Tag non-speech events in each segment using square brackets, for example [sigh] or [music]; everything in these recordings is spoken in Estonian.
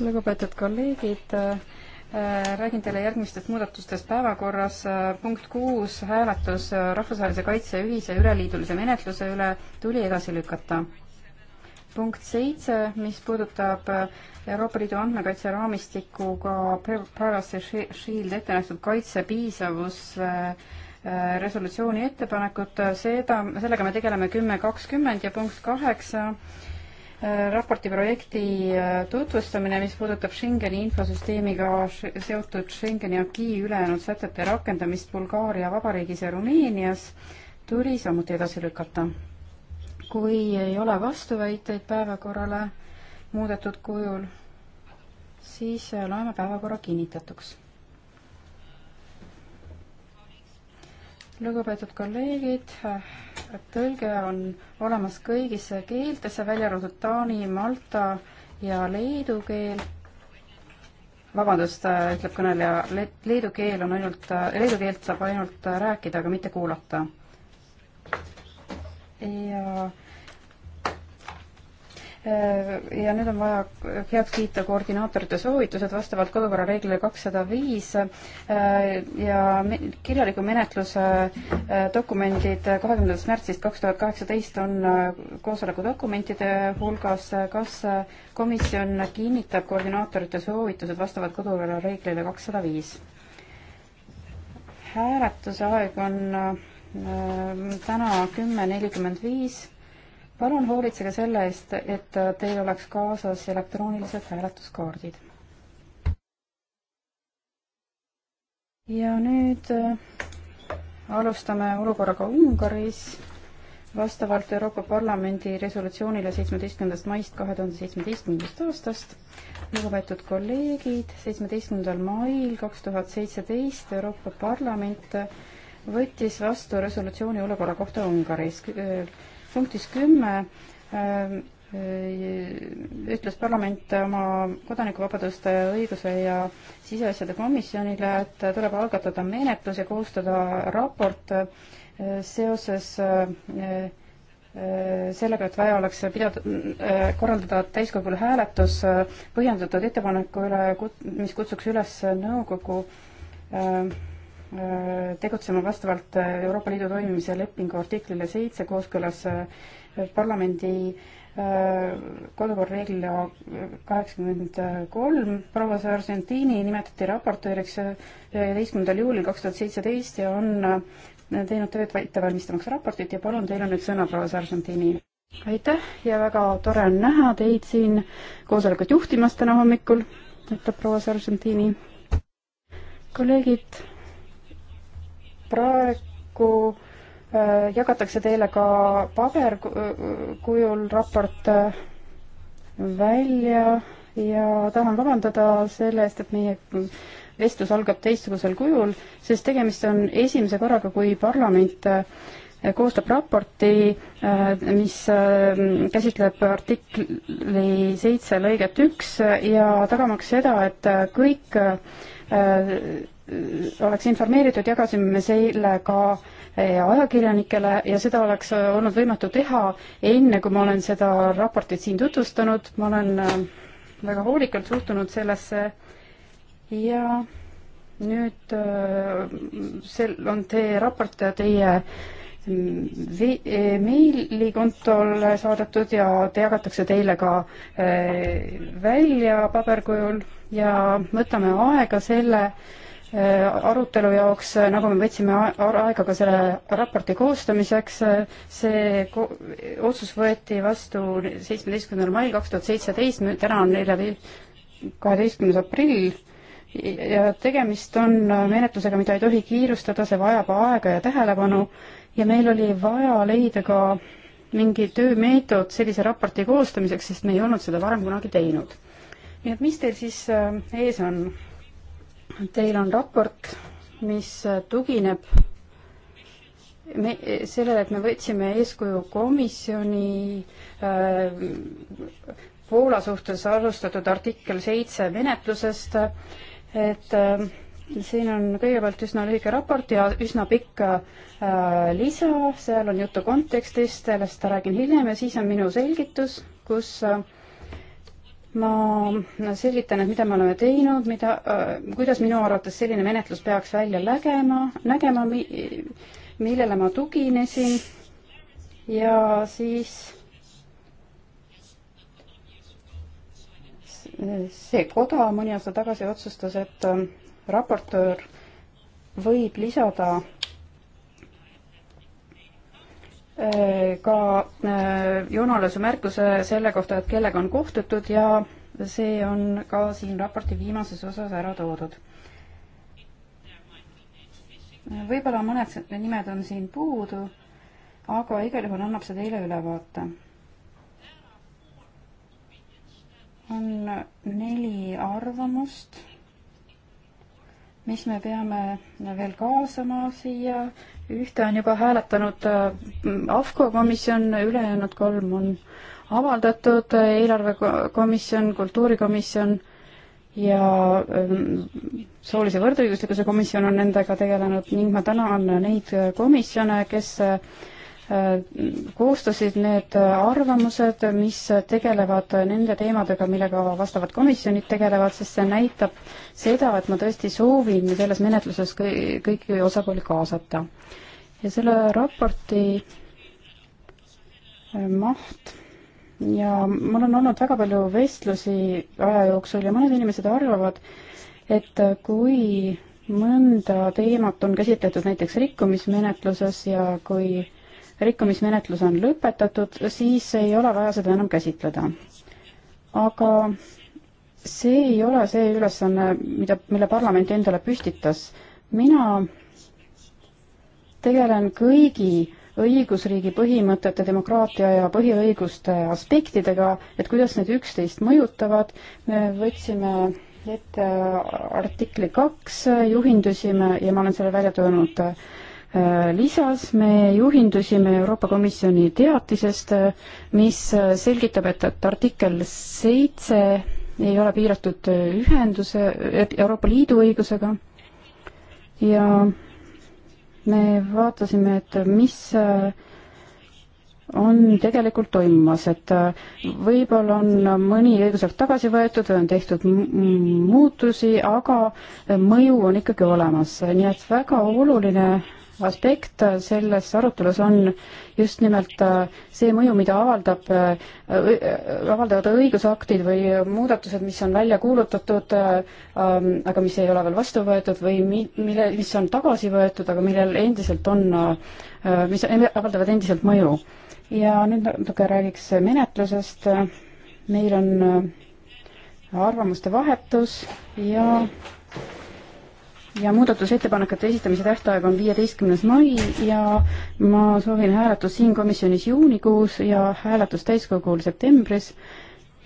lugupeetud kolleegid, äh, räägin teile järgmistest muudatustest päevakorras. Äh, punkt kuus, hääletus äh, rahvusvahelise kaitse ühise üleliidulise menetluse üle tuli edasi lükata. punkt seitse, mis puudutab Euroopa Liidu andmekaitse raamistikuga Privacy Shield ette nähtud kaitse piisavus resolutsiooni ettepanekut, seda, sellega me tegeleme kümme kakskümmend ja punkt kaheksa Äh, raporti projekti äh, tutvustamine, mis puudutab Schengeni infosüsteemiga seotud Schengeni aki ülejäänud sätete rakendamist Bulgaaria Vabariigis ja Rumeenias, tuli samuti edasi lükata. kui ei ole vastuväiteid päevakorrale muudetud kujul, siis äh, loeme päevakorra kinnitatuks lugupeetud kolleegid, tõlge on olemas kõigisse keeltesse, välja arvatud taani, malta ja leedu keel. vabandust, ütleb kõneleja Le, leedu keel on ainult, leedu keelt saab ainult rääkida, aga mitte kuulata. ja Äh, ja nüüd on vaja heaks kiita koordinaatorite soovitused vastavalt kodukorra reeglile kakssada viis äh, ja kirjaliku menetluse äh, dokumendid kahekümnendast märtsist kaks tuhat kaheksateist on koosoleku dokumentide hulgas. kas komisjon kinnitab koordinaatorite soovitused vastavalt kodukorra reeglile kakssada viis? hääletuse aeg on täna kümme nelikümmend viis palun hoolitsege selle eest, et teil oleks kaasas elektroonilised hääletuskaardid. ja nüüd äh, alustame olukorraga Ungaris vastavalt Euroopa Parlamendi resolutsioonile seitsmeteistkümnendast maist kahe tuhande seitsmeteistkümnendast aastast. lugupeetud kolleegid, seitsmeteistkümnendal mail kaks tuhat seitseteist Euroopa Parlament võttis vastu resolutsiooni olukorra kohta Ungaris punktis kümme ähm, äh, ütles parlament oma kodanikuvabaduste õiguse ja siseasjade komisjonile, et tuleb algatada menetlus ja koostada raport äh, seoses äh, sellega, et vaja oleks pidada, korraldada täiskogul hääletus põhjendatud ettepaneku üle, mis kutsuks üles nõukogu äh, Äh, tegutsema vastavalt äh, Euroopa Liidu toimimise lepingu artiklile seitse kooskõlas äh, parlamendi kodukorra reeglile kaheksakümmend kolm. proua Sargentini nimetati raportööriks üheteistkümnendal juulil kaks tuhat seitseteist ja on teinud tööd ettevalmistamaks raportit ja palun, teil on nüüd sõna, proua Sargentini. aitäh ja väga tore on näha teid siin koosolekut juhtimas täna hommikul, ütleb proua Sargentini. kolleegid praegu äh, jagatakse teile ka paberkujul raport äh, välja ja tahan vabandada selle eest, et meie vestlus algab teistsugusel kujul, sest tegemist on esimese korraga, kui parlament äh, koostab raporti, mis käsitleb artikli seitse lõiget üks ja tagamaks seda, et kõik oleks informeeritud, jagasime me selle ka eh, ajakirjanikele ja seda oleks eh, olnud võimatu teha enne, kui ma olen seda raportit siin tutvustanud, ma olen eh, väga hoolikalt suhtunud sellesse ja nüüd sel-, on see raport teie meilikontol saadetud ja te jagatakse teile ka välja paberkujul ja võtame aega selle äh, Äh, arutelu jaoks, äh, nagu me võtsime aega ka selle raporti koostamiseks, äh, see ko otsus võeti vastu seitsmeteistkümnendal mail kaks tuhat seitseteist, täna on neljateist, kaheteistkümnes aprill ja tegemist on menetlusega, mida ei tohi kiirustada, see vajab aega ja tähelepanu ja meil oli vaja leida ka mingi töömeetod sellise raporti koostamiseks, sest me ei olnud seda varem kunagi teinud. nii et mis teil siis ees on? Teil on raport, mis tugineb me, sellele, et me võtsime eeskuju komisjoni äh, Poola suhtes alustatud artikkel seitse menetlusest, et äh, siin on kõigepealt üsna lühike raport ja üsna pikk äh, lisa, seal on juttu kontekstist, sellest räägin hiljem ja siis on minu selgitus, kus äh, ma selgitan, et mida me oleme teinud, mida, äh, kuidas minu arvates selline menetlus peaks välja nägema, nägema, millele ma tuginesin ja siis see koda mõni aasta tagasi otsustas, et äh, raportöör võib lisada Äh, ka äh, Jonalase märkuse selle kohta, et kellega on kohtutud ja see on ka siin raporti viimases osas ära toodud. võib-olla mõned nimed on siin puudu, aga igal juhul annab see teile ülevaate. on neli arvamust mis me peame veel kaasama siia. ühte on juba hääletanud äh, AFCO komisjon, ülejäänud kolm on avaldatud, äh, eelarvekomisjon, kultuurikomisjon ja ähm, soolise võrdõiguslikkuse komisjon on nendega tegelenud ning ma tänan neid komisjone, kes äh, koostasid need arvamused, mis tegelevad nende teemadega, millega vastavad komisjonid tegelevad, sest see näitab seda, et ma tõesti soovin selles menetluses kõiki osapooli kaasata. ja selle raporti äh, maht ja mul on olnud väga palju vestlusi aja jooksul ja mõned inimesed arvavad, et kui mõnda teemat on käsitletud näiteks rikkumismenetluses ja kui äh, rikkumismenetlus on lõpetatud, siis ei ole vaja seda enam käsitleda. aga see ei ole see ülesanne, mida, mille parlament endale püstitas. mina tegelen kõigi õigusriigi põhimõtete, demokraatia ja põhiõiguste aspektidega, et kuidas need üksteist mõjutavad. me võtsime ette artikli kaks, juhindusime ja ma olen selle välja toonud äh, Äh, lisas, me juhindusime Euroopa Komisjoni teatisest, mis äh, selgitab, et, et artikkel seitse ei ole piiratud äh, ühenduse, Euroopa Liidu õigusega ja me vaatasime, et mis on tegelikult toimumas, et võib-olla on mõni õigusakt tagasi võetud või on tehtud muutusi, aga mõju on ikkagi olemas, nii et väga oluline aspekt selles arutelus on just nimelt äh, see mõju, mida avaldab, äh, äh, avaldavad õigusaktid või muudatused, mis on välja kuulutatud, ähm, aga mis ei ole veel vastu võetud või mi-, mille, mis on tagasi võetud, aga millel endiselt on, mis avaldavad endiselt mõju. ja nüüd natuke räägiks menetlusest, meil on arvamuste vahetus ja ja muudatusettepanekute esitamise tähtaeg on viieteistkümnes mai ja ma soovin hääletust siin komisjonis juunikuus ja hääletust täiskogul septembris.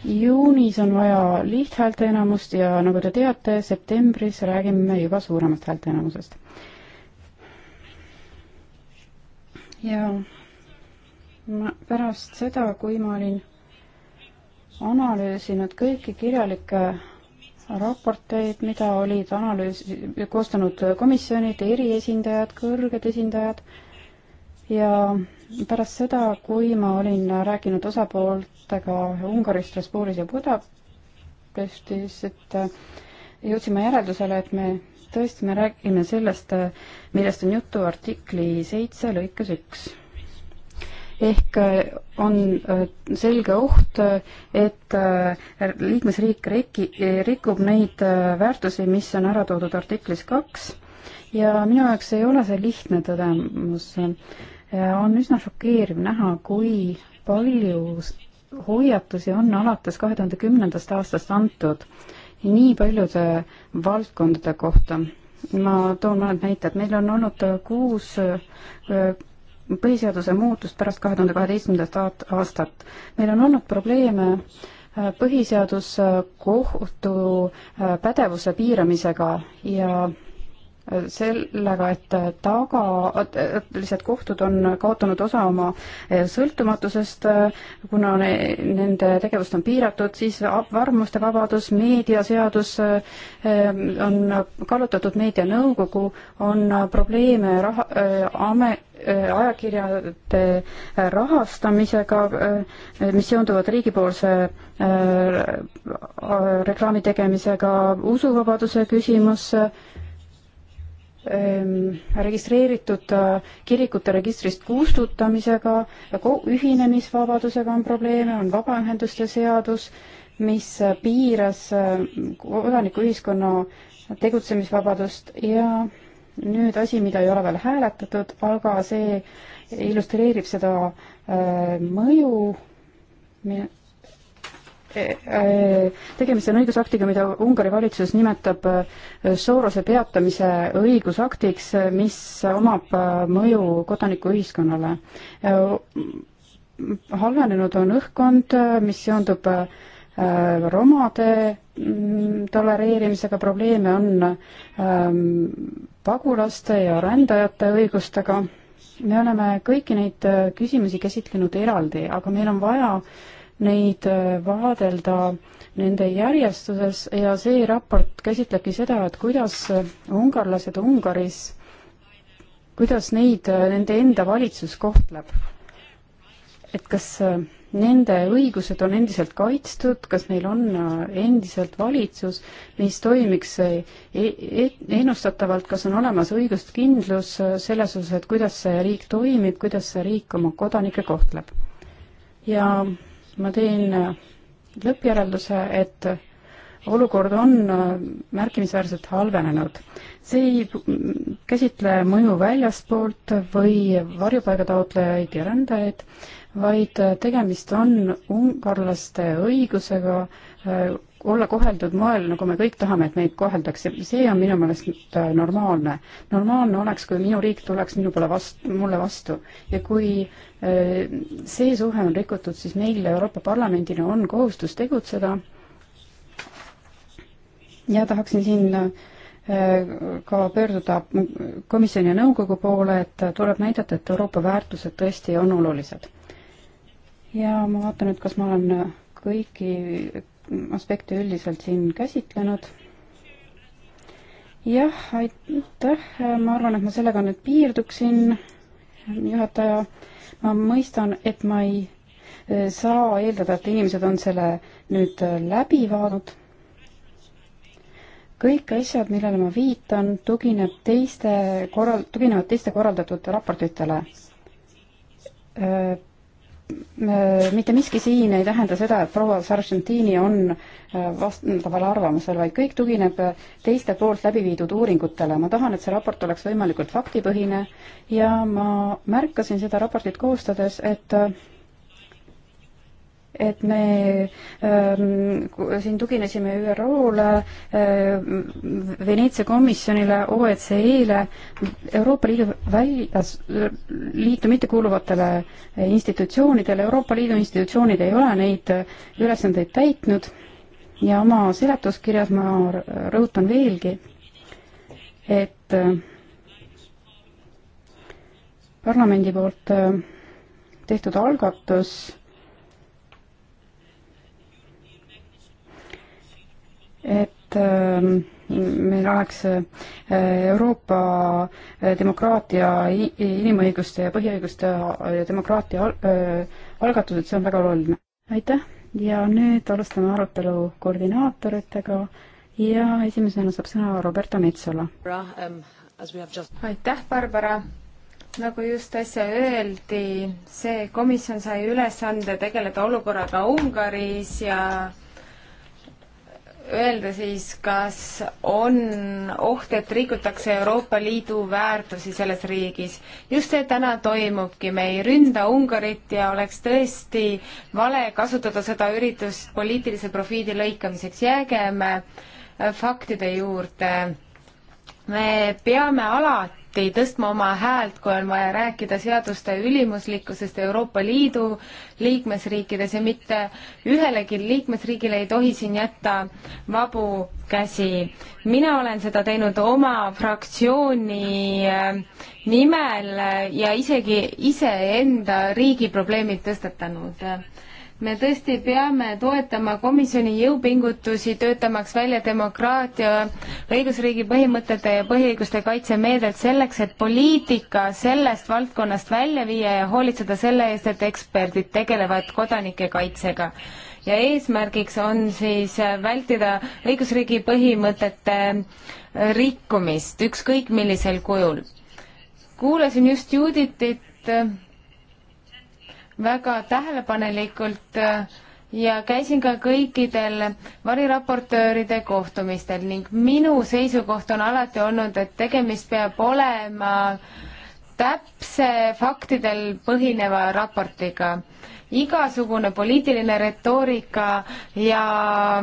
juunis on vaja lihthäälte enamust ja nagu te teate, septembris räägime juba suuremast häälte enamusest. ja ma pärast seda, kui ma olin analüüsinud kõiki kirjalikke raporteid, mida olid analüüs-, koostanud komisjonid, eriesindajad, kõrged esindajad ja pärast seda, kui ma olin rääkinud osapooltega Ungaris, Strasbourgis ja Budapestis, et äh, jõudsime järeldusele, et me tõesti, me räägime sellest, äh, millest on juttu artikli seitse lõikes üks ehk äh, on äh, selge oht, äh, et liikmesriik reki-, rikub neid väärtusi, mis on ära toodud artiklis kaks ja minu jaoks ei ole see lihtne tõdemus. on üsna šokeeriv näha, kui palju hoiatusi on alates kahe tuhande kümnendast aastast antud nii paljude valdkondade kohta. ma toon mõned näited, meil on olnud kuus põhiseaduse muutust pärast kahe tuhande kaheteistkümnendat aastat. meil on olnud probleeme äh, põhiseaduskohtu äh, äh, pädevuse piiramisega ja sellega, et taga, lihtsalt kohtud on kaotanud osa oma eh, sõltumatusest, eh, kuna ne, nende tegevust on piiratud, siis arvamuste vabadus, meediaseadus eh, on kallutatud, meedianõukogu on probleeme raha, ame-, ajakirjade rahastamisega, mis seonduvad riigipoolse reklaami tegemisega, usuvabaduse küsimus, Ähm, registreeritud äh, kirikute registrist kustutamisega ja ühinemisvabadusega on probleeme, on vabaühenduste seadus, mis äh, piiras äh, kodanikuühiskonna tegutsemisvabadust ja nüüd asi, mida ei ole veel hääletatud, aga see illustreerib seda mõju, Äh, äh, tegemist on õigusaktiga, mida Ungari valitsus nimetab äh, Soorose peatamise õigusaktiks, mis omab mõju kodanikuühiskonnale. halvenenud on õhkkond, mis seondub romade mm, tolereerimisega, probleeme on ähm, pagulaste ja rändajate õigustega. me oleme kõiki neid küsimusi käsitlenud eraldi, aga meil on vaja äh, neid äh, vaadelda nende järjestuses ja see raport käsitlebki seda, et kuidas äh, ungarlased Ungaris, kuidas neid äh, nende enda valitsus kohtleb. et kas nende õigused on endiselt kaitstud, kas neil on endiselt valitsus, mis toimiks e, e, ennustatavalt, kas on olemas õiguskindlus selles osas, et kuidas see riik toimib, kuidas see riik oma kodanikke kohtleb? ja ma teen äh, lõppjärelduse, et olukord on äh, märkimisväärselt halvenenud. see ei käsitle mõju väljaspoolt või varjupaigataotlejaid ja rändajaid, vaid äh, tegemist on ungarlaste õigusega olla koheldud moel, nagu me kõik tahame, et meid koheldakse, see on minu meelest äh, normaalne. normaalne oleks, kui minu riik tuleks minu poole vastu, mulle vastu ja kui äh, see suhe on rikutud, siis meil Euroopa Parlamendina on kohustus tegutseda. ja tahaksin siin äh, ka pöörduda komisjoni ja nõukogu poole, et tuleb näidata, et Euroopa väärtused tõesti on olulised. ja ma vaatan nüüd, kas ma olen kõiki aspekte üldiselt siin käsitlenud. jah, aitäh, ma arvan, et ma sellega nüüd piirduksin, juhataja. ma mõistan, et ma ei eh, saa eeldada, et inimesed on selle nüüd eh, läbi vaadanud. kõik asjad, millele ma viitan, tugineb teiste korral, tuginevad teiste korraldatud raportitele eh, Äh, mitte miski siin ei tähenda seda, et proua Sargentini on äh, vastaval nagu arvamusel, vaid kõik tugineb äh, teiste poolt läbi viidud uuringutele. ma tahan, et see raport oleks võimalikult faktipõhine ja ma märkasin seda raportit koostades, et et me ähm, siin tuginesime ÜRO-le äh,, Veneetsia komisjonile, OECD-le, Euroopa Liidu väljas, liitu mittekuuluvatele institutsioonidele, Euroopa Liidu institutsioonid ei ole neid ülesandeid täitnud ja oma seletuskirjas ma rõhutan veelgi, et äh, parlamendi poolt äh, tehtud algatus äh, et ähm, meil oleks äh, Euroopa äh, demokraatia, inimõiguste ja põhiõiguste ja demokraatia äh, algatused, see on väga oluline. aitäh ja nüüd alustame arutelu koordinaatoritega ja esimesena saab sõna Roberta Metsola. aitäh, Barbara nagu just äsja öeldi, see komisjon sai ülesande tegeleda olukorraga Ungaris ja öelda siis, kas on oht, et rikutakse Euroopa Liidu väärtusi selles riigis. just see täna toimubki, me ei ründa Ungarit ja oleks tõesti vale kasutada seda üritust poliitilise profiidi lõikamiseks, jäägem äh, faktide juurde. me peame alati alati tõstma oma häält, kui on vaja rääkida seaduste ülimuslikkusest Euroopa Liidu liikmesriikides ja mitte ühelegi liikmesriigile ei tohi siin jätta vabu käsi. mina olen seda teinud oma fraktsiooni äh, nimel ja isegi iseenda riigi probleemid tõstatanud me tõesti peame toetama komisjoni jõupingutusi, töötamaks välja demokraatia, õigusriigi põhimõtete ja põhiõiguste kaitsemeedet selleks, et poliitika sellest valdkonnast välja viia ja hoolitseda selle eest, et eksperdid tegelevad kodanike kaitsega. ja eesmärgiks on siis vältida õigusriigi põhimõtete rikkumist ükskõik millisel kujul. kuulasin just Juditit väga tähelepanelikult äh, ja käisin ka kõikidel variraportööride kohtumistel ning minu seisukoht on alati olnud, et tegemist peab olema täpse faktidel põhineva raportiga. igasugune poliitiline retoorika ja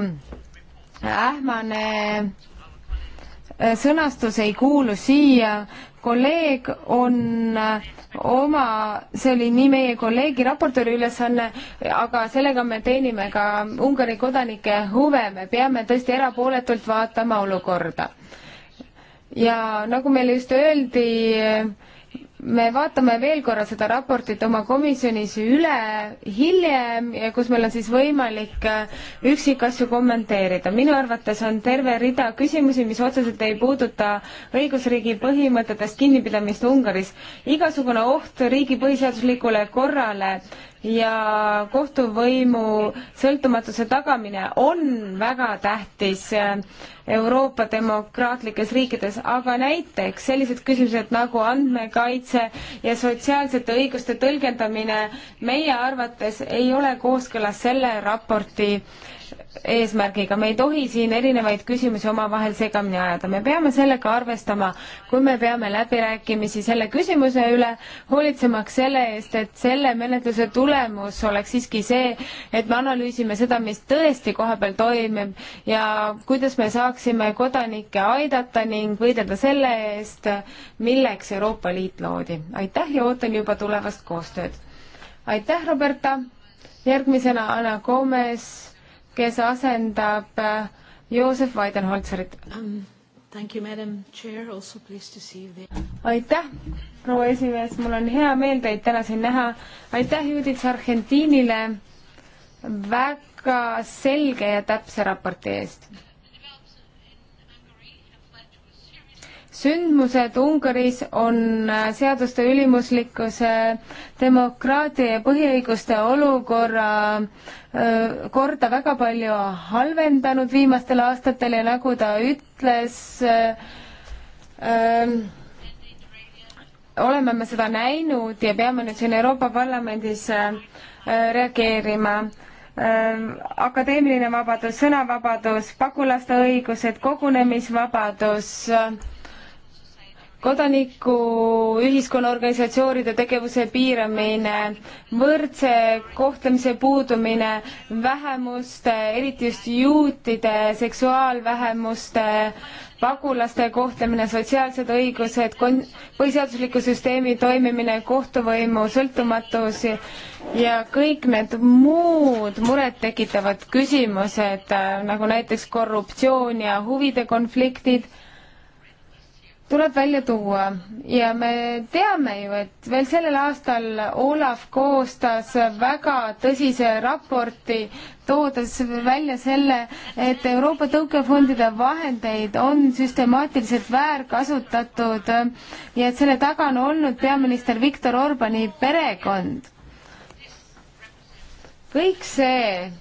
ähmane äh, sõnastus ei kuulu siia, kolleeg on äh, oma, see oli nii meie kolleegi raportööri ülesanne, aga sellega me teenime ka Ungari kodanike huve, me peame tõesti erapooletult vaatama olukorda. ja nagu meile just öeldi, me vaatame veel korra seda raportit oma komisjonis üle hiljem ja kus meil on siis võimalik äh, üksikasju kommenteerida. minu arvates on terve rida küsimusi, mis otseselt ei puuduta õigusriigi põhimõtetest kinnipidamist Ungaris. igasugune oht riigi põhiseaduslikule korrale ja kohtuvõimu sõltumatuse tagamine on väga tähtis äh, Euroopa demokraatlikes riikides, aga näiteks sellised küsimused nagu andmekaitse ja sotsiaalsete õiguste tõlgendamine meie arvates ei ole kooskõlas selle raporti äh, eesmärgiga, me ei tohi siin erinevaid küsimusi omavahel segamini ajada, me peame sellega arvestama, kui me peame läbirääkimisi selle küsimuse üle, hoolitsemaks selle eest, et selle menetluse tulemus oleks siiski see, et me analüüsime seda, mis tõesti kohapeal toimib ja kuidas me saaksime kodanikke aidata ning võidelda selle eest, milleks Euroopa Liit loodi. aitäh ja ootan juba tulevast koostööd. aitäh, Roberta, järgmisena Anna Gomes kes asendab äh, Joosep Weidenholzerit um,. They... aitäh, proua esimees, mul on hea meel teid täna siin näha. aitäh Judith Argentiinile väga selge ja täpse raporti eest sündmused Ungaris on äh, seaduste ülimuslikkuse, demokraatia ja põhiõiguste olukorra äh, korda väga palju halvendanud viimastel aastatel ja nagu ta ütles, äh, oleme me seda näinud ja peame nüüd siin Euroopa Parlamendis reageerima akadeemiline vabadus, sõnavabadus, pagulaste õigused, kogunemisvabadus äh,, kodanikuühiskonna organisatsioonide tegevuse piiramine, võrdse kohtlemise puudumine, vähemuste, eriti just juutide, seksuaalvähemuste, pagulaste kohtlemine, sotsiaalsed õigused, kon-, põhiseadusliku süsteemi toimimine, kohtuvõimu sõltumatus ja kõik need muud murettekitavad küsimused, nagu näiteks korruptsioon ja huvide konfliktid tuleb välja tuua ja me teame ju, et veel sellel aastal Olav koostas väga tõsise raporti, toodes välja selle, et Euroopa tõukefondide vahendeid on süstemaatiliselt väärkasutatud ja et selle taga on olnud peaminister Viktor Orbani perekond. kõik see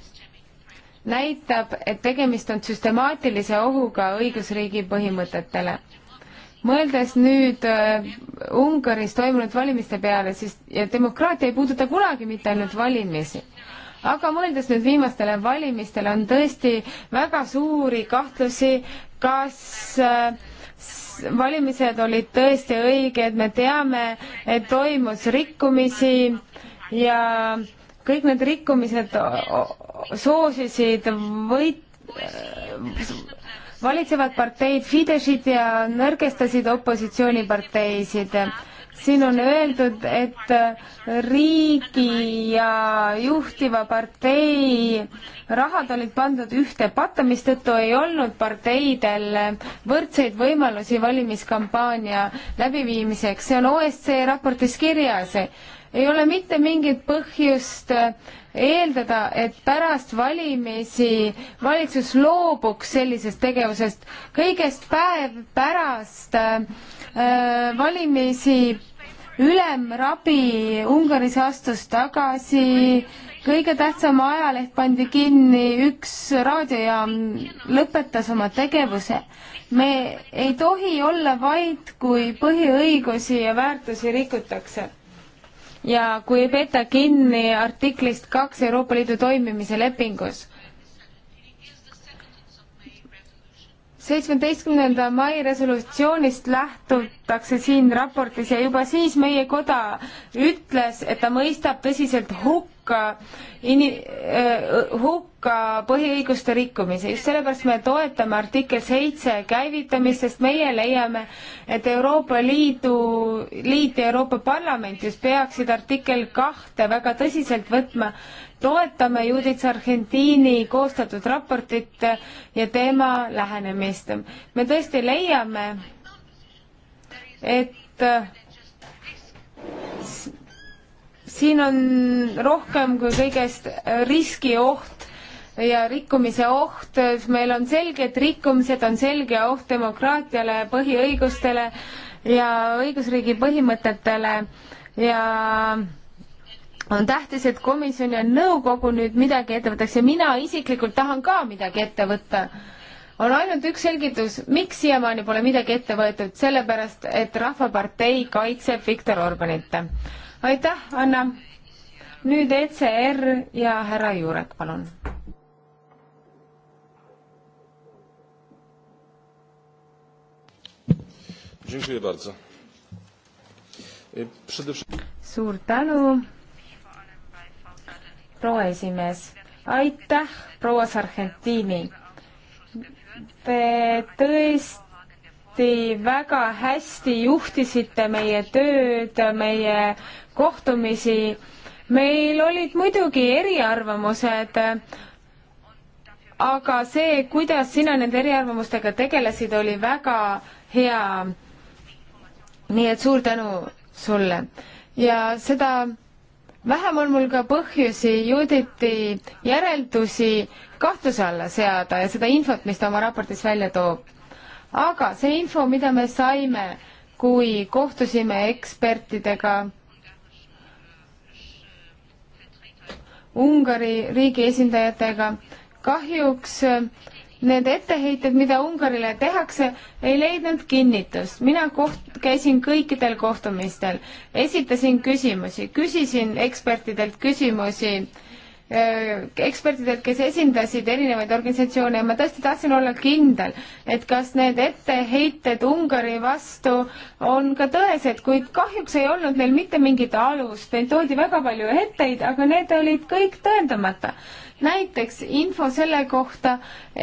näitab, et tegemist on süstemaatilise ohuga õigusriigi põhimõtetele mõeldes nüüd äh, Ungaris toimunud valimiste peale, siis demokraatia ei puuduta kunagi mitte ainult valimisi aga mõeldes nüüd viimastele valimistele, on tõesti väga suuri kahtlusi, kas äh, valimised olid tõesti õiged, me teame, et toimus rikkumisi ja kõik need rikkumised soosisid võit, äh, valitsevad parteid Fideszid ja nõrgestasid opositsiooniparteisid. siin on öeldud, et riigi ja juhtiva partei rahad olid pandud ühte patta, mistõttu ei olnud parteidel võrdseid võimalusi valimiskampaania läbiviimiseks, see on OSCE raportis kirjas ei ole mitte mingit põhjust eeldada, et pärast valimisi valitsus loobuks sellisest tegevusest. kõigest päev pärast äh, valimisi ülemrabi Ungaris astus tagasi, kõige tähtsam ajaleht pandi kinni, üks raadiojaam lõpetas oma tegevuse. me ei tohi olla vait, kui põhiõigusi ja väärtusi rikutakse ja kui ei peeta kinni artiklist kaks Euroopa Liidu toimimise lepingus seitsmeteistkümnenda mai resolutsioonist lähtutakse siin raportis ja juba siis meie koda ütles, et ta mõistab tõsiselt hukka ini-, äh, hukka põhiõiguste rikkumise. just sellepärast me toetame artikkel seitse käivitamist, sest meie leiame, et Euroopa Liidu, Liit ja Euroopa Parlament just peaksid artikkel kahte väga tõsiselt võtma toetame Judith Argentiini koostatud raportit ja teema lähenemist. me tõesti leiame, et siin on rohkem kui kõigest riskioht ja rikkumise oht, meil on selge, et rikkumised on selge oht demokraatiale, põhiõigustele ja õigusriigi põhimõtetele ja on tähtis, et komisjon ja nõukogu nüüd midagi ette võtaks ja mina isiklikult tahan ka midagi ette võtta. on ainult üks selgitus, miks siiamaani pole midagi ette võetud, sellepärast et Rahvapartei kaitseb Viktor Orbanit. aitäh, Anna. nüüd ECR ja härra Juurek, palun. E, suur tänu proua esimees, aitäh, proua Sargentini. Te tõesti väga hästi juhtisite meie tööd, meie kohtumisi. meil olid muidugi eriarvamused, aga see, kuidas sina nende eriarvamustega tegelesid, oli väga hea. nii et suur tänu sulle ja seda vähem on mul ka põhjusi Juditi järeldusi kahtluse alla seada ja seda infot, mis ta oma raportis välja toob. aga see info, mida me saime, kui kohtusime ekspertidega, Ungari riigi esindajatega, kahjuks need etteheited, mida Ungarile tehakse, ei leidnud kinnitust. mina koht-, käisin kõikidel kohtumistel, esitasin küsimusi, küsisin ekspertidelt küsimusi, äh, ekspertidelt, kes esindasid erinevaid organisatsioone ja ma tõesti tahtsin olla kindel, et kas need etteheited Ungari vastu on ka tõesed, kuid kahjuks ei olnud neil mitte mingit alust, neil toodi väga palju etteid, aga need olid kõik tõendamata näiteks info selle kohta,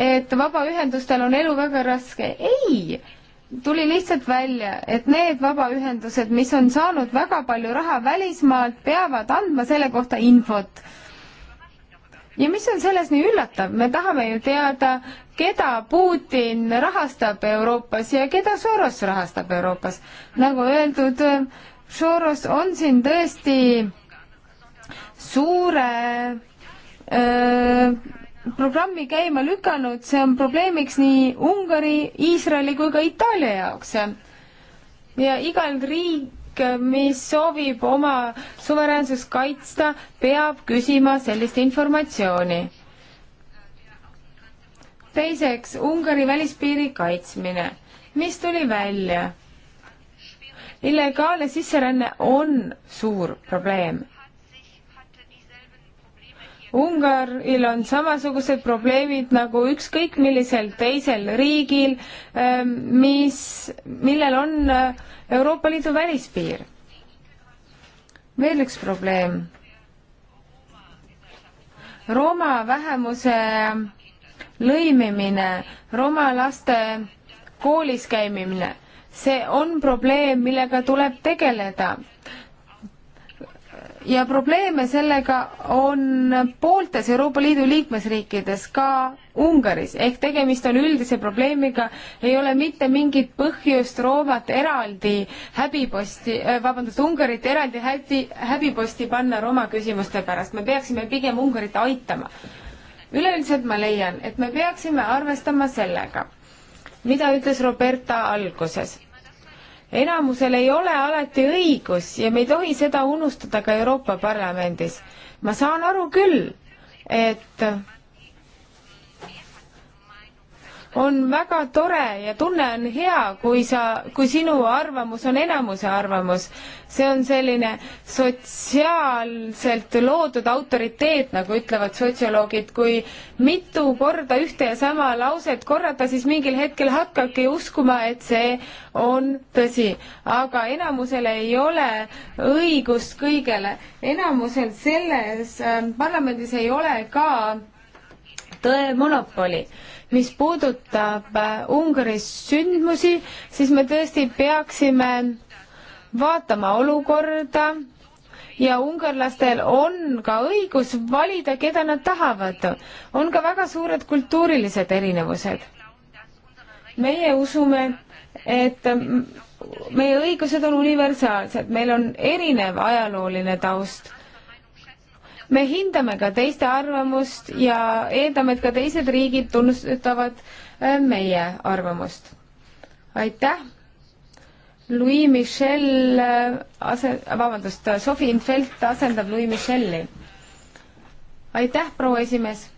et vabaühendustel on elu väga raske. ei, tuli lihtsalt välja, et need vabaühendused, mis on saanud väga palju raha välismaalt, peavad andma selle kohta infot ja mis on selles nii üllatav, me tahame ju teada, keda Putin rahastab Euroopas ja keda Soros rahastab Euroopas. nagu öeldud, Soros on siin tõesti suure öö, programmi käima lükanud, see on probleemiks nii Ungari, Iisraeli kui ka Itaalia jaoks. ja igal riik, mis soovib oma suveräänsust kaitsta, peab küsima sellist informatsiooni. teiseks, Ungari välispiiri kaitsmine. mis tuli välja? illegaalne sisseränne on suur probleem Ungaril on samasugused probleemid nagu ükskõik millisel teisel riigil, ähm, mis, millel on äh, Euroopa Liidu välispiir. veel üks probleem. Roma vähemuse lõimimine, roma laste koolis käimine, see on probleem, millega tuleb tegeleda ja probleeme sellega on pooltes Euroopa Liidu liikmesriikides, ka Ungaris, ehk tegemist on üldise probleemiga, ei ole mitte mingit põhjust Roomat eraldi häbiposti, äh, vabandust, Ungarit eraldi häbi, häbiposti panna Rooma küsimuste pärast, me peaksime pigem Ungarit aitama. üleüldiselt ma leian, et me peaksime arvestama sellega, mida ütles Roberta alguses enamusel ei ole alati õigus ja me ei tohi seda unustada ka Euroopa Parlamendis. ma saan aru küll, et on väga tore ja tunne on hea, kui sa, kui sinu arvamus on enamuse arvamus. see on selline sotsiaalselt loodud autoriteet, nagu ütlevad sotsioloogid, kui mitu korda ühte ja sama lauset korrata, siis mingil hetkel hakkabki uskuma, et see on tõsi. aga enamusel ei ole õigust kõigele. enamusel selles äh, parlamendis ei ole ka tõe monopoli mis puudutab äh, Ungaris sündmusi, siis me tõesti peaksime vaatama olukorda ja ungarlastel on ka õigus valida, keda nad tahavad. on ka väga suured kultuurilised erinevused. meie usume, et meie õigused on universaalsed, meil on erinev ajalooline taust me hindame ka teiste arvamust ja eeldame, et ka teised riigid tunnustavad äh, meie arvamust. aitäh! Louis Michel äh, ase-, vabandust, äh, Sophie Infeld asendab Louis Michel'i. aitäh, proua esimees!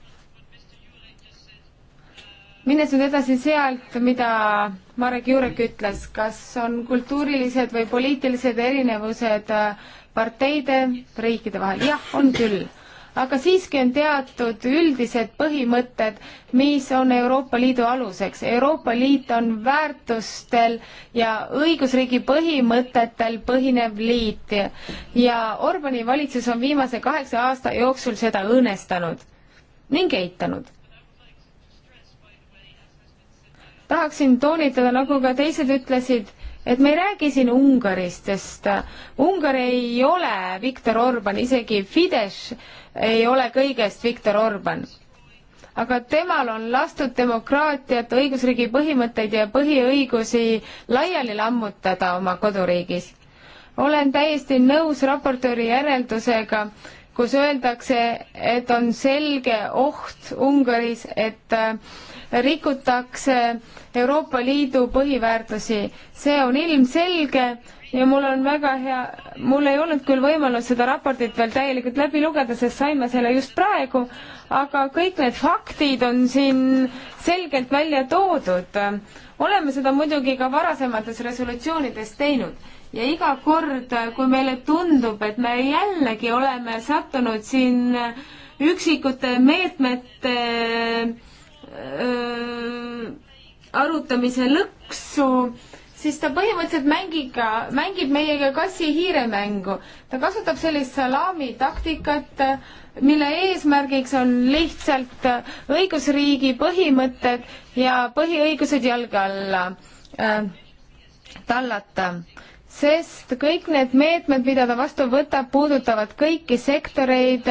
minnes nüüd edasi sealt, mida Marek Jurek ütles, kas on kultuurilised või poliitilised erinevused äh, parteide, riikide vahel, jah, on küll. aga siiski on teatud üldised põhimõtted, mis on Euroopa Liidu aluseks. Euroopa Liit on väärtustel ja õigusriigi põhimõtetel põhinev liit ja Orbani valitsus on viimase kaheksa aasta jooksul seda õõnestanud ning eitanud tahaksin toonitada, nagu ka teised ütlesid, et me ei räägi siin Ungarist, sest äh, Ungari ei ole Viktor Orban, isegi Fidesz ei ole kõigest Viktor Orban. aga temal on lastud demokraatiat, õigusriigi põhimõtteid ja põhiõigusi laiali lammutada oma koduriigis. olen täiesti nõus raportööri järeldusega, kus öeldakse, et on selge oht Ungaris, et äh, rikutakse Euroopa Liidu põhiväärtusi. see on ilmselge ja mul on väga hea, mul ei olnud küll võimalus seda raportit veel täielikult läbi lugeda, sest saime selle just praegu, aga kõik need faktid on siin selgelt välja toodud. oleme seda muidugi ka varasemates resolutsioonides teinud ja iga kord, kui meile tundub, et me jällegi oleme sattunud siin üksikute meetmete äh, öö, äh, arutamise lõksu, siis ta põhimõtteliselt mängiga, mängib meiega kassi-hiiremängu. ta kasutab sellist salaami taktikat, mille eesmärgiks on lihtsalt õigusriigi põhimõtted ja põhiõigused jalge alla äh, tallata sest kõik need meetmed, mida ta vastu võtab, puudutavad kõiki sektoreid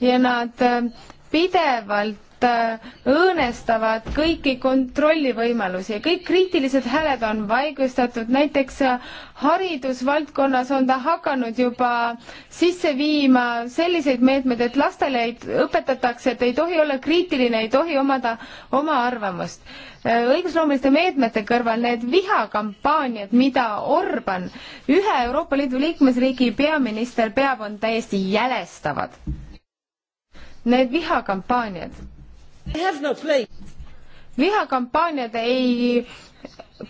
ja nad äh, pidevalt Äh, õõnestavad kõiki kontrollivõimalusi ja kõik kriitilised hääled on vaigustatud, näiteks äh, haridusvaldkonnas on ta hakanud juba sisse viima selliseid meetmeid, et lastele ei, õpetatakse, et ei tohi olla kriitiline, ei tohi omada oma arvamust. Äh, õigusloomuliste meetmete kõrval need vihakampaaniad, mida Orban, ühe Euroopa Liidu liikmesriigi peaminister peab, on täiesti jälestavad. Need vihakampaaniad No vihakampaaniad ei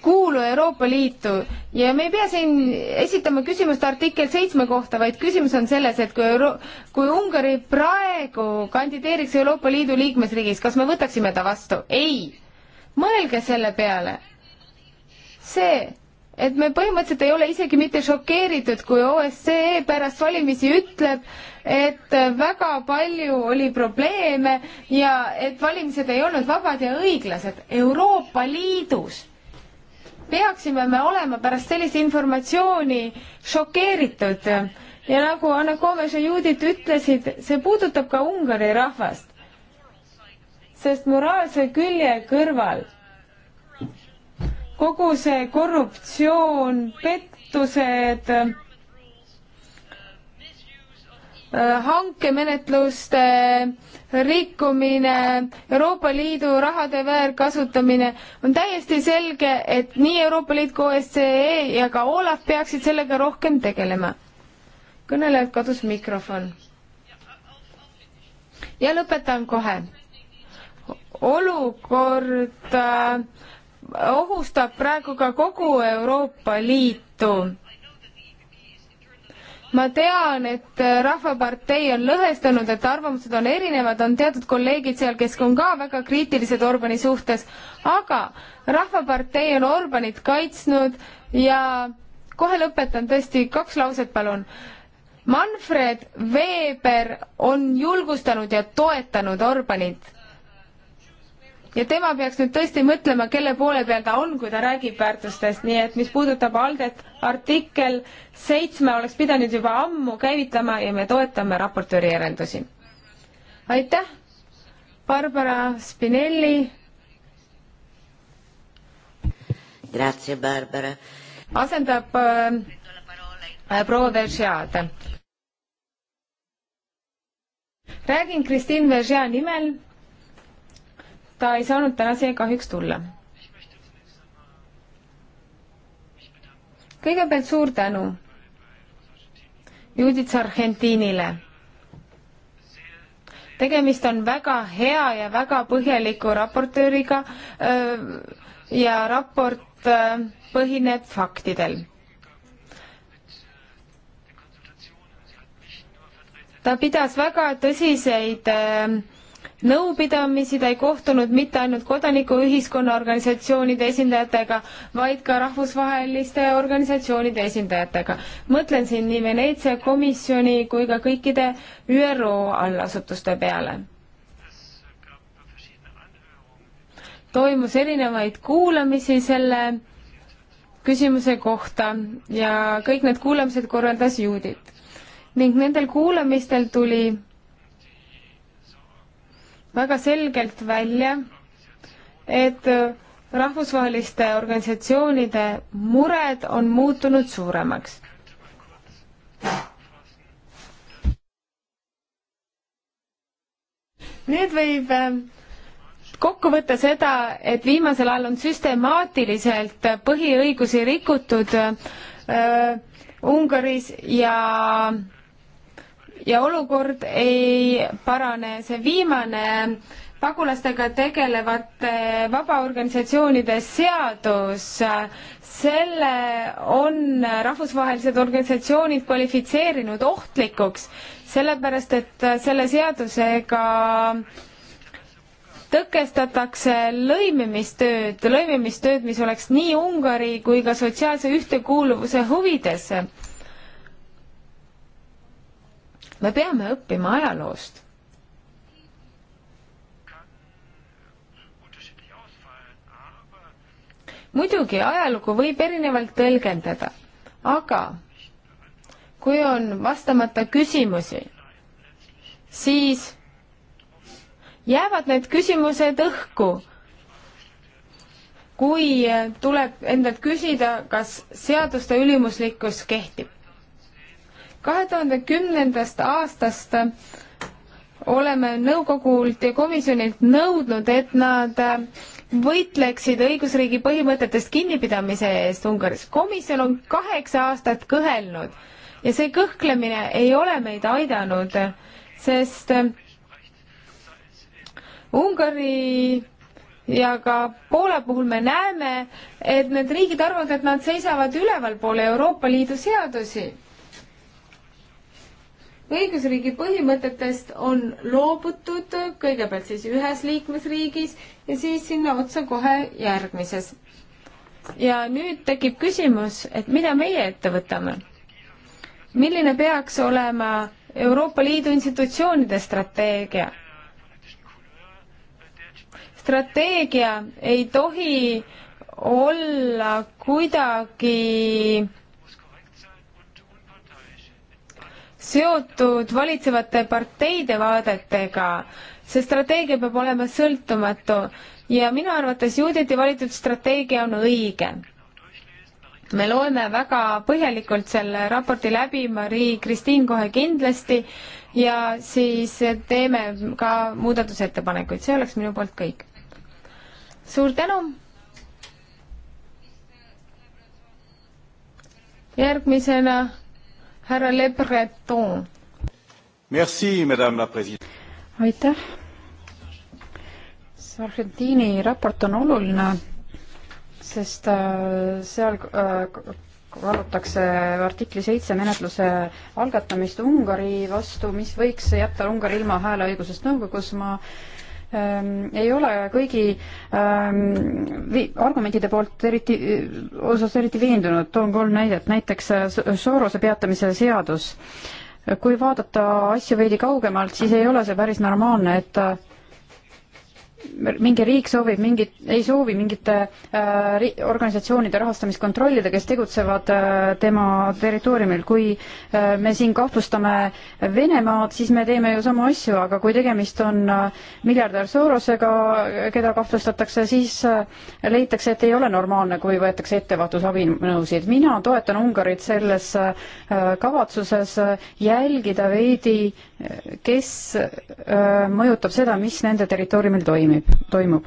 kuulu Euroopa Liitu ja me ei pea siin esitama küsimust artikkel seitsme kohta, vaid küsimus on selles, et kui Euro-, kui Ungari praegu kandideeriks Euroopa Liidu liikmesriigis, kas me võtaksime ta vastu? ei. mõelge selle peale. see, et me põhimõtteliselt ei ole isegi mitte šokeeritud, kui OSCE pärast valimisi ütleb, et väga palju oli probleeme ja et valimised ei olnud vabad ja õiglased. Euroopa Liidus peaksime me olema pärast sellist informatsiooni šokeeritud ja nagu Anna Komes ja Juudit ütlesid, see puudutab ka Ungari rahvast. sest moraalse külje kõrval kogu see korruptsioon, pettused Äh, hankemenetluste rikkumine, Euroopa Liidu rahade väärkasutamine, on täiesti selge, et nii Euroopa Liit kui OSCE ja ka Olav peaksid sellega rohkem tegelema. kõnelejalt kadus mikrofon. ja lõpetan kohe. olukord ohustab praegu ka kogu Euroopa Liitu ma tean, et äh, Rahvapartei on lõhestunud, et arvamused on erinevad, on teatud kolleegid seal, kes on ka väga kriitilised Orbani suhtes, aga Rahvapartei on Orbanit kaitsnud ja kohe lõpetan, tõesti kaks lauset, palun. Manfred Weber on julgustanud ja toetanud Orbanit ja tema peaks nüüd tõesti mõtlema, kelle poole peal ta on, kui ta räägib väärtustest, nii et mis puudutab Aldet, artikkel seitsme oleks pidanud juba ammu käivitama ja me toetame raportööri järeldusi. aitäh, Barbara Spinelli. Grazie, Barbara. asendab äh, proua Veršead. räägin Kristiin Veršea nimel ta ei saanud täna siia kahjuks tulla. kõigepealt suur tänu Judith Sargentinile. tegemist on väga hea ja väga põhjaliku raportööriga ja raport põhineb faktidel ta pidas väga tõsiseid äh, nõupidamisi, ta ei kohtunud mitte ainult kodanikuühiskonna organisatsioonide esindajatega, vaid ka rahvusvaheliste organisatsioonide esindajatega. mõtlen siin nii Veneetsia komisjoni kui ka kõikide ÜRO allasutuste peale. toimus erinevaid kuulamisi selle küsimuse kohta ja kõik need kuulamised korraldas juudid. ning nendel kuulamistel tuli väga selgelt välja, et rahvusvaheliste organisatsioonide mured on muutunud suuremaks. nüüd võib äh, kokku võtta seda, et viimasel ajal on süstemaatiliselt põhiõigusi rikutud äh, Ungaris ja äh, ja olukord ei parane. see viimane pagulastega tegelevate vabaorganisatsioonide seadus, selle on rahvusvahelised organisatsioonid kvalifitseerinud ohtlikuks, sellepärast et selle seadusega tõkestatakse lõimimistööd, lõimimistööd, mis oleks nii Ungari kui ka sotsiaalse ühtekuuluvuse huvides me peame õppima ajaloost. muidugi, ajalugu võib erinevalt tõlgendada, aga kui on vastamata küsimusi, siis jäävad need küsimused õhku kui tuleb endalt küsida, kas seaduste ülimuslikkus kehtib kahe tuhande kümnendast aastast oleme nõukogult ja komisjonilt nõudnud, et nad võitleksid õigusriigi põhimõtetest kinnipidamise eest Ungaris. komisjon on kaheksa aastat kõhelnud ja see kõhklemine ei ole meid aidanud, sest Ungari ja ka Poola puhul me näeme, et need riigid arvavad, et nad seisavad ülevalpool Euroopa Liidu seadusi õigusriigi põhimõtetest on loobutud kõigepealt siis ühes liikmesriigis ja siis sinna otsa kohe järgmises. ja nüüd tekib küsimus, et mida meie ette võtame? milline peaks olema Euroopa Liidu institutsioonide strateegia? strateegia ei tohi olla kuidagi seotud valitsevate parteide vaadetega. see strateegia peab olema sõltumatu ja minu arvates juuditi valitud strateegia on õige me loeme väga põhjalikult selle raporti läbi, Marii-Kristiin kohe kindlasti, ja siis teeme ka muudatusettepanekuid, see oleks minu poolt kõik. suur tänu! järgmisena härra Le Breton. aitäh. see Argentiini raport on oluline, sest äh, seal kaalutakse äh, artikli seitse menetluse algatamist Ungari vastu, mis võiks jätta Ungari ilma hääleõigusest nõukogus. ma ähm, ei ole kõigi ähm, argumentide poolt eriti, osas eriti veendunud, toon kolm näidet, näiteks äh, Soorose peatamise seadus. kui vaadata asju veidi kaugemalt, siis ei ole see päris normaalne, et äh, mingi riik soovib mingit, ei soovi mingite äh, organisatsioonide rahastamist kontrollida, kes tegutsevad äh, tema territooriumil. kui äh, me siin kahtlustame Venemaad, siis me teeme ju samu asju, aga kui tegemist on äh, miljardär Sorosega, keda kahtlustatakse, siis äh, leitakse, et ei ole normaalne, kui võetakse ettevaatusabinõusid. mina toetan Ungarit selles äh, kavatsuses äh, jälgida veidi, äh, kes äh, mõjutab seda, mis nende territooriumil toimib toimib, toimub.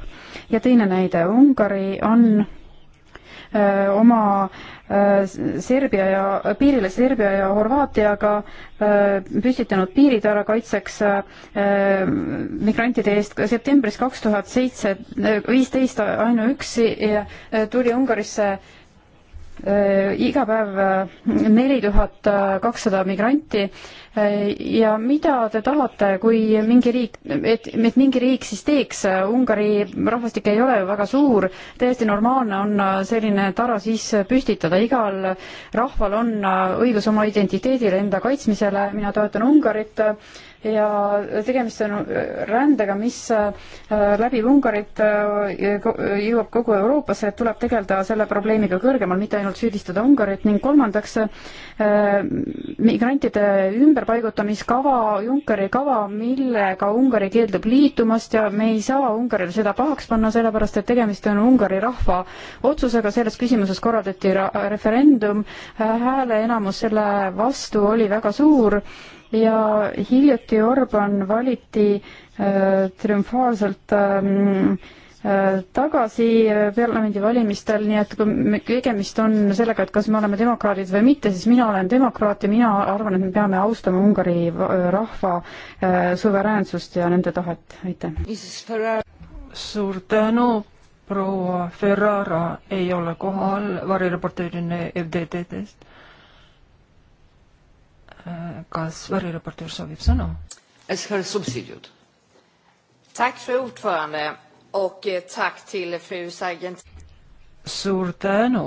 ja teine näide, Ungari on öö, äh, oma öö, äh, Serbia ja, piirile Serbia ja Horvaatiaga öö, äh, püstitanud piirid ära kaitseks öö, migrantide eest. septembris kaks tuhat seitse, viisteist ainuüksi tuli Ungarisse öö, Äh, iga päev äh, neli tuhat äh, kakssada migranti ja mida te tahate, kui mingi riik, et, et mingi riik siis teeks, Ungari rahvastik ei ole ju väga suur, täiesti normaalne on selline tara siis püstitada, igal rahval on õigus oma identiteedile, enda kaitsmisele, mina toetan Ungarit äh, ja tegemist on äh, rändega, mis äh, läbib Ungarit, äh, jõuab kogu Euroopasse, et tuleb tegeleda selle probleemiga kõrgemal, mitte ainult süüdistada Ungarit ning kolmandaks migrantide ümberpaigutamiskava, Junckeri kava, millega Ungari keeldub liitumast ja me ei saa Ungarile seda pahaks panna, sellepärast et tegemist on Ungari rahva otsusega, selles küsimuses korraldati referendum, hääle enamus selle vastu oli väga suur ja hiljuti Orban valiti äh, triumfaalselt ähm, äh, tagasi äh, parlamendivalimistel, nii et kui tegemist on sellega, et kas me oleme demokraadid või mitte, siis mina olen demokraat ja mina arvan, et me peame austama Ungari äh, rahva äh, suveräänsust ja nende tahet, aitäh. suur tänu, proua Ferrara ei ole kohal, varireporteerina FDD-st kas variraportöör soovib sõna? Eh, suur tänu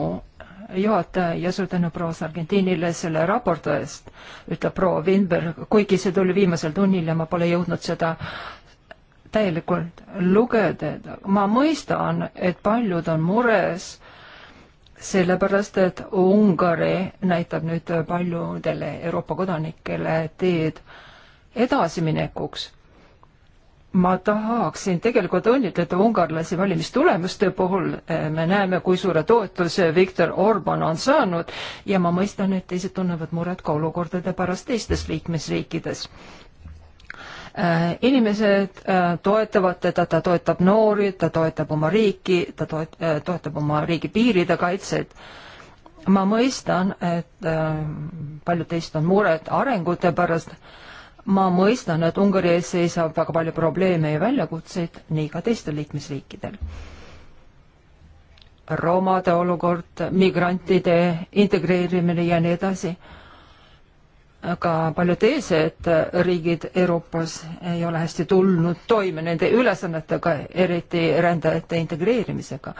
juhataja ja suur tänu proua Sargentinile selle raporti eest, ütleb proua Vinberg, kuigi see tuli viimasel tunnil ja ma pole jõudnud seda täielikult lugeda. ma mõistan, et paljud on mures äh, sellepärast, et Ungari näitab nüüd paljudele Euroopa kodanikele teed edasiminekuks. ma tahaksin tegelikult õnnitleda ungarlasi valimistulemuste puhul, me näeme, kui suure toetuse Viktor Orban on saanud ja ma mõistan, et teised tunnevad muret ka olukordade pärast teistes liikmesriikides Äh, inimesed äh, toetavad teda, ta toetab noori, ta toetab oma riiki, ta toet-, äh, toetab oma riigi piiride kaitset. ma mõistan, et paljud teist on mured arengute pärast, ma mõistan, et Ungari ees seisab väga palju probleeme ja väljakutseid, nii ka teistel liikmesriikidel. romade olukord, migrantide integreerimine ja nii edasi ka paljud teised riigid Euroopas ei ole hästi tulnud toime nende ülesannetega, eriti rändajate integreerimisega.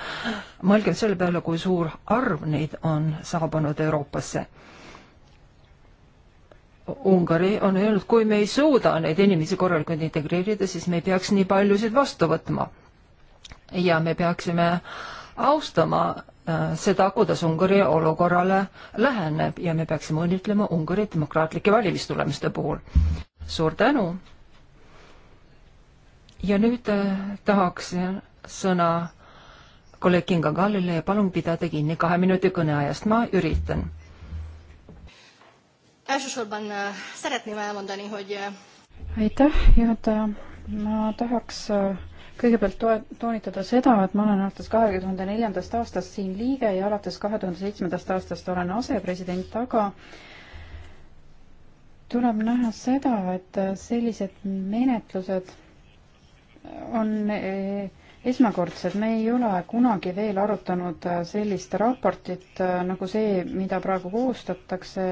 mõelgem selle peale, kui suur arv neid on saabunud Euroopasse. Ungari on öelnud, kui me ei suuda neid inimesi korralikult integreerida, siis me ei peaks nii paljusid vastu võtma. ja me peaksime äh, austama äh, seda, kuidas Ungari olukorrale läheneb ja me peaksime õnnitlema Ungari demokraatlike valimistulemuste puhul. suur tänu. ja nüüd äh, tahaksin sõna kolleeg Kinga Kallile ja palun pidada kinni kahe minuti kõneajast, ma üritan. Äh, aitäh, juhataja. ma tahaks äh, kõigepealt toe-, toonitada seda, et ma olen alates kahe tuhande neljandast aastast siin liige ja alates kahe tuhande seitsmendast aastast olen asepresident, aga tuleb näha seda, et sellised menetlused on eh, esmakordsed, me ei ole kunagi veel arutanud eh, sellist raportit eh, nagu see, mida praegu koostatakse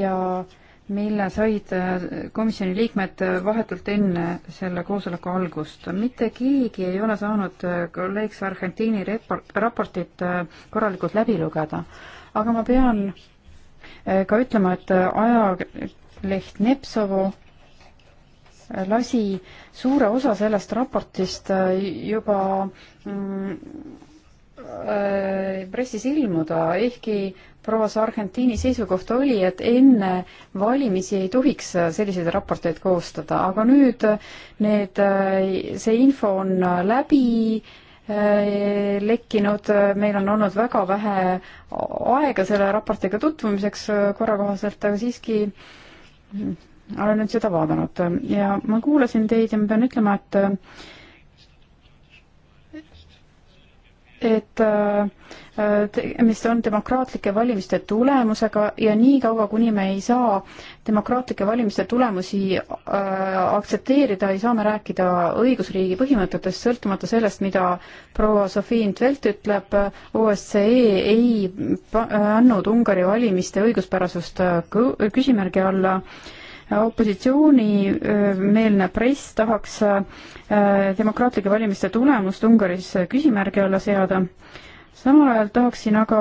ja äh, mille said äh, komisjoni liikmed äh, vahetult enne selle koosoleku algust. mitte keegi ei ole saanud äh, kolleeg Sargentini raportit korralikult läbi lugeda, aga ma pean ka ütlema, et ajaleht Nepsovo lasi suure osa sellest raportist juba mm, pressis ilmuda, ehkki proua Sargentini seisukoht oli, et enne valimisi ei tohiks selliseid raporteid koostada, aga nüüd need, see info on läbi eh, lekkinud, meil on olnud väga vähe aega selle raportiga tutvumiseks eh, korrakohaselt, aga siiski mm, olen nüüd seda vaadanud ja ma kuulasin teid ja ma pean ütlema, et et äh, äh, mis on demokraatlike valimiste tulemusega ja niikaua, kuni me ei saa demokraatlike valimiste tulemusi äh, aktsepteerida, ei saa me rääkida õigusriigi põhimõtetest, sõltumata sellest, mida proua Sofiin Tvelt ütleb, OSCE ei andnud Ungari valimiste õiguspärasust küsimärgi alla opositsioonimeelne äh, press tahaks äh, demokraatlike valimiste tulemust Ungaris küsimärgi alla seada. samal ajal tahaksin aga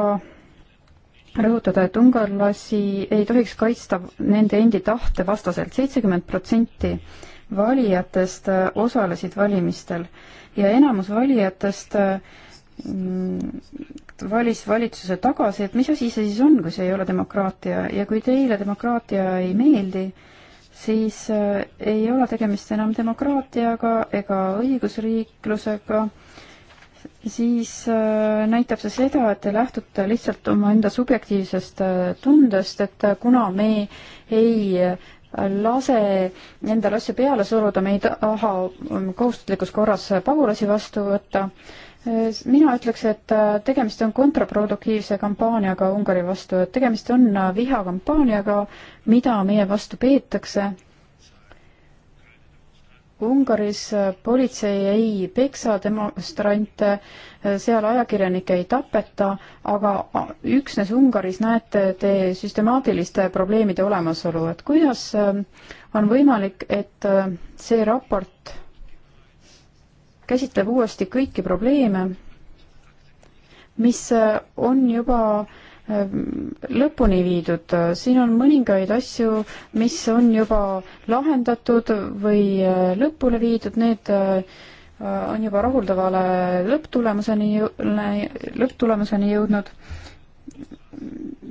rõhutada, et ungarlasi ei tohiks kaitsta nende endi tahte vastaselt. seitsekümmend protsenti valijatest äh, osalesid valimistel ja enamus valijatest valis valitsuse tagasi, et mis asi see siis on, kui see ei ole demokraatia ja kui teile demokraatia ei meeldi, siis äh, ei ole tegemist enam demokraatiaga ega õigusriiklusega, siis äh, näitab see seda, et te lähtute lihtsalt omaenda subjektiivsest äh, tundest, et kuna me ei lase endale asju peale suruda, me ei taha ähm, kohustuslikus korras pagulasi vastu võtta, mina ütleks, et äh, tegemist on kontraproduktiivse kampaaniaga Ungari vastu, et tegemist on äh, vihakampaaniaga, mida meie vastu peetakse. Ungaris äh, politsei ei peksa demonstrante, seal ajakirjanikke ei tapeta, aga üksnes Ungaris näete te süstemaatiliste probleemide olemasolu, et kuidas on võimalik, et see raport käsitleb uuesti kõiki probleeme, mis äh, on juba äh, lõpuni viidud, siin on mõningaid asju, mis on juba lahendatud või äh, lõpule viidud, need on juba rahuldavale lõpptulemuseni, lõpptulemuseni jõudnud.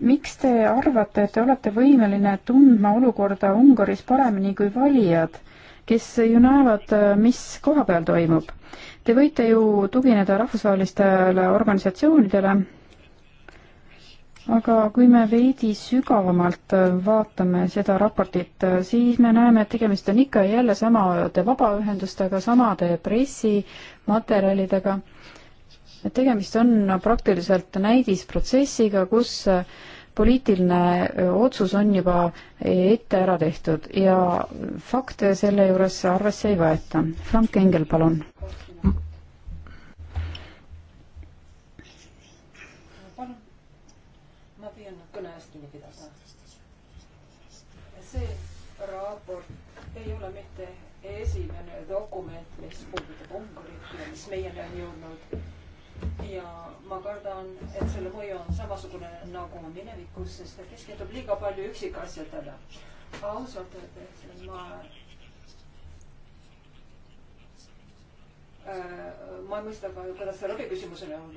miks te arvate, et te olete võimeline tundma olukorda Ungaris paremini kui valijad? kes ju näevad, äh, mis koha peal toimub. Te võite ju tugineda rahvusvahelistele organisatsioonidele, aga kui me veidi sügavamalt äh, vaatame seda raportit, äh, siis me näeme, et tegemist on ikka ja jälle samade vabaühendustega, samade pressimaterjalidega et tegemist on praktiliselt näidisprotsessiga, kus poliitiline otsus on juba ette ära tehtud ja fakte selle juures arvesse ei võeta. Frank Engel, palun. samasugune nagu minevikus, sest ta keskendub liiga palju üksikasjadele. ausalt öeldes ma äh, ma ei mõista ka, kuidas see ravi küsimusele on.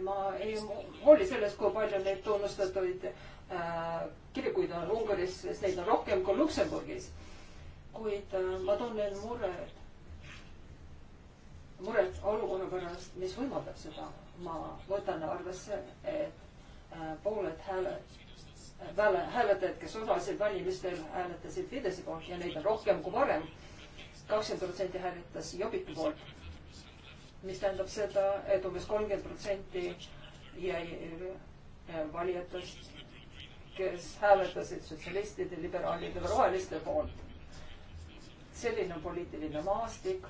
ma ei hooli sellest, kui palju neid tunnustatud äh, kirikuid on Ungaris, sest neid on rohkem kui Luksemburgis. kuid äh, ma tunnen muret, muret olukorra pärast, mis võimaldab seda ma võtan arvesse, et äh, pooled hääled äh, vale, hääletajad, kes osalesid valimistel, hääletasid Fidesi poolt ja neid on rohkem kui varem. kakskümmend protsenti hääletas Jobbiku poolt, mis tähendab seda, et umbes kolmkümmend protsenti jäi äh, valijatest, kes hääletasid sotsialistide, liberaalide või roheliste poolt. selline on poliitiline maastik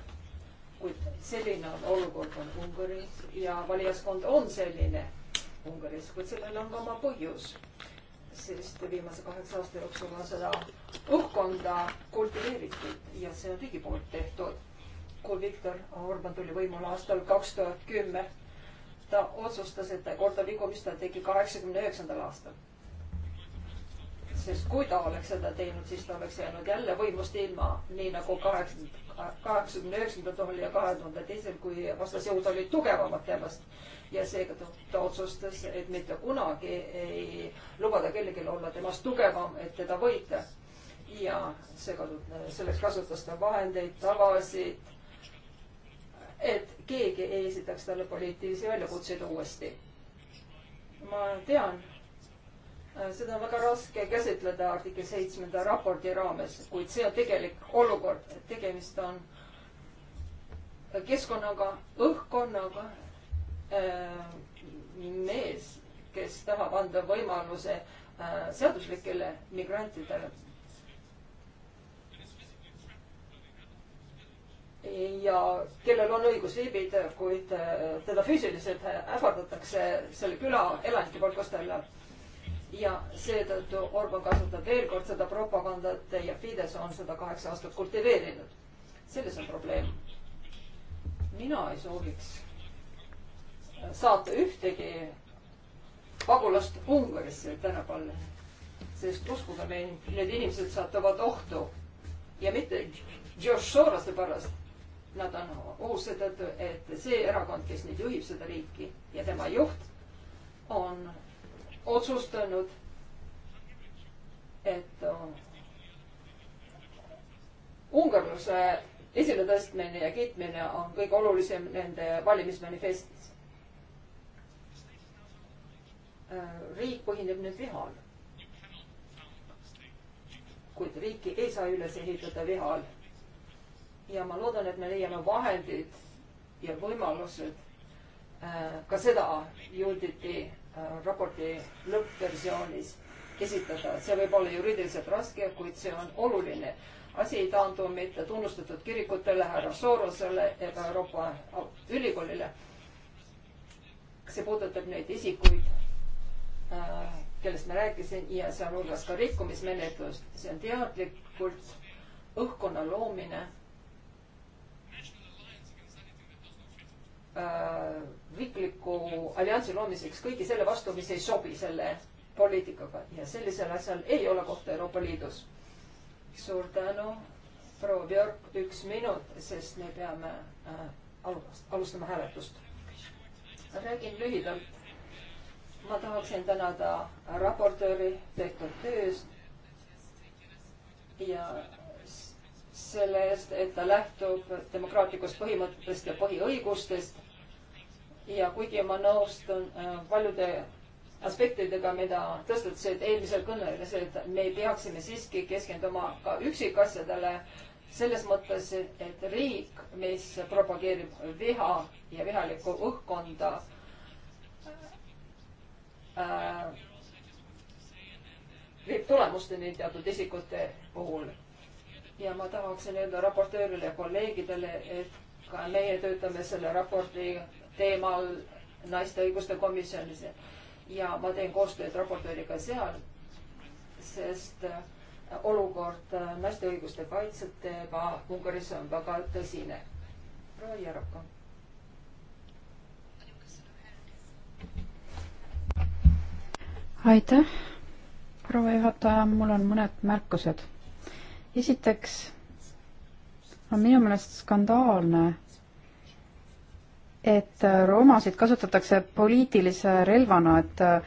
kuid selline on olukord on Ungaris ja valijaskond on selline Ungaris, kuid sellel on ka oma põhjus. sest viimase kaheksa aasta jooksul on seda õhkkonda kultiveeritud ja see on riigi poolt tehtud. kui Viktor Orban tuli võimule aastal kaks tuhat kümme, ta otsustas, et ta ei korda vigu, mis ta tegi kaheksakümne üheksandal aastal sest kui ta oleks seda teinud, siis ta oleks jäänud jälle võimust ilma, nii nagu kaheksakümne, kaheksakümne üheksandal ja kahe tuhande teisel, kui vastasjõud olid tugevamad temast. ja seega ta, ta otsustas, et mitte kunagi ei lubada kellelgi olla temast tugevam, et teda võita. ja see kasutas, selleks kasutas ta vahendeid, tavasid, et keegi ei esitaks talle poliitilisi väljakutseid uuesti. ma tean Äh, seda on väga raske käsitleda artikkel seitsmenda raporti raames, kuid see on tegelik olukord, et tegemist on keskkonnaga, õhkkonnaga äh,, mees, kes tahab anda võimaluse äh, seaduslikele migrantidele. ja kellel on õigus viibida, kuid äh, teda füüsiliselt ähvardatakse selle küla elanike poolt, kus ta elab ja seetõttu Orban kasutab veel kord seda propagandat ja Fides on seda kaheksa aastat kultiveerinud. selles on probleem. mina ei sooviks äh, saata ühtegi pagulast Ungarisse tänapäeval, sest uskuge mind, need inimesed satuvad ohtu ja mitte George Sorose pärast. Nad on ohus seetõttu, et see erakond, kes nüüd juhib seda riiki ja tema juht on otsustanud, et äh, ungarluse esiletõstmine ja kiitmine on kõige olulisem nende valimismanifestis. Äh, riik põhineb nüüd vihal. kuid riiki ei saa üles ehitada vihal. ja ma loodan, et me leiame vahendid ja võimalused äh, ka seda juuditi Äh, raporti lõppversioonis esitada. see võib olla juriidiliselt raske, kuid see on oluline. asi ei taandu mitte tunnustatud kirikutele, härra Sorosele ega Euroopa Ülikoolile. see puudutab neid isikuid, äh, kellest ma rääkisin ja sealhulgas ka rikkumismenetlust. see on teadlikult õhkkonna loomine Äh, riikliku alliansi loomiseks kõigi selle vastu, mis ei sobi selle poliitikaga ja sellisel asjal ei ole kohta Euroopa Liidus. suur tänu, proua Björk, üks minut, sest me peame äh, alustama hääletust. räägin lühidalt. ma tahaksin tänada raportööri tehtud tööst ja selle eest, et ta lähtub demokraatlikust põhimõtetest ja põhiõigustest ja kuigi ma nõustun äh, paljude aspektidega, mida tõstatasid eelmisel kõnelusel, et me peaksime siiski keskenduma ka üksikasjadele selles mõttes, et riik, mis propageerib viha ja vihalikku õhkkonda äh,, viib tulemusteni teatud isikute puhul. ja ma tahaksin öelda raportöörile ja kolleegidele, et ka meie töötame selle raporti teemal naiste õiguste komisjonis ja ma teen koostööd raportööriga seal, sest äh, olukord äh, naiste õiguste kaitsjatega ah, Ungaris on väga tõsine. proua Järvka. aitäh, proua juhataja, mul on mõned märkused. esiteks on minu meelest skandaalne, et äh, romasid kasutatakse poliitilise relvana, et äh,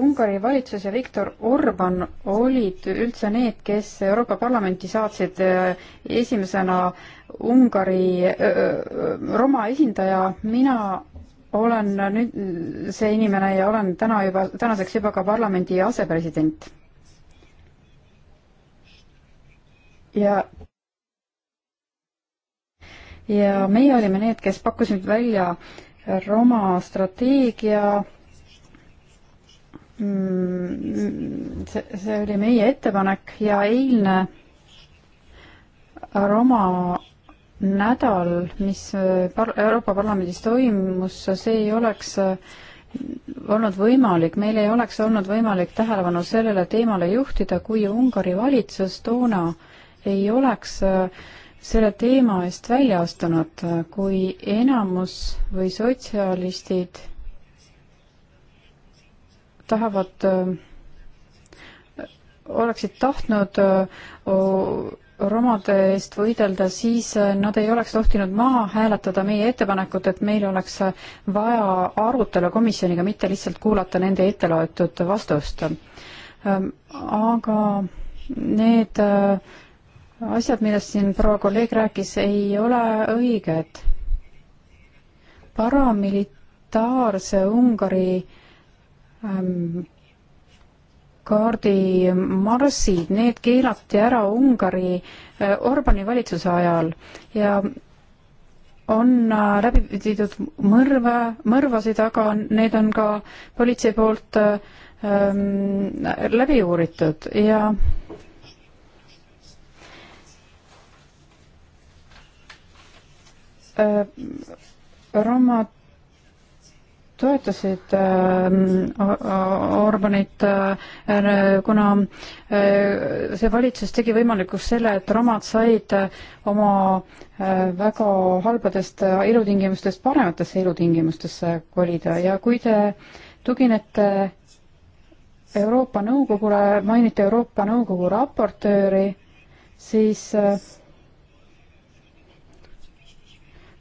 Ungari valitsus ja Viktor Orban olid üldse need, kes Euroopa Parlamenti saatsid äh, esimesena Ungari öö, Roma esindaja, mina olen nüüd see inimene ja olen täna juba, tänaseks juba ka parlamendi asepresident. ja ja meie olime need, kes pakkusid välja Roma strateegia. Mm, see, see oli meie ettepanek ja eilne Roma nädal, mis äh, par-, Euroopa Parlamendis toimus, see ei oleks äh, olnud võimalik, meil ei oleks olnud võimalik tähelepanu sellele teemale juhtida, kui Ungari valitsus toona ei oleks äh, selle teema eest välja astunud, kui enamus või sotsialistid tahavad, oleksid tahtnud romade eest võidelda, siis nad ei oleks tohtinud maha hääletada meie ettepanekut, et meil oleks vaja arutelu komisjoniga, mitte lihtsalt kuulata nende etteloetud vastust. aga need äh, asjad, millest siin proua kolleeg rääkis, ei ole õiged. paramilitaarse Ungari ähm, kaardimarssid, need keelati ära Ungari äh, Orbani valitsuse ajal ja on äh, läbi viidud mõrve, mõrvasid, aga need on ka politsei poolt äh, ähm, läbi uuritud ja äh, Äh, raamat toetasid äh, Orbanit äh, äh,, kuna äh, see valitsus tegi võimalikuks selle, et romad said äh, oma äh, väga halbadest äh, elutingimustest parematesse elutingimustesse kolida ja kui te tuginete Euroopa Nõukogule, mainite Euroopa Nõukogu raportööri, siis äh,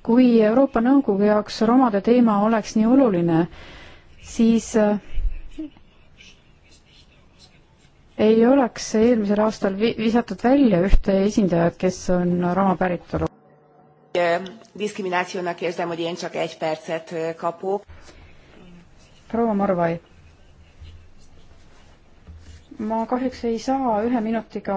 kui Euroopa Nõukogu jaoks romade teema oleks nii oluline, siis äh, ei oleks eelmisel aastal visatud välja ühte esindajat, kes on roma päritolu. diszkriminációnak érzem, hogy én csak egy percet kapok. proua Marvai ma kahjuks ei saa ühe minutiga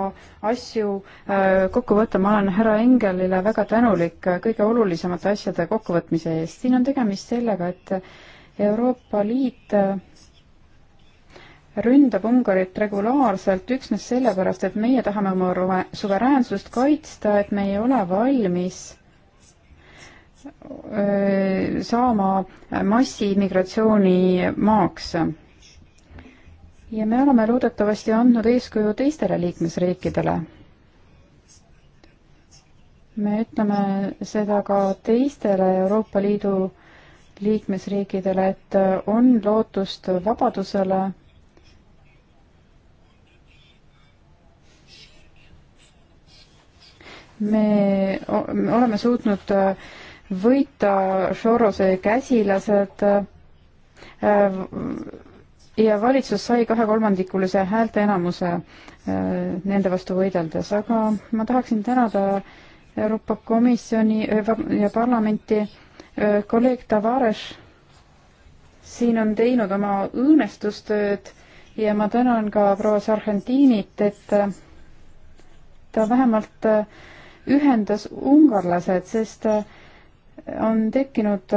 asju äh, kokku võtta, ma olen härra Engelile väga tänulik kõige olulisemate asjade kokkuvõtmise eest. siin on tegemist sellega, et Euroopa Liit äh, ründab Ungarit regulaarselt üksnes sellepärast, et meie tahame oma suveräänsust kaitsta, et me ei ole valmis äh, saama massiimmigratsiooni maaks ja me oleme loodetavasti andnud eeskuju teistele liikmesriikidele. me ütleme seda ka teistele Euroopa Liidu liikmesriikidele, et on lootust vabadusele me oleme suutnud võita Sorose käsilased, äh, ja valitsus sai kahekolmandikulise häälteenamuse äh, nende vastu võideldes, aga ma tahaksin tänada Euroopa Komisjoni äh, ja parlamenti. Äh, kolleeg Tavares siin on teinud oma õõnestustööd ja ma tänan ka proua Sargentinit, et ta vähemalt ühendas ungarlased, sest on tekkinud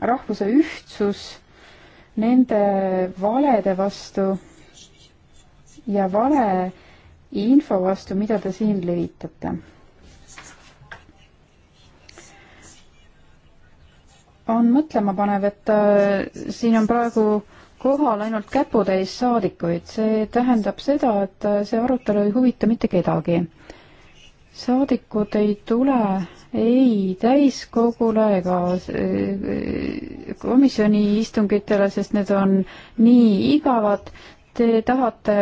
rahvuse ühtsus nende valede vastu ja vale info vastu, mida te siin levitate. on mõtlemapanev, et äh, siin on praegu kohal ainult käputäis saadikuid, see tähendab seda, et äh, see arutelu ei huvita mitte kedagi saadikud ei tule ei täiskogule ega äh, äh, komisjoni istungitele, sest need on nii igavad. Te tahate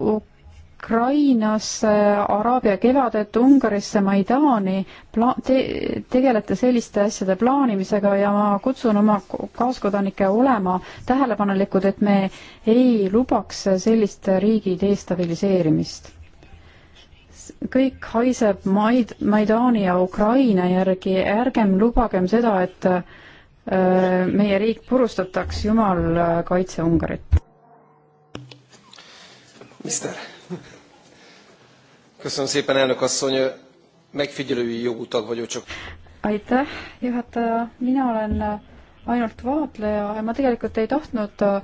Ukrainasse, Araabia kevadet, Ungarisse, Maidani pla-, te-, tegelete selliste asjade plaanimisega ja ma kutsun oma kaaskodanikke olema tähelepanelikud, et me ei lubaks sellist riigi destabiliseerimist kõik haiseb Maid-, Maidani ja Ukraina järgi, ärgem lubagem seda, et äh, meie riik purustataks, jumal äh, kaitse Ungarit. Mister. köszönöm szépen, elnök asszony, megfigyelői jogutag vagyok csak. aitäh, juhataja, mina olen äh, ainult vaatleja ja ma tegelikult ei tahtnud äh,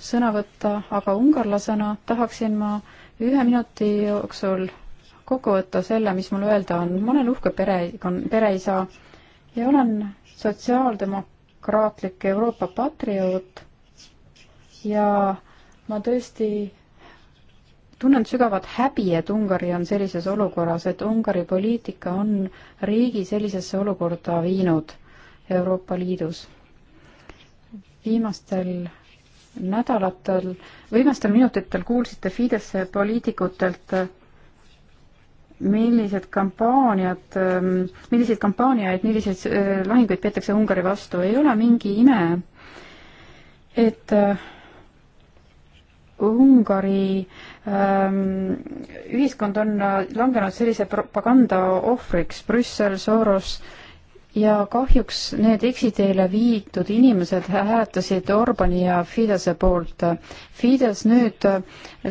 sõna võtta, aga ungarlasena tahaksin ma ühe minuti jooksul kokku võtta selle, mis mul öelda on. ma olen uhke pere, pereisa ja olen sotsiaaldemokraatlik Euroopa patrioot ja ma tõesti tunnen sügavat häbi, et Ungari on sellises olukorras, et Ungari poliitika on riigi sellisesse olukorda viinud Euroopa Liidus. viimastel nädalatel, viimastel minutitel kuulsite Fidesz poliitikutelt millised kampaaniad, ähm, milliseid kampaaniaid, milliseid äh, lahinguid peetakse Ungari vastu, ei ole mingi ime, et äh, Ungari ähm, ühiskond on äh, langenud sellise propaganda ohvriks, Brüssel, Soros äh,, ja kahjuks need eksiteele viidud inimesed hääletasid Orbani ja Fidese poolt. Fides nüüd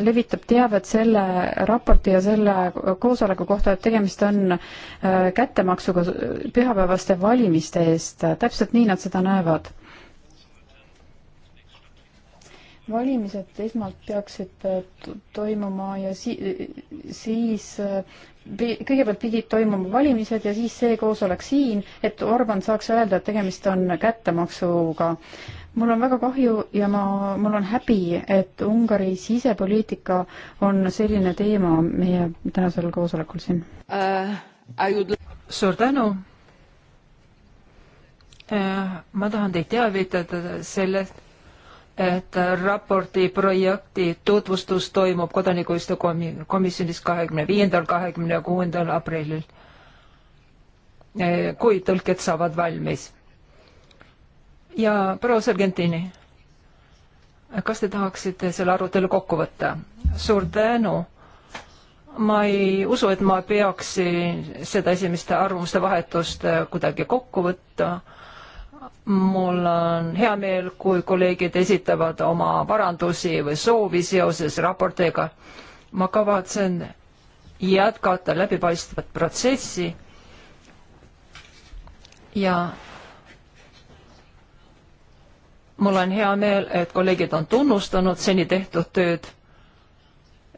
levitab teavet selle raporti ja selle koosoleku kohta, et tegemist on äh, kättemaksuga pühapäevaste valimiste eest, täpselt nii nad seda näevad valimised esmalt peaksid äh, toimuma ja si-, siis äh, kõigepealt pidid toimuma valimised ja siis see koosolek siin, et Orban saaks öelda, et tegemist on kättemaksuga. mul on väga kahju ja ma, mul on häbi, et Ungari sisepoliitika on selline teema meie tänasel koosolekul siin uh,. Would... suur tänu uh,! ma tahan teid teavitada sellest, et raporti projekti tutvustus toimub kodanikuühistu komisjonis kahekümne viiendal, kahekümne kuuendal aprillil, kui tõlked saavad valmis. ja proua Sargentini, kas te tahaksite selle arutelu kokku võtta? suur tänu ma ei usu, et ma peaksin seda esimeste arvamuste vahetust kuidagi kokku võtta mul on hea meel, kui kolleegid esitavad oma parandusi või soovi seoses raportiga. ma kavatsen jätkata läbipaistvat protsessi ja mul on hea meel, et kolleegid on tunnustanud seni tehtud tööd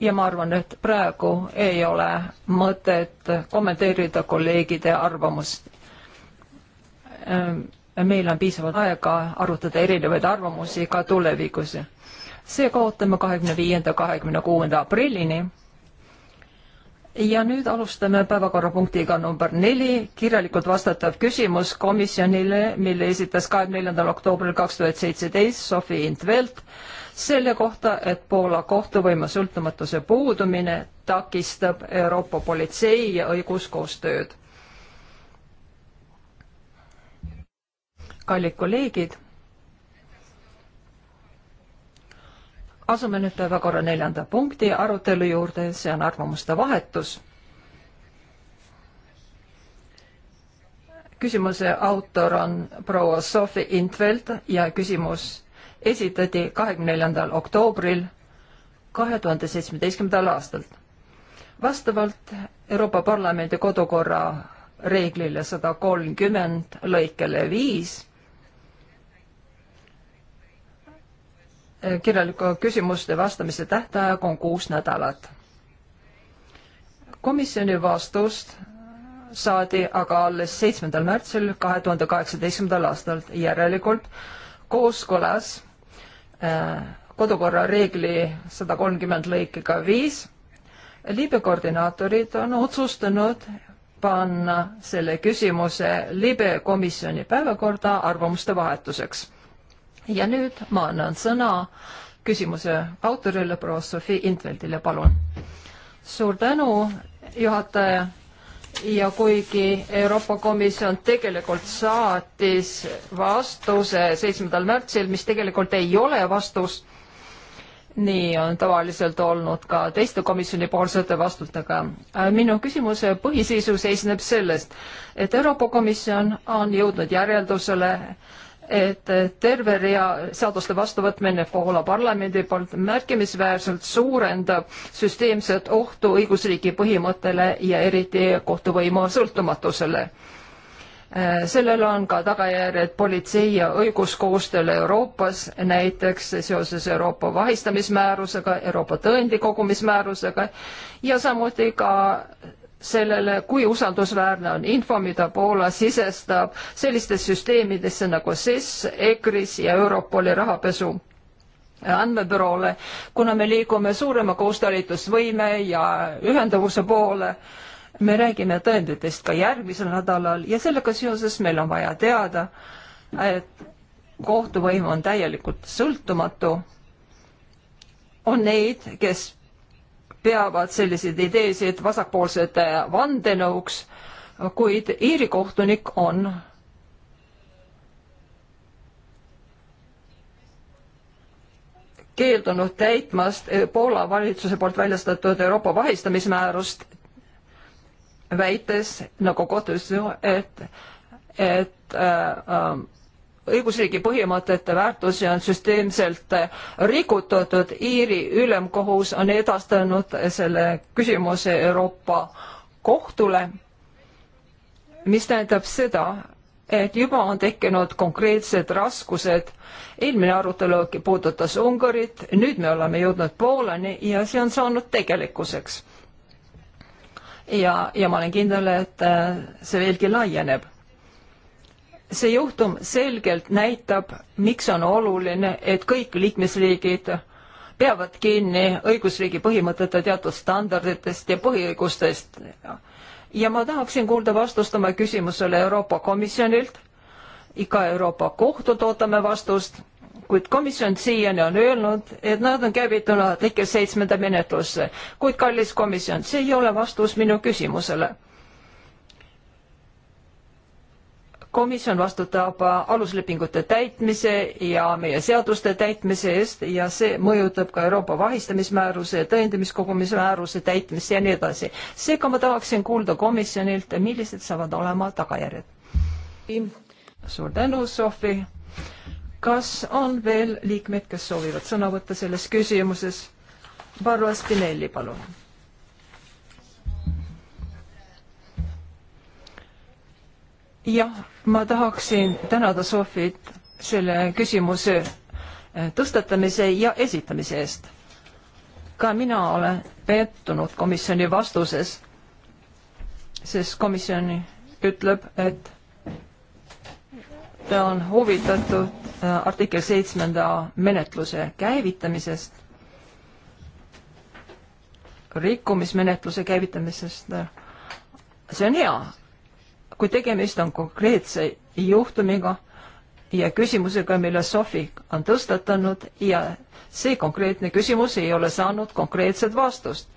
ja ma arvan, et praegu ei ole mõtet kommenteerida kolleegide arvamust ehm, meil on piisavalt aega arutada erinevaid arvamusi ka tulevikus. seega ootame kahekümne viienda, kahekümne kuuenda aprillini. ja nüüd alustame päevakorrapunktiga number neli, kirjalikult vastatav küsimus komisjonile, mille esitas kahekümne neljandal oktoobril kaks tuhat seitseteist Sofi Intvelt selle kohta, et Poola kohtuvõime sõltumatuse puudumine takistab Euroopa politsei ja õiguskoostööd kallid kolleegid. asume nüüd päevakorra neljanda punkti arutelu juurde, see on arvamuste vahetus. küsimuse autor on proua Sophie Intveld ja küsimus esitati kahekümne neljandal oktoobril kahe tuhande seitsmeteistkümnendal aastal. vastavalt Euroopa Parlamendi kodukorra reeglile sada kolmkümmend lõikele viis kirjalike küsimuste vastamise tähtaeg on kuus nädalat. komisjoni vastust saadi aga alles seitsmendal märtsil kahe tuhande kaheksateistkümnendal aastal, järelikult kooskõlas äh, kodukorra reegli sada kolmkümmend lõikega viis. liibe koordinaatorid on otsustanud panna selle küsimuse libe komisjoni päevakorda arvamuste vahetuseks ja nüüd ma annan sõna küsimuse autorile, proua Sofi Intveldile, palun. suur tänu, juhataja ja kuigi Euroopa Komisjon tegelikult saatis vastuse seitsmendal märtsil, mis tegelikult ei ole vastus, nii on tavaliselt olnud ka teiste komisjonipoolsete vastutega. minu küsimuse põhisisu seisneb sellest, et Euroopa Komisjon on jõudnud järeldusele, et terve rea seaduste vastuvõtmine Poola parlamendi poolt märkimisväärselt suurendab süsteemset ohtu õigusriigi põhimõttele ja eriti kohtuvõimu sõltumatusele. sellel on ka tagajärjed politsei ja õiguskoostööle Euroopas, näiteks seoses Euroopa vahistamismäärusega, Euroopa tõendi kogumismäärusega ja samuti ka sellele, kui usaldusväärne on info, mida Poola sisestab sellistesse süsteemidesse nagu SIS, EKRIS ja Europoli rahapesu andmebüroole, kuna me liigume suurema koostalitusvõime ja ühendavuse poole, me räägime tõenditest ka järgmisel nädalal ja sellega seoses meil on vaja teada, et kohtuvõim on täielikult sõltumatu on neid, kes peavad selliseid ideesid vasakpoolsete vandenõuks, kuid Iiri kohtunik on keeldunud täitmast Poola valitsuse poolt väljastatud Euroopa vahistamismäärust, väites nagu kohtus, et, et äh, õigusriigi põhimõtete väärtusi on süsteemselt rikutud. Iiri ülemkohus on edastanud selle küsimuse Euroopa kohtule, mis tähendab seda, et juba on tekkinud konkreetsed raskused. eelmine arutelu puudutas Ungarit, nüüd me oleme jõudnud Poolani ja see on saanud tegelikkuseks. ja, ja ma olen kindel, et äh, see veelgi laieneb see juhtum selgelt näitab, miks on oluline, et kõik liikmesriigid peavad kinni õigusriigi põhimõtete teatud standarditest ja põhiõigustest. ja ma tahaksin kuulda vastust oma küsimusele Euroopa Komisjonilt. iga Euroopa kohtult ootame vastust, kuid komisjon siiani on öelnud, et nad on käivitunud artikkel seitsmenda menetlusse. kuid kallis komisjon, see ei ole vastus minu küsimusele komisjon vastutab äh, aluslepingute täitmise ja meie seaduste täitmise eest ja see mõjutab ka Euroopa vahistamismääruse ja tõendamiskogumismääruse täitmist ja nii edasi. seega ma tahaksin kuulda komisjonilt, millised saavad olema tagajärjed. suur tänu, Sofi. kas on veel liikmeid, kes soovivad sõna võtta selles küsimuses? Barbara Spinelli, palun jah, ma tahaksin tänada Sofit selle küsimuse eh, tõstatamise ja esitamise eest. ka mina olen pettunud komisjoni vastuses, sest komisjon ütleb, et ta on huvitatud eh, artikkel seitsmenda menetluse käivitamisest, rikkumismenetluse käivitamisest. see on hea, kui tegemist on konkreetse juhtumiga ja küsimusega, mille Sofi on tõstatanud ja see konkreetne küsimus ei ole saanud konkreetset vastust.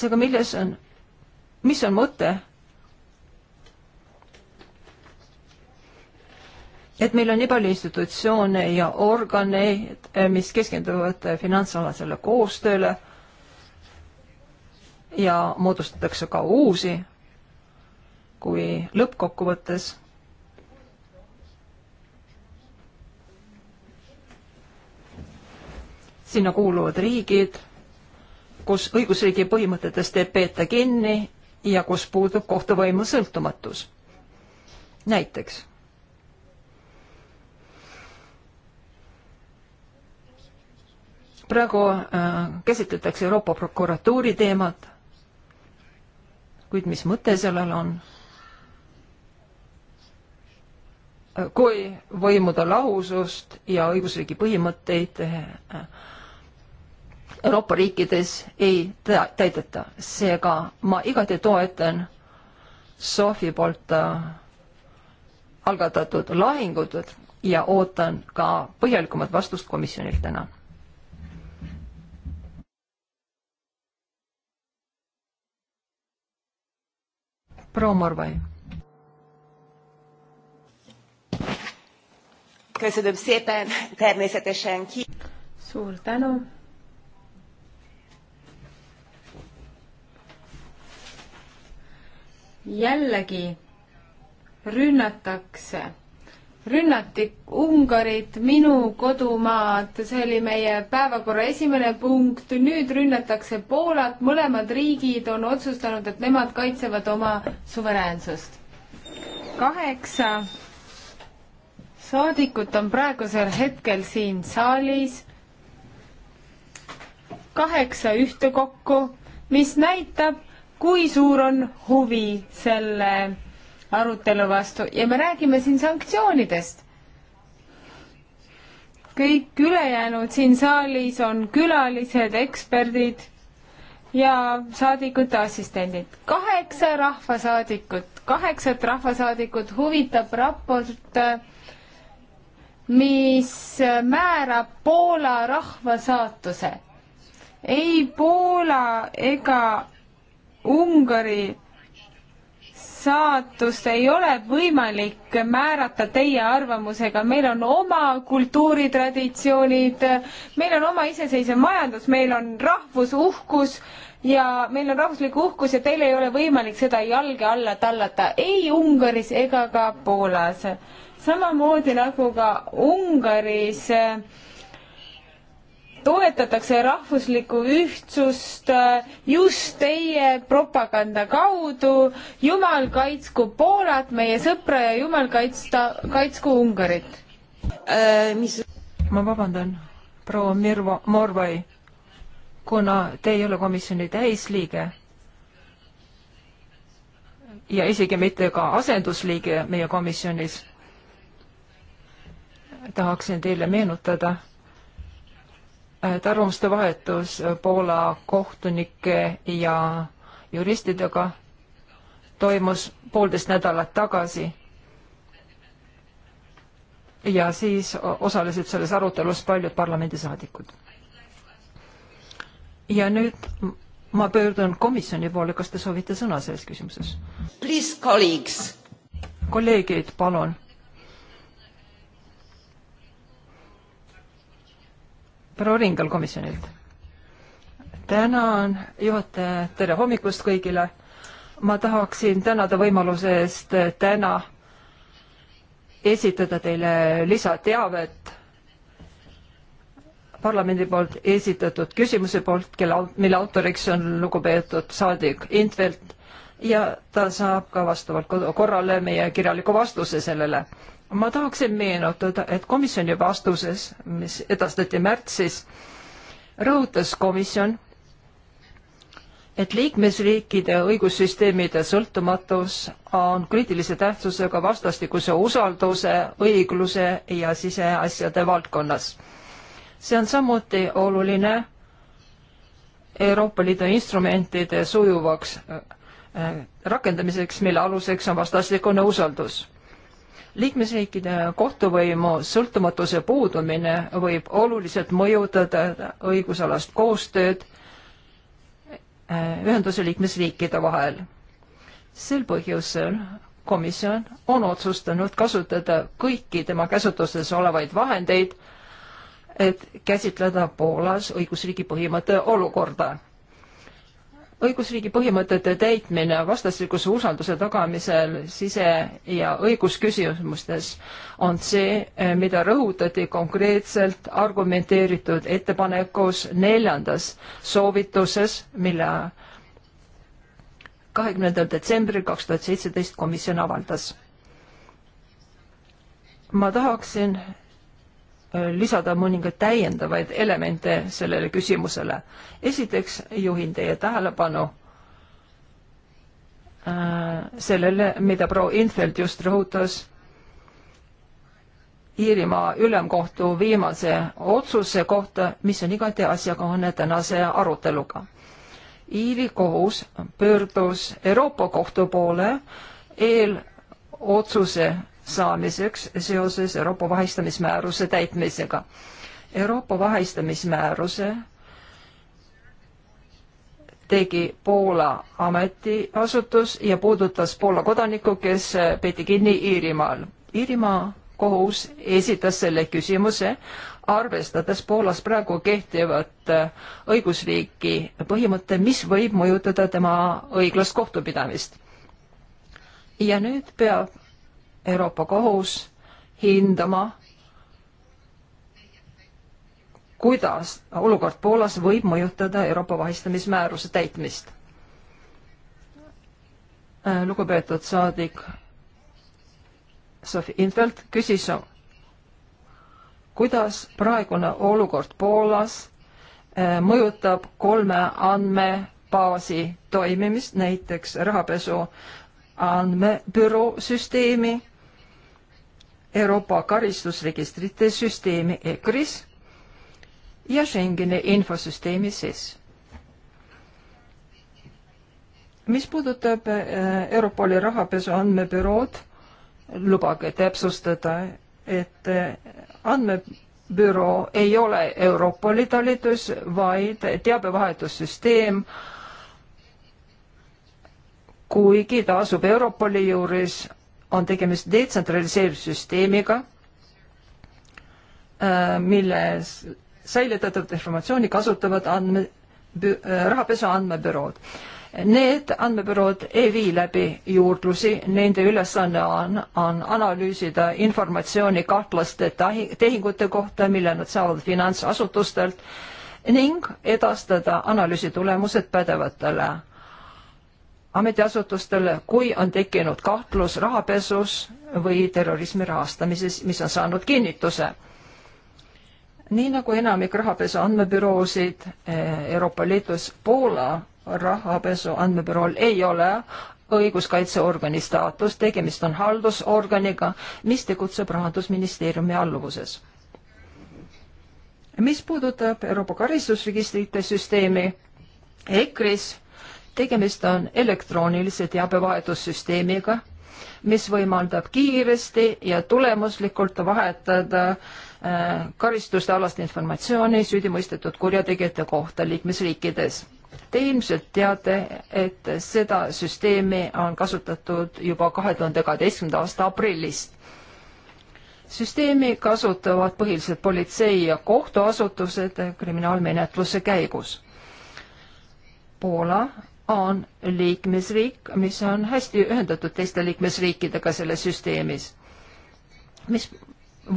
seega, milles on, mis on mõte? et meil on nii palju institutsioone ja organeid, mis keskenduvad finantsalasele koostööle ja moodustatakse ka uusi, kui lõppkokkuvõttes sinna kuuluvad riigid, kus õigusriigi põhimõtetest ei peeta kinni ja kus puudub kohtuvõimu sõltumatus. näiteks. praegu äh, käsitletakse Euroopa prokuratuuri teemat kuid mis mõte sellel on? kui võimude lahusust ja õigusriigi põhimõtteid eh, Euroopa riikides ei täideta. seega ma igati toetan Sofi poolt eh, algatatud lahingut ja ootan ka põhjalikumat vastust komisjonilt täna Promarvai. Köszönöm szépen, természetesen ki. Suur tänu. jällegi rünnatakse rünnati Ungarit, minu kodumaad, see oli meie päevakorra esimene punkt, nüüd rünnatakse Poolat, mõlemad riigid on otsustanud, et nemad kaitsevad oma suveräänsust. kaheksa saadikut on praegusel hetkel siin saalis, kaheksa ühtekokku, mis näitab, kui suur on huvi selle arutelu vastu ja me räägime siin sanktsioonidest. kõik ülejäänud siin saalis on külalised, eksperdid ja saadikute assistendid. kaheksa rahvasaadikut, kaheksat rahvasaadikut huvitab raport, mis määrab Poola rahva saatuse. ei Poola ega Ungari saatust ei ole võimalik määrata teie arvamusega, meil on oma kultuuritraditsioonid, meil on oma iseseisev majandus, meil on rahvusuhkus ja meil on rahvuslik uhkus ja teil ei ole võimalik seda jalge alla tallata ei Ungaris ega ka Poolas. samamoodi nagu ka Ungaris äh, toetatakse rahvuslikku ühtsust äh, just teie propaganda kaudu. jumal kaitsku Poolat, meie sõpra ja jumal kaitsta, kaitsku Ungarit äh,. mis? ma vabandan, proua Mirvo Morvai, kuna te ei ole komisjoni täisliige ja isegi mitte ka asendusliige meie komisjonis, tahaksin teile meenutada Äh, arvamuste vahetus äh, Poola kohtunike ja juristidega toimus poolteist nädalat tagasi. ja siis osalesid selles arutelus paljud parlamendisaadikud. ja nüüd ma pöördun komisjoni poole, kas te soovite sõna selles küsimuses? kolleegid, palun proua Ringel komisjonilt. tänan, juhataja, tere hommikust kõigile. ma tahaksin tänada võimaluse eest täna esitada teile lisateavet parlamendi poolt esitatud küsimuse poolt, kelle, mille autoriks on lugupeetud saadik Intvelt ja ta saab ka vastavalt korrale meie kirjaliku vastuse sellele ma tahaksin meenutada, et komisjoni vastuses, mis edastati märtsis, rõhutas komisjon, et liikmesriikide õigussüsteemide sõltumatus on kriitilise tähtsusega vastastikuse usalduse, õigluse ja siseasjade valdkonnas. see on samuti oluline Euroopa Liidu instrumentide sujuvaks äh, rakendamiseks, mille aluseks on vastastikune usaldus liikmesriikide kohtuvõimu sõltumatuse puudumine võib oluliselt mõjutada õigusalast koostööd äh, ühenduse liikmesriikide vahel. sel põhjusel komisjon on otsustanud kasutada kõiki tema käsutuses olevaid vahendeid, et käsitleda Poolas õigusriigi põhimõtte olukorda õigusriigi põhimõtete täitmine vastastikuse usalduse tagamisel sise- ja õigusküsimustes on see, mida rõhutati konkreetselt argumenteeritud ettepanekus neljandas soovituses, mille kahekümnendal detsembril kaks tuhat seitseteist komisjon avaldas. ma tahaksin Äh, lisada mõningaid täiendavaid elemente sellele küsimusele. esiteks juhin teie tähelepanu äh, sellele, mida proua Infeld just rõhutas Iirimaa ülemkohtu viimase otsuse kohta, mis on igati asjakohane tänase aruteluga. Iiri kohus pöördus Euroopa kohtu poole eelotsuse saamiseks seoses Euroopa vahistamismääruse täitmisega. Euroopa vahistamismääruse tegi Poola ametiasutus ja puudutas Poola kodanikku, kes peeti kinni Iirimaal. Iirimaa kohus esitas selle küsimuse, arvestades Poolas praegu kehtivat õigusriiki põhimõte, mis võib mõjutada tema õiglast kohtupidamist. ja nüüd peab Euroopa Kohus hindama, kuidas olukord Poolas võib mõjutada Euroopa vahistamismääruse täitmist. Äh, lugupeetud saadik Sofi Infeld küsis, kuidas praegune olukord Poolas äh, mõjutab kolme andmebaasi toimimist, näiteks rahapesu andmebüroo süsteemi Euroopa karistusregistrite süsteemi ECRIS ja Schengeni infosüsteemi SIS. mis puudutab äh, Europoli rahapesu andmebürood, lubage täpsustada, et äh, andmebüroo ei ole Europoli talitus, vaid teabevahetussüsteem kuigi ta asub Europoli juures, on tegemist detsentraliseeritud süsteemiga, äh, milles säilitatud informatsiooni kasutavad andme, äh, rahapesu andmebürood. Need andmebürood ei vii läbi juurdlusi, nende ülesanne on, on analüüsida informatsiooni kahtlaste tehingute kohta, mille nad saavad finantsasutustelt ning edastada analüüsi tulemused pädevatele ametiasutustele, kui on tekkinud kahtlus rahapesus või terrorismi rahastamises, mis on saanud kinnituse. nii nagu enamik rahapesu andmebüroosid eh, Euroopa Liidus, Poola rahapesu andmebürool ei ole õiguskaitseorgani staatus, tegemist on haldusorganiga, mis tegutseb Rahandusministeeriumi alluvuses. mis puudutab Euroopa karistusregistrite süsteemi, EKRE-s tegemist on elektroonilise teabevahetussüsteemiga, mis võimaldab kiiresti ja tulemuslikult vahetada äh, karistuste alast informatsiooni süüdimõistetud kurjategijate kohta liikmesriikides. Te ilmselt teate, et seda süsteemi on kasutatud juba kahe tuhande kaheteistkümnenda aasta aprillist. süsteemi kasutavad põhiliselt politsei ja kohtuasutused kriminaalmenetluse käigus. Poola on liikmesriik, mis on hästi ühendatud teiste liikmesriikidega selles süsteemis, mis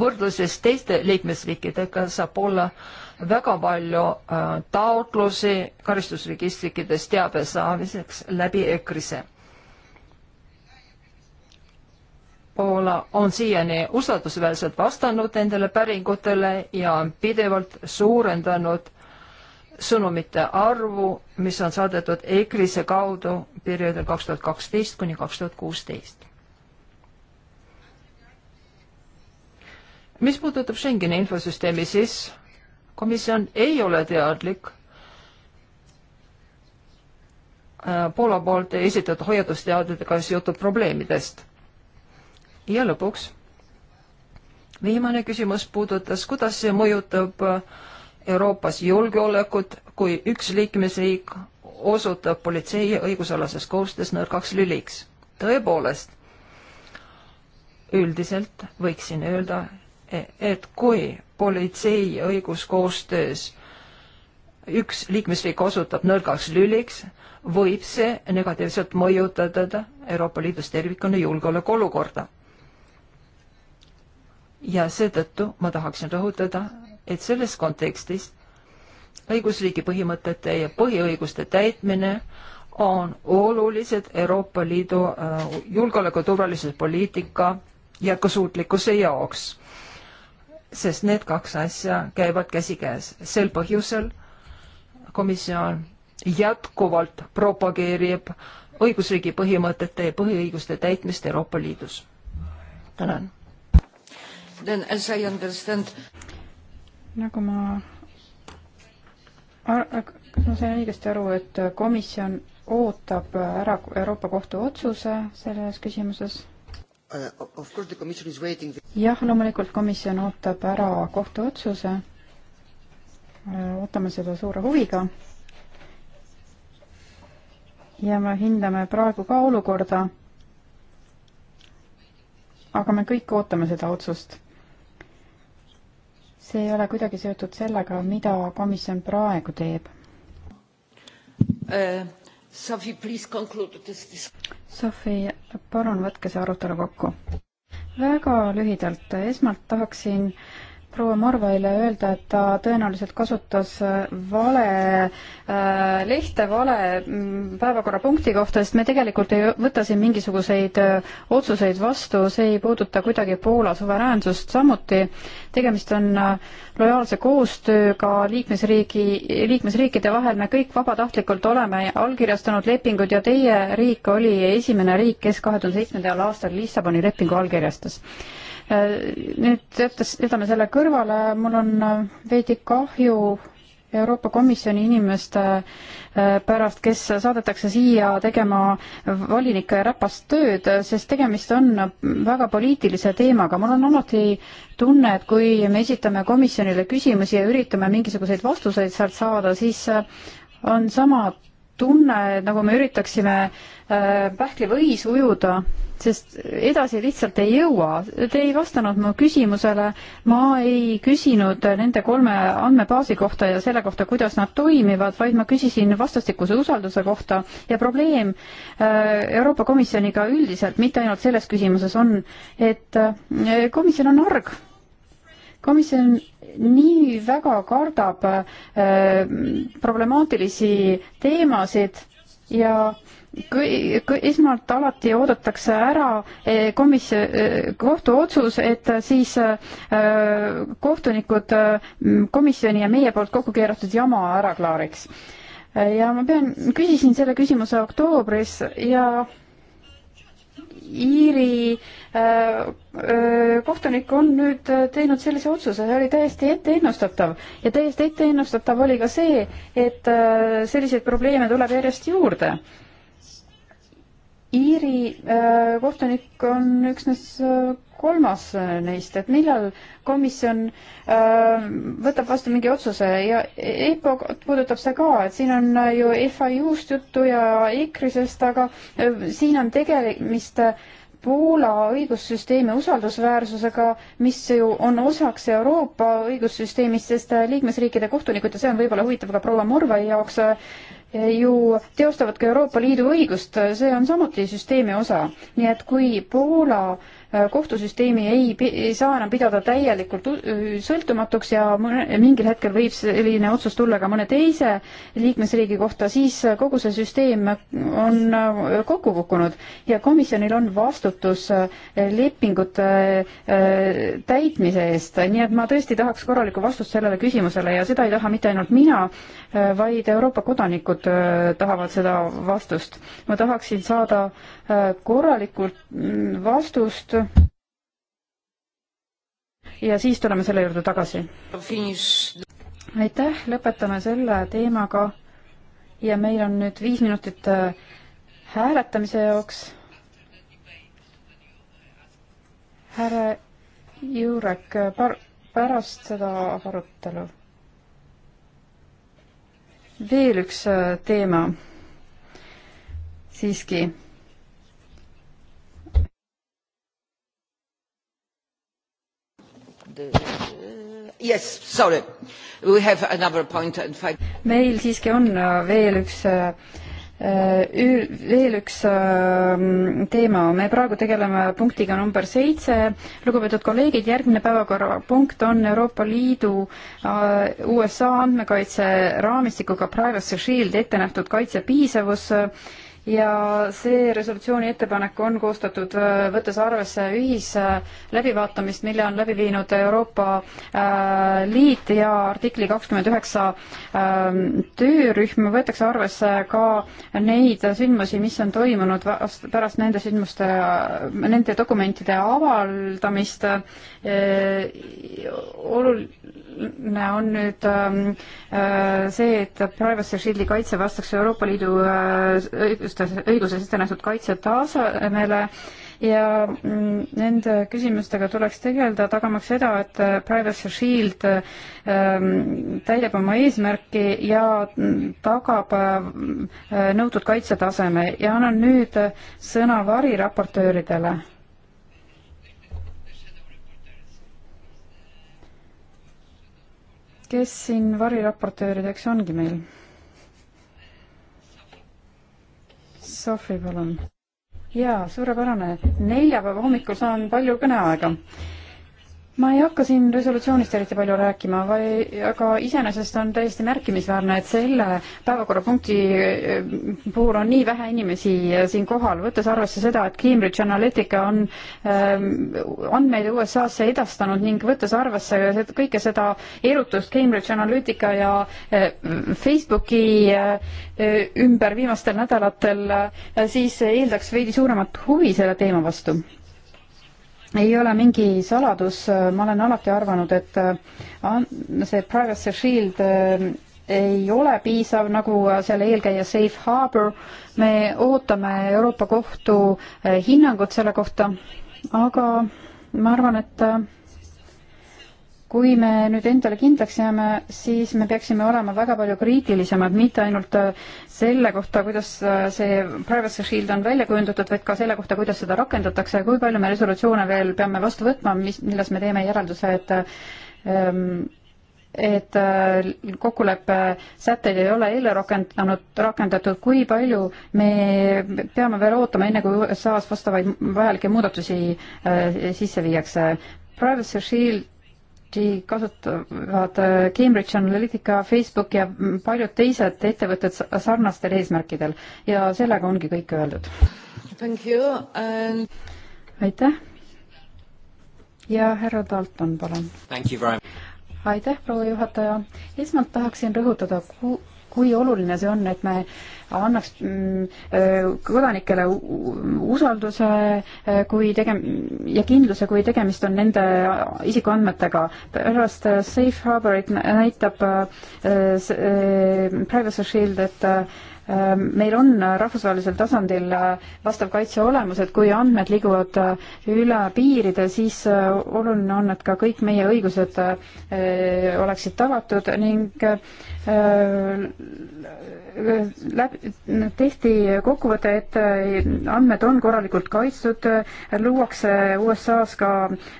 võrdluses teiste liikmesriikidega saab olla väga palju äh, taotlusi karistusregistrikides teabe saamiseks läbi EKRE-se. Poola on siiani usaldusväärselt vastanud nendele päringutele ja on pidevalt suurendanud sõnumite arvu, mis on saadetud EKRISe kaudu perioodil kaks tuhat kaksteist kuni kaks tuhat kuusteist. mis puudutab Schengeni infosüsteemi, siis komisjon ei ole teadlik äh, Poola poolt esitatud hoiatusteadetega seotud probleemidest. ja lõpuks viimane küsimus puudutas, kuidas see mõjutab äh, Euroopas julgeolekut, kui üks liikmesriik osutab politsei õigusalases koostöös nõrgaks lüliks. tõepoolest, üldiselt võiksin öelda, et kui politsei õiguskoostöös üks liikmesriik osutab nõrgaks lüliks, võib see negatiivselt mõjutada Euroopa Liidus tervikuna julgeolekuolukorda. ja seetõttu ma tahaksin rõhutada, et selles kontekstis õigusriigi põhimõtete ja põhiõiguste täitmine on olulised Euroopa Liidu äh, julgeoleku turvalisuse poliitika jätkusuutlikkuse jaoks, sest need kaks asja käivad käsikäes. sel põhjusel komisjon jätkuvalt propageerib õigusriigi põhimõtete ja põhiõiguste täitmist Euroopa Liidus. tänan nagu ma kas ma sain õigesti aru, et komisjon ootab ära Euroopa Kohtu otsuse selles küsimuses? Uh, jah, loomulikult komisjon ootab ära kohtuotsuse. Uh, ootame seda suure huviga. ja me hindame praegu ka olukorda. aga me kõik ootame seda otsust see ei ole kuidagi seotud sellega, mida komisjon praegu teeb uh,. Sophie, palun võtke see arutelu kokku. väga lühidalt, esmalt tahaksin äh, proua Marvaile öelda, et ta tõenäoliselt kasutas vale äh, lehte vale mm, päevakorrapunkti kohta, sest me tegelikult ei võta siin mingisuguseid äh, otsuseid vastu, see ei puuduta kuidagi Poola suveräänsust samuti. tegemist on äh, lojaalse koostööga liikmesriigi, liikmesriikide vahel, me kõik vabatahtlikult oleme allkirjastanud lepingud ja teie riik oli esimene riik, kes kahe tuhande seitsmendal aastal Lissaboni lepingu allkirjastas nüüd jättes, jätame selle kõrvale, mul on äh, veidi kahju Euroopa Komisjoni inimeste äh, pärast, kes saadetakse siia tegema volinike räpast tööd, sest tegemist on väga poliitilise teemaga. mul on alati tunne, et kui me esitame komisjonile küsimusi ja üritame mingisuguseid vastuseid sealt saada, siis äh, on sama tunne, nagu me üritaksime pähklivõis ujuda sest edasi lihtsalt ei jõua. Te ei vastanud mu küsimusele, ma ei küsinud nende kolme andmebaasi kohta ja selle kohta, kuidas nad toimivad, vaid ma küsisin vastastikuse usalduse kohta ja probleem äh, Euroopa Komisjoniga üldiselt, mitte ainult selles küsimuses, on, et äh, komisjon on arg. komisjon nii väga kardab äh, problemaatilisi teemasid ja kui, kui esmalt alati oodatakse ära eh, komisjon, eh, kohtuotsus, et eh, siis kohtunikud komisjoni ja meie poolt kokku keeratud jama ära klaariks. ja ma pean, küsisin selle küsimuse oktoobris ja Iiri kohtunik on nüüd teinud sellise otsuse, see oli täiesti etteennustatav ja täiesti etteennustatav oli ka see, et selliseid probleeme tuleb järjest juurde Iiri äh, kohtunik on üksnes äh, kolmas äh, neist, et millal komisjon võtab vastu mingi otsuse ja EPO puudutab see ka, et siin on ju FIU-st juttu ja EKRE-sest, aga siin on tegemist Poola õigussüsteemi usaldusväärsusega, mis ju on osaks Euroopa õigussüsteemist, sest liikmesriikide kohtunikud ja see on võib-olla huvitav ka proua Morvai jaoks, Eh, ju teostavad ka Euroopa Liidu õigust, see on samuti süsteemi osa. nii et kui Poola Äh, kohtusüsteemi ei, ei saa enam pidada täielikult sõltumatuks ja mõne, mingil hetkel võib selline otsus tulla ka mõne teise liikmesriigi kohta, siis kogu see süsteem on äh, kokku kukkunud ja komisjonil on vastutus äh, lepingute täitmise eest, nii et ma tõesti tahaks korralikku vastust sellele küsimusele ja seda ei taha mitte ainult mina, vaid Euroopa kodanikud tahavad seda vastust. ma tahaksin saada äh, Äh, korralikult mm, vastust. ja siis tuleme selle juurde tagasi. aitäh, lõpetame selle teemaga ja meil on nüüd viis minutit äh, hääletamise jaoks. härra Jurek, äh, pärast seda arutelu veel üks teema siiski Uh, yes, sorry, we have another point and five. meil siiski on uh, veel üks uh, veel üks teema, me praegu tegeleme punktiga number seitse. lugupeetud kolleegid, järgmine päevakorrapunkt on Euroopa Liidu USA andmekaitse raamistikuga Privacy Shield ette nähtud kaitse piisavus ja see resolutsiooni ettepanek on koostatud äh, võttes arvesse ühisläbivaatamist, mille on läbi viinud Euroopa äh, Liit ja artikli kakskümmend üheksa ähm, töörühm, võetakse arvesse ka neid sündmusi, mis on toimunud pärast nende sündmuste, äh, nende dokumentide avaldamist olul-, on nüüd ähm, äh, see, et Privacy Shieldi kaitse vastaks Euroopa Liidu äh, õiguste, õiguses ette nähtud kaitse tasemele ja mm, nende küsimustega tuleks tegeleda, tagamaks seda, et äh, Privacy Shield ähm, täidab oma eesmärki ja mm, tagab nõutud kaitsetaseme ja annan nüüd sõna variraportööridele kes siin variraportöörideks ongi meil? Sofi, palun. jaa, suurepärane. neljapäeva hommikul saan palju kõneaega ma ei hakka siin resolutsioonist eriti palju rääkima, aga iseenesest on täiesti märkimisväärne, et selle päevakorrapunkti eh, puhul on nii vähe inimesi eh, siin kohal, võttes arvesse seda, et Cambridge Analytica on eh, andmeid USA-sse edastanud ning võttes arvesse kõike seda erutust Cambridge Analytica ja Facebooki ümber viimastel nädalatel, siis eeldaks veidi suuremat huvi selle teema vastu ei ole mingi saladus, ma olen alati arvanud, et äh, see Privacy Shield äh, ei ole piisav, nagu äh, selle eelkäija Safe Harbor. me ootame Euroopa Kohtu hinnangut selle kohta, aga ma arvan, et kui me nüüd endale kindlaks jääme, siis me peaksime olema väga palju kriitilisemad, mitte ainult äh, selle kohta, kuidas äh, see privacy shield on välja kujundatud, vaid ka selle kohta, kuidas seda rakendatakse ja kui palju me resolutsioone veel peame vastu võtma, mis, milles me teeme järelduse, et ähm, et äh, kokkuleppe sätteid ei ole eile rakendanud, rakendatud, kui palju me peame veel ootama, enne kui USA-s vastavaid vajalikke muudatusi sisse viiakse. Privacy Shield samuti kasutavad äh, Cambridge Analytica, Facebook ja paljud teised ettevõtted sarnastel eesmärkidel ja sellega ongi kõik öeldud. And... aitäh. ja härra Dalton, palun. aitäh, proua juhataja. esmalt tahaksin rõhutada ku-, kui oluline see on, et me annaks mm, kodanikele usalduse, kui tege- ja kindluse, kui tegemist on nende isikuandmetega. pärast äh, Safe Harborit näitab äh, äh, Privacy Shield, et Ehm, meil on äh, rahvusvahelisel tasandil äh, vastav kaitse olemas, et kui andmed liiguvad äh, üle piiride, siis oluline on, et ka kõik meie õigused oleksid tagatud ning läbi, tehti kokkuvõte, et andmed on korralikult kaitstud, luuakse USA-s ka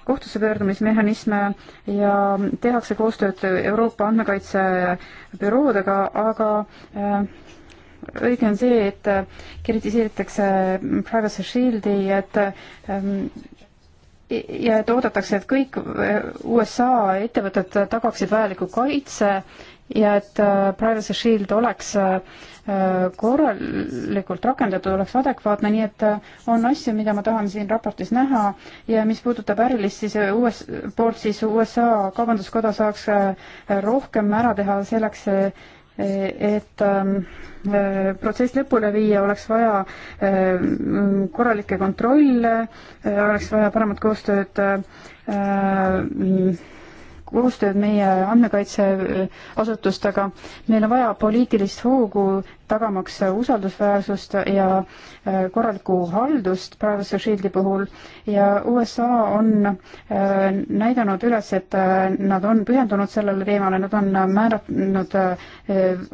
kohtusse pöördumismehhanisme ja tehakse koostööd Euroopa andmekaitsebüroodega, aga õige on see, et äh, kritiseeritakse äh, Privacy Shieldi, et ähm, ja et oodatakse, et kõik äh, USA ettevõtted tagaksid vajaliku kaitse ja et Privacy Shield oleks korralikult rakendatud, oleks adekvaatne, nii et on asju, mida ma tahan siin raportis näha ja mis puudutab ärilist, siis US, poolt siis USA Kaubanduskoda saaks rohkem ära teha selleks, et ähm, äh, protsess lõpule viia, oleks vaja ähm, korralikke kontrolle, äh, oleks vaja paremat koostööd äh, koostööd meie andmekaitseasutustega. meil on vaja poliitilist hoogu tagamaks usaldusväärsust ja äh, korralikku haldust praeguse Shieldi puhul ja USA on äh, näidanud üles, et äh, nad on pühendunud sellele teemale, nad on määratnud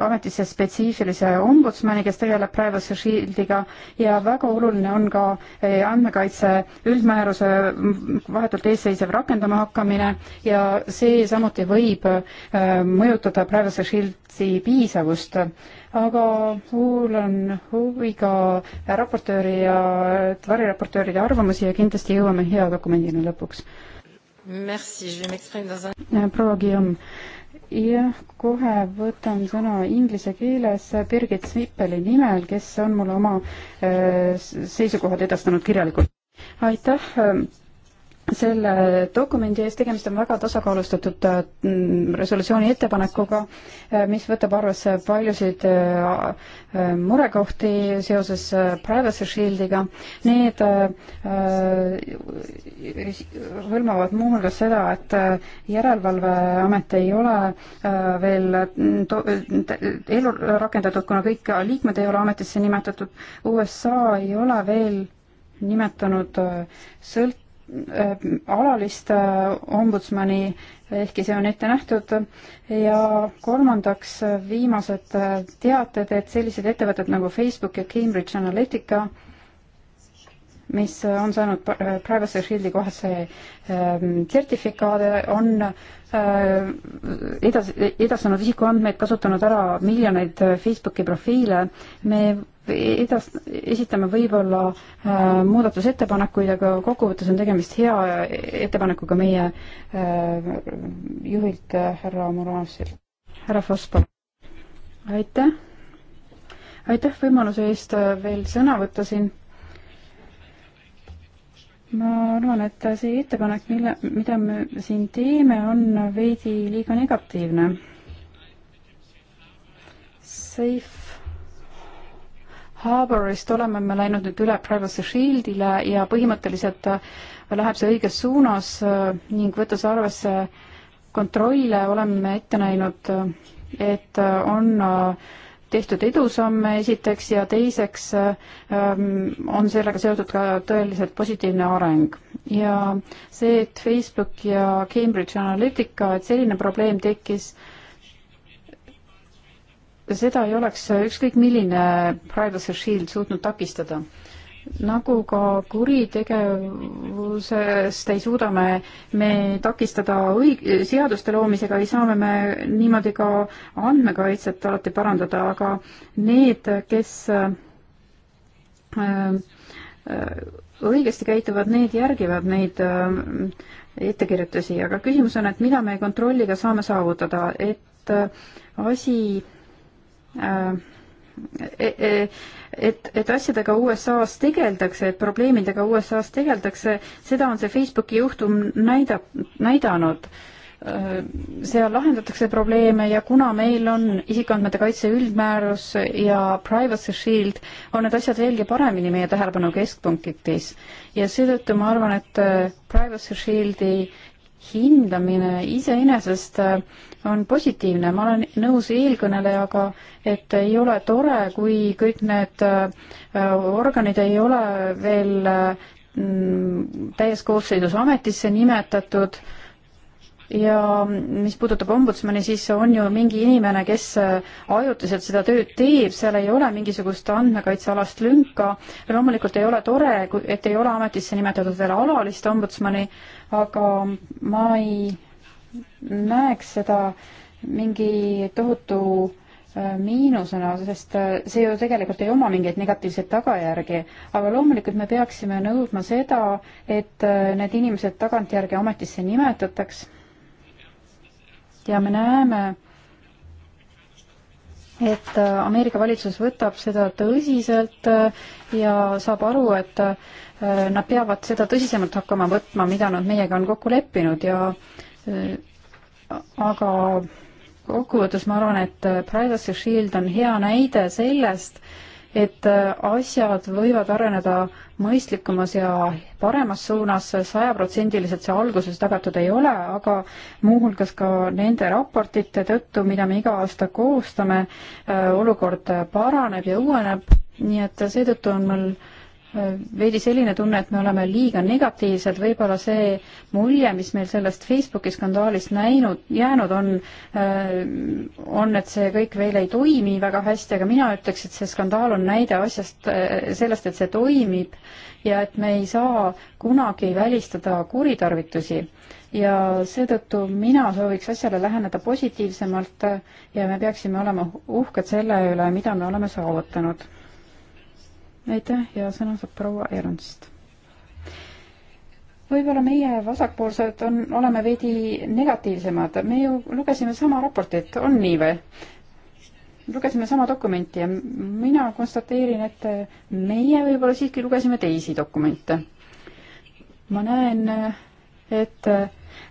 ametisse spetsiifilise ombudsmani, kes tegeleb praeguse Shieldiga ja väga oluline on ka andmekaitse üldmääruse vahetult eesseisev rakendama hakkamine ja see samuti võib mõjutada praeguse Shieldi teksti piisavust, aga kuulan huviga raportööri ja variraportööride arvamusi ja kindlasti jõuame hea dokumendini lõpuks. Äh, proua Guillaume, jah, kohe võtan sõna inglise keeles Birgit Smippeli nimel, kes on mulle oma äh, seisukohad edastanud kirjalikult. aitäh ähm, selle dokumendi eest, tegemist on väga tasakaalustatud äh, mm, resolutsiooni ettepanekuga, äh, mis võtab arvesse paljusid äh, murekohti seoses Privacy Shieldiga. Need hõlmavad muuhulgas seda, et Järelevalveamet ei ole veel mm, ellu rakendatud, kuna kõik liikmed ei ole ametisse nimetatud, USA ei ole veel nimetanud sõlt-, Äh, alalist äh, ombudsmani, ehkki see on ette nähtud, ja kolmandaks äh, viimased teated, et sellised ettevõtted nagu Facebook ja Cambridge Analytica äh, mis on saanud äh, Privacy Shieldi kohase ähm, sertifikaade, on äh, edasi, edastanud isikuandmeid, kasutanud ära miljoneid äh, Facebooki profiile. me edast-, esitame võib-olla muudatusettepanekuid, aga kokkuvõttes on tegemist hea ettepanekuga meie juhilt härra Muranovsilt. härra Foss, palun. aitäh! aitäh võimaluse eest veel sõna võtta siin ma arvan, et see ettepanek, mille, mida me siin teeme, on veidi liiga negatiivne. Safe Harborist oleme me läinud nüüd üle Privacy Shieldile ja põhimõtteliselt läheb see õiges suunas ning võttes arvesse kontrolle, oleme ette näinud, et on äh, tehtud edusamme esiteks ja teiseks ähm, on sellega seotud ka tõeliselt positiivne areng. ja see, et Facebook ja Cambridge Analytica, et selline probleem tekkis, seda ei oleks ükskõik milline Privacy Shield suutnud takistada nagu ka kuritegevusest ei suuda me, me takistada õig-, seaduste loomisega, ei saa me niimoodi ka andmekaitset alati parandada, aga need, kes äh, õigesti käituvad, need järgivad neid äh, ettekirjutusi, aga küsimus on, et mida me kontrolliga saame saavutada, et äh, asi äh, e, e, et, et asjadega USA-s tegeldakse, et probleemidega USA-s tegeldakse, seda on see Facebooki juhtum näida, näidanud seal lahendatakse probleeme ja kuna meil on isikuandmete kaitse üldmäärus ja Privacy Shield, on need asjad veelgi paremini meie tähelepanu keskpunktis. ja seetõttu ma arvan, et Privacy Shieldi hindamine iseenesest äh, on positiivne, ma olen nõus eelkõnelejaga, et ei ole tore, kui kõik need äh, organid ei ole veel äh, mm, täies koosseisus ametisse nimetatud ja mis puudutab ombudsmani, siis on ju mingi inimene, kes äh, ajutiselt seda tööd teeb, seal ei ole mingisugust andmekaitsealast lünka. loomulikult ei ole tore, et ei ole ametisse nimetatud veel alalist ombudsmani, aga ma ei näeks seda mingi tohutu äh, miinusena, sest äh, see ju tegelikult ei oma mingeid negatiivseid tagajärgi, aga loomulikult me peaksime nõudma seda, et need inimesed tagantjärgi ametisse nimetataks ja me näeme, et Ameerika valitsus võtab seda tõsiselt ja saab aru, et äh, nad peavad seda tõsisemalt hakkama võtma, mida nad meiega on kokku leppinud ja äh, aga kokkuvõttes ma arvan, et Privacy Shield on hea näide sellest, et äh, asjad võivad areneda mõistlikumas ja paremas suunas, sajaprotsendiliselt see alguses tagatud ei ole, aga muuhulgas ka nende raportite tõttu, mida me iga aasta koostame, äh, olukord paraneb ja uueneb, nii et seetõttu on mul veidi selline tunne, et me oleme liiga negatiivsed, võib-olla see mulje, mis meil sellest Facebooki skandaalist näinud, jäänud on, äh, on, et see kõik veel ei toimi väga hästi, aga mina ütleks, et see skandaal on näide asjast, äh, sellest, et see toimib ja et me ei saa kunagi välistada kuritarvitusi. ja seetõttu mina sooviks asjale läheneda positiivsemalt ja me peaksime olema uhked selle üle, mida me oleme saavutanud aitäh ja sõna saab proua Ernst võib-olla meie vasakpoolsed on, oleme veidi negatiivsemad, me ju lugesime sama raportit, on nii või? lugesime sama dokumenti ja mina konstateerin, et meie võib-olla siiski lugesime teisi dokumente. ma näen, et äh,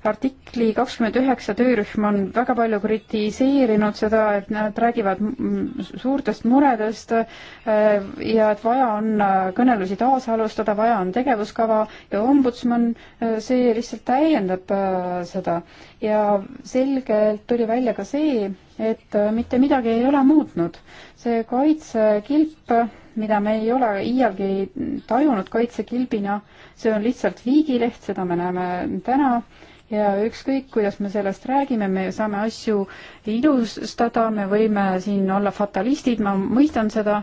artikli kakskümmend üheksa töörühm on väga palju kritiseerinud seda, et nad räägivad suurtest muredest äh, ja et vaja on äh, kõnelusi taasalustada, vaja on tegevuskava ja ombudsman, äh, see lihtsalt täiendab seda. ja selgelt tuli välja ka see, et mitte midagi ei ole muutnud. see kaitsekilp, mida me ei ole iialgi tajunud kaitsekilbina, see on lihtsalt viigileht, seda me näeme täna ja ükskõik, kuidas me sellest räägime, me saame asju ilustada, me võime siin olla fatalistid, ma mõistan seda,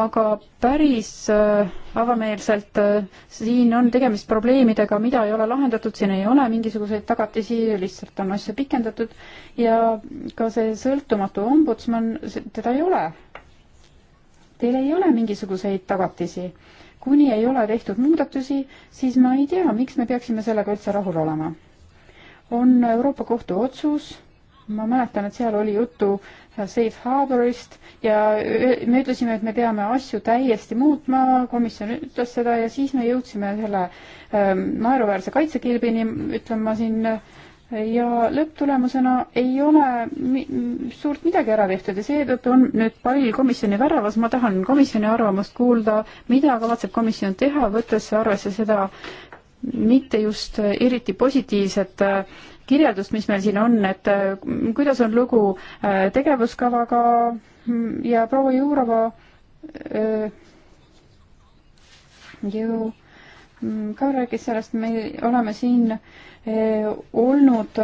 aga päris äh, avameelselt äh, siin on tegemist probleemidega, mida ei ole lahendatud, siin ei ole mingisuguseid tagatisi, lihtsalt on asja pikendatud ja ka see sõltumatu ombudsman, teda ei ole. Teil ei ole mingisuguseid tagatisi kuni ei ole tehtud muudatusi, siis ma ei tea, miks me peaksime sellega üldse rahul olema on Euroopa Kohtu otsus, ma mäletan, et seal oli juttu safe harbor'ist ja me ütlesime, et me peame asju täiesti muutma, komisjon ütles seda ja siis me jõudsime selle ähm, naeruväärse kaitsekilbini, ütlen ma siin ja lõpptulemusena ei ole mi suurt midagi ära tehtud ja seetõttu on nüüd pall komisjoni väravas, ma tahan komisjoni arvamust kuulda, mida kavatseb komisjon teha, võttes arvesse seda, mitte just eriti positiivset äh, kirjeldust, mis meil siin on, et äh, kuidas on lugu äh, tegevuskavaga mm, ja proua Jurova ju mm, ka rääkis sellest, me oleme siin olnud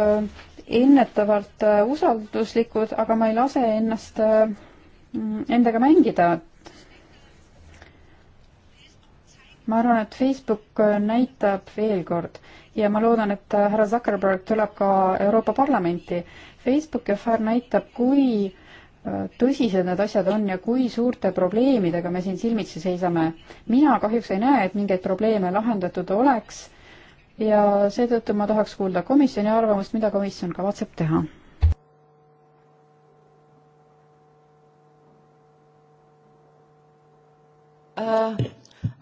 ennetavalt usalduslikud, aga ma ei lase ennast mm, endaga mängida, et ma arvan, et Facebook äh, näitab veel kord ja ma loodan, et äh, härra Zuckerberg tuleb ka Euroopa Parlamenti. Facebooki afäär näitab, kui äh, tõsised need asjad on ja kui suurte probleemidega me siin silmitsi seisame. mina kahjuks ei näe, et mingeid probleeme lahendatud oleks ja seetõttu ma tahaks kuulda komisjoni arvamust, mida komisjon kavatseb teha. Uh,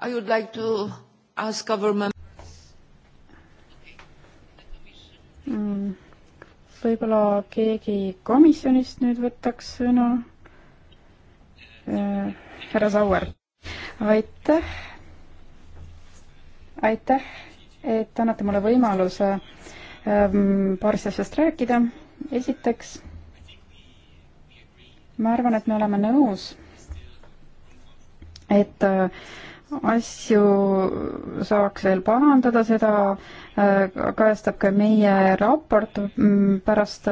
I would like to ask our mem- mm. võib-olla keegi komisjonist nüüd võtaks sõna äh,? härra Sauer. aitäh. aitäh, et annate mulle võimaluse ähm, paarist asjast rääkida. esiteks, ma arvan, et me oleme nõus, et äh, asju saaks veel parandada, seda äh, kajastab ka meie raport mm, pärast,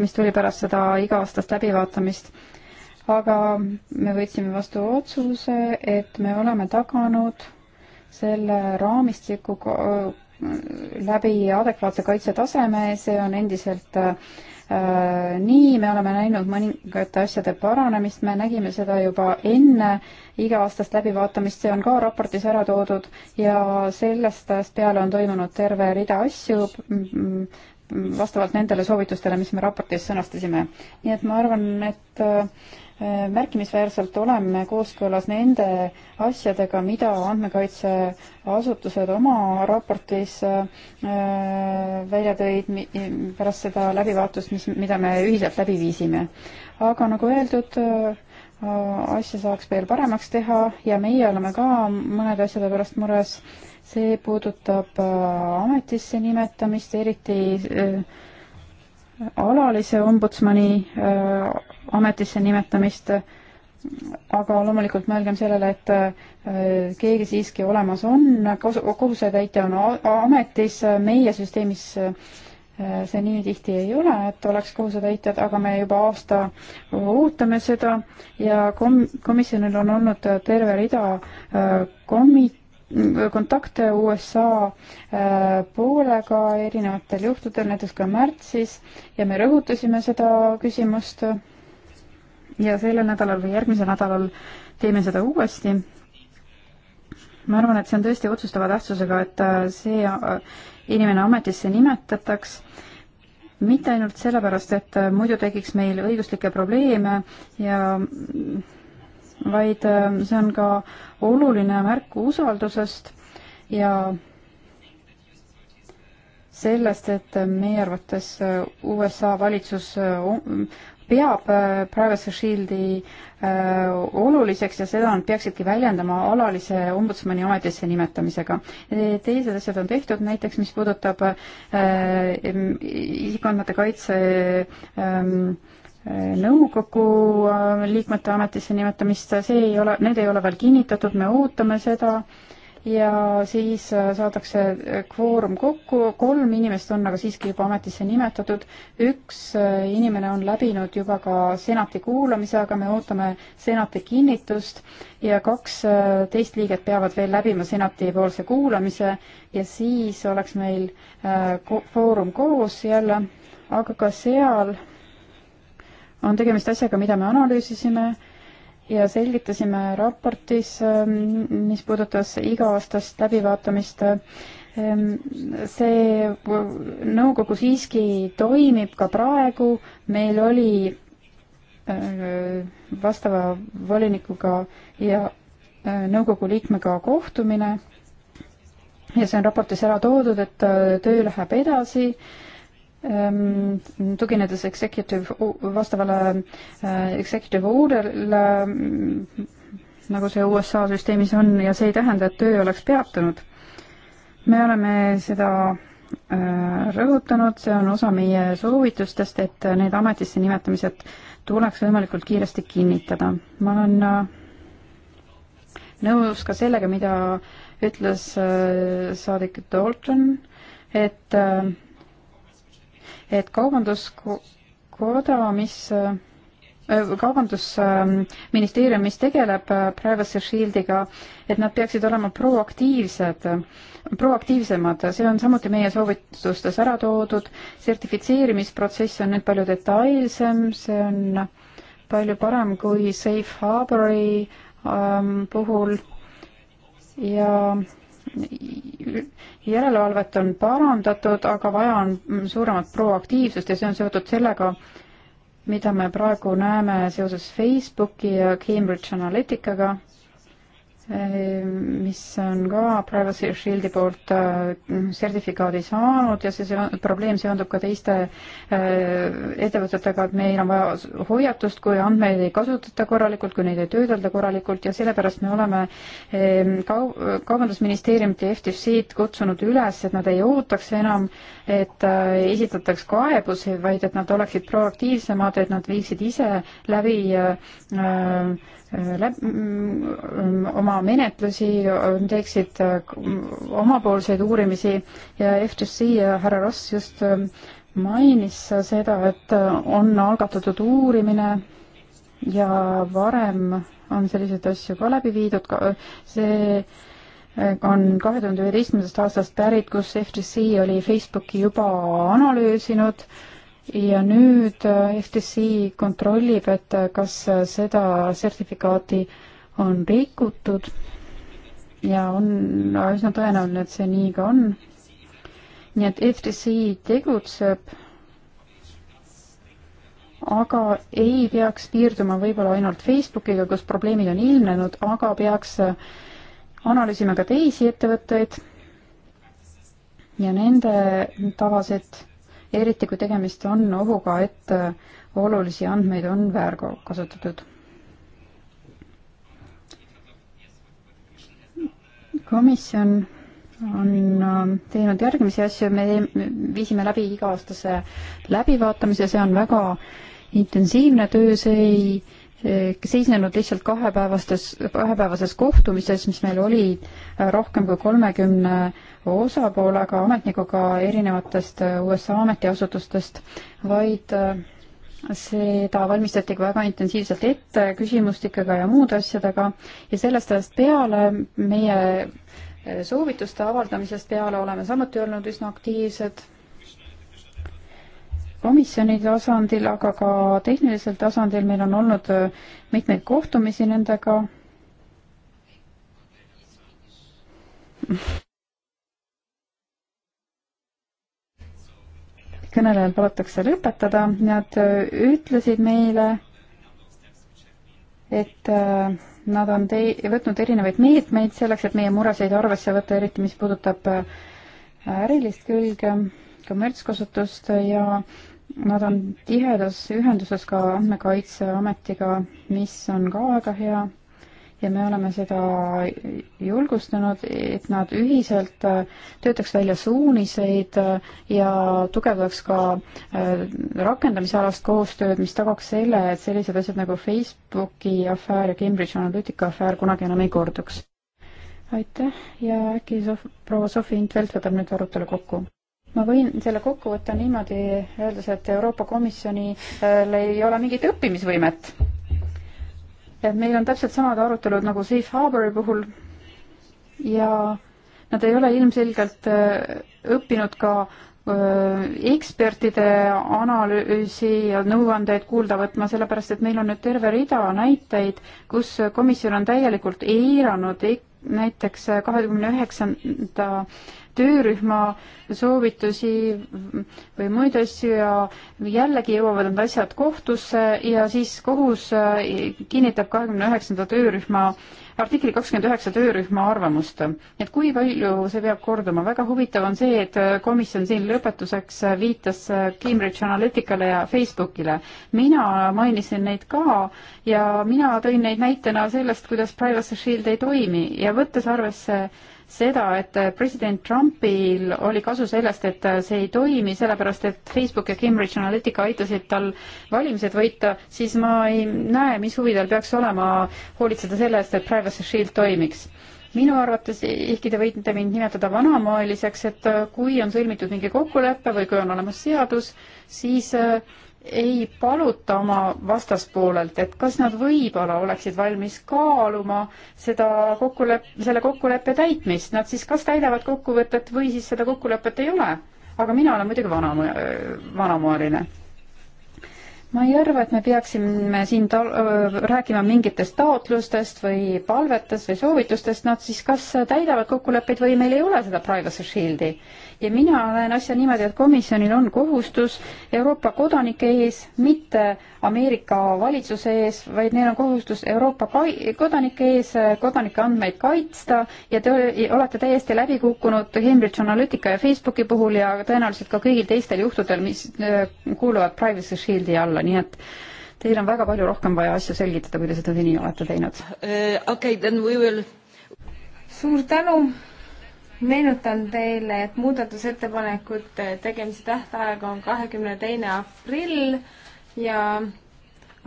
mis tuli pärast seda iga-aastast läbivaatamist. aga me võtsime vastu otsuse, et me oleme taganud selle raamistiku läbi adekvaatse kaitsetaseme, see on endiselt äh, Äh, nii, me oleme näinud mõningate asjade paranemist, me nägime seda juba enne iga-aastast läbivaatamist, see on ka raportis ära toodud ja sellest ajast peale on toimunud terve rida asju vastavalt nendele soovitustele, mis me raportis sõnastasime. nii et ma arvan, et äh, märkimisväärselt oleme kooskõlas nende asjadega, mida andmekaitseasutused oma raportis äh, välja tõid pärast seda läbivaatust, mis, mida me ühiselt läbi viisime. aga nagu öeldud, äh, asja saaks veel paremaks teha ja meie oleme ka mõnede asjade pärast mures. see puudutab äh, ametisse nimetamist, eriti alalise ombudsmani ametisse nimetamist, aga loomulikult mõelgem sellele, et äh, keegi siiski olemas on, kohusetäitja on ametis, meie süsteemis äh, see nii tihti ei ole, et oleks kohusetäitjad, aga me juba aasta ootame seda ja kom-, komisjonil on olnud terve rida äh, komi-, kontakte USA poolega erinevatel juhtudel, näiteks ka märtsis, ja me rõhutasime seda küsimust ja sellel nädalal või järgmisel nädalal teeme seda uuesti. ma arvan, et see on tõesti otsustava tähtsusega, et äh, see äh, inimene ametisse nimetataks, mitte ainult sellepärast, et äh, muidu tekiks meil õiguslikke probleeme ja vaid see on ka oluline märk usaldusest ja sellest, et meie arvates USA valitsus peab äh, Privacy Shieldi äh, oluliseks ja seda nad peaksidki väljendama alalise ombudsmani ametisse nimetamisega. E, teised asjad on tehtud, näiteks mis puudutab äh, isikuandmete kaitse ähm, nõukogu liikmete ametisse nimetamist, see ei ole, need ei ole veel kinnitatud, me ootame seda äh, ja siis äh, saadakse äh, kvoorum kokku, kolm inimest on aga siiski juba ametisse nimetatud, üks äh, inimene on läbinud juba ka senati kuulamise, aga me ootame senati kinnitust ja kaks teist liiget peavad veel läbima senati poolse kuulamise ja siis oleks meil kvoorum koos jälle, aga ka seal on tegemist asjaga, mida me analüüsisime ja selgitasime raportis, ähm, mis puudutas iga-aastast läbivaatamist, ähm, see nõukogu siiski toimib ka praegu, meil oli äh, vastava volinikuga ja äh, nõukogu liikmega kohtumine ja see on raportis ära toodud, et äh, töö läheb edasi äh, Ehm, tuginedes executive, vastavale äh, executive order'le, nagu see USA süsteemis on ja see ei tähenda, et töö oleks peatunud. me oleme seda äh, rõhutanud, see on osa meie soovitustest, et need ametisse nimetamised tuleks võimalikult kiiresti kinnitada. ma olen äh, nõus ka sellega, mida ütles saadik Dalton, et äh, et kaubanduskoda, mis äh, kaubandusministeerium, mis tegeleb äh, Privacy Shieldiga, et nad peaksid olema proaktiivsed, proaktiivsemad, see on samuti meie soovitustes ära toodud, sertifitseerimisprotsess on nüüd palju detailsem, see on palju parem kui Safe Harbori ähm, puhul ja järelevalvet on parandatud, aga vaja on suuremat proaktiivsust ja see on seotud sellega, mida me praegu näeme seoses Facebooki ja Cambridge Analyticaga mis on ka Privacy Shieldi poolt äh, sertifikaadi saanud ja see seon, probleem seondub ka teiste äh, ettevõtetega, et meil on vaja hoiatust, kui andmeid ei kasutata korralikult, kui neid ei töödelda korralikult ja sellepärast me oleme ähm, kau-, Kaubandusministeeriumit ja FTC-d kutsunud üles, et nad ei ootaks enam, et äh, esitataks kaebusi, vaid et nad oleksid proaktiivsemad, et nad viiksid ise läbi äh, läb-, oma menetlusi, teeksid äh, omapoolseid uurimisi ja FTC ja härra Ross just ähm, mainis seda, et äh, on algatatud uurimine ja varem on selliseid asju ka läbi viidud, see äh, on kahe tuhande üheteistkümnendast aastast pärit, kus FTC oli Facebooki juba analüüsinud äh, ja nüüd äh, FTC kontrollib, et äh, kas äh, seda sertifikaati on rikutud ja on üsna tõenäoline, et see nii ka on. nii et FTC tegutseb, aga ei peaks piirduma võib-olla ainult Facebookiga, kus probleemid on ilmnenud, aga peaks analüüsima ka teisi ettevõtteid ja nende tavasid eriti kui tegemist on ohuga, et äh, olulisi andmeid on väärkasutatud. komisjon on äh, teinud järgmisi asju, me viisime läbi iga-aastase läbivaatamise, see on väga intensiivne töö, see ei Eh, seisnenud lihtsalt kahepäevastes, kahepäevases kohtumises, mis meil oli eh, rohkem kui kolmekümne osapoolega, ametnikuga erinevatest eh, USA ametiasutustest, vaid seda valmistati ka väga intensiivselt ette küsimustikega ja muude asjadega ja sellest ajast peale meie soovituste avaldamisest peale oleme samuti olnud üsna aktiivsed komisjoni tasandil, aga ka tehnilisel tasandil meil on olnud äh, mitmeid kohtumisi nendega. kõnelejal palutakse lõpetada, nad äh, ütlesid meile, et äh, nad on tei-, võtnud erinevaid meetmeid selleks, et meie muresid arvesse võtta, eriti mis puudutab ärilist külge, kommertskasutust ja äh, Nad on tihedas ühenduses ka Andmekaitseametiga, mis on ka väga hea ja me oleme seda julgustanud, et nad ühiselt äh, töötaks välja suuniseid äh, ja tugevdaks ka äh, rakendamisalast koostööd, mis tagaks selle, et sellised asjad nagu Facebooki afäär ja Cambridge Analytica afäär kunagi enam ei korduks. aitäh ja äkki Sof-, proua Sofi Intvelt võtab nüüd arutelu kokku? ma võin selle kokku võtta niimoodi, öeldes, et Euroopa Komisjonil ei ole mingit õppimisvõimet. et meil on täpselt samad arutelud nagu Safe Harbori puhul ja nad ei ole ilmselgelt äh, õppinud ka äh, ekspertide analüüsi ja nõuandeid kuulda võtma, sellepärast et meil on nüüd terve rida näiteid, kus komisjon on täielikult eiranud e-, näiteks kahekümne üheksanda töörühma soovitusi või muid asju ja jällegi jõuavad need asjad kohtusse ja siis kohus äh, kinnitab kahekümne üheksanda töörühma artikli kakskümmend üheksa töörühma arvamust. et kui palju see peab korduma, väga huvitav on see, et äh, komisjon siin lõpetuseks äh, viitas Cambridge Analyticale ja Facebookile. mina mainisin neid ka ja mina tõin neid näitena sellest, kuidas Privacy Shield ei toimi ja võttes arvesse seda, et president Trumpil oli kasu sellest, et see ei toimi, sellepärast et Facebook ja Cambridge Analytica aitasid tal valimised võita, siis ma ei näe, mis huvi tal peaks olema hoolitseda selle eest, et Privacy Shield toimiks minu arvates, ehkki te võite mind nimetada vanamaaeliseks, et kui on sõlmitud mingi kokkulepe või kui on olemas seadus, siis äh, ei paluta oma vastaspoolelt, et kas nad võib-olla oleksid valmis kaaluma seda kokkulepp-, selle kokkuleppe täitmist, nad siis kas täidavad kokkuvõtet või siis seda kokkulepet ei ole. aga mina olen muidugi vana, vanamoeline. ma ei arva, et me peaksime siin ta-, rääkima mingitest taotlustest või palvetest või soovitustest, nad siis kas täidavad kokkuleppeid või meil ei ole seda privacy shield'i ja mina näen asja niimoodi, et komisjonil on kohustus Euroopa kodanike ees, mitte Ameerika valitsuse ees, vaid neil on kohustus Euroopa kodanike ees kodanike andmeid kaitsta ja te olete täiesti läbi kukkunud Cambridge Analytica ja Facebooki puhul ja tõenäoliselt ka kõigil teistel juhtudel, mis äh, kuuluvad Privacy Shieldi alla, nii et teil on väga palju rohkem vaja asju selgitada, kui te seda seni olete teinud uh,. okei okay,, then we will. suur tänu meenutan teile, et muudatusettepanekute tegemise tähtaeg on kahekümne teine aprill ja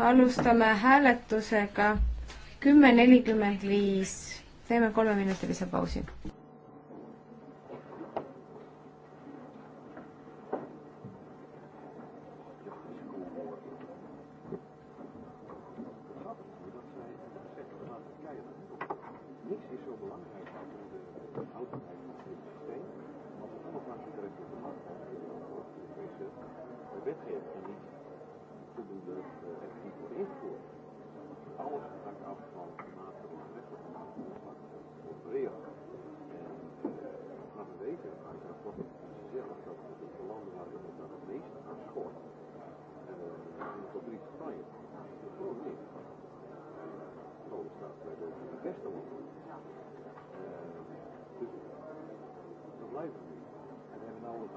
alustame hääletusega kümme nelikümmend viis. teeme kolmeminutilise pausi. de wetgeving en niet voldoende uh, effectief wordt ingevoerd. Alles hangt af van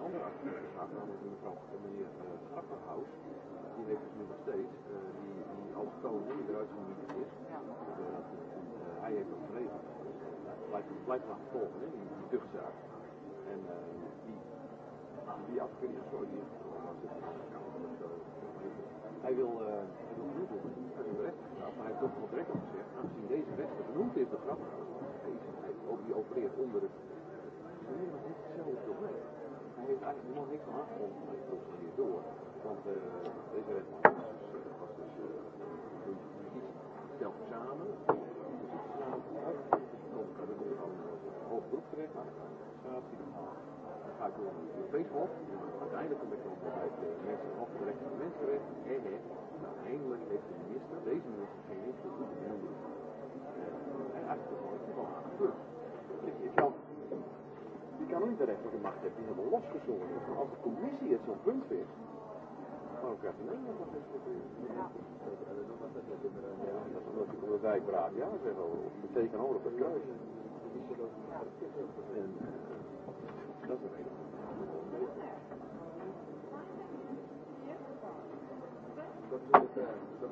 andere actieve gaat, namelijk mevrouw en meneer uh, Grapperhaus, die heeft het nu nog steeds, uh, die, die als koning die eruit van wie het is. Ja. Uh, uh, hij heeft dat geregeld. Dus, uh, blijft, blijft maar volgen, hè, die, die tuchtzaak. En uh, die, die afkeuring is sorry, die is hij wil, uh, hij wil genoeg doen, hij wil recht maar hij heeft toch nog recht op gezegd, aangezien deze rechter genoemd is, de grap, hij, hij, die opereert onder het tack, nu har ni klarat om kursen då. Want uh, deze red man was dus zeldzame. Dat komt dan hoog bloed terecht, administratie. Dan ga ik door een Europees hof. Uiteindelijk kom ik dan bij het mensen hof terecht van mensenrecht. En uiteindelijk heeft de minister, deze minister, geen invloed op de miljoen. En eigenlijk is het gewoon gebeurd kan indirect nog een macht hebben die helemaal losgezongen is. Maar als de commissie het zo'n punt vindt, dan ook even Nederland dat is proberen. Ja. Dat is natuurlijk de wijkbraad, ja, zeg wel. Of betekent ook op het kruis. En dat is een reden. Dat is het, dat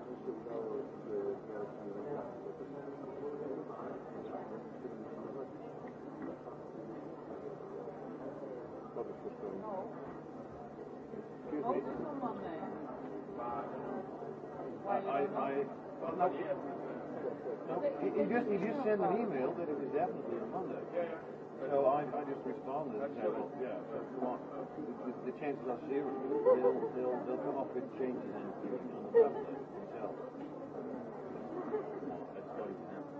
is het, eh, eh, eh, Excuse me? I, I, I, well, not yet. No, he, he just he just sent an email that it was definitely on Monday. Yeah, yeah. So I, I just responded and said, well, yeah, come on. The, the chances are zero. They'll, they'll, they'll come up with changes and viewing on the website themselves. That's going to happen.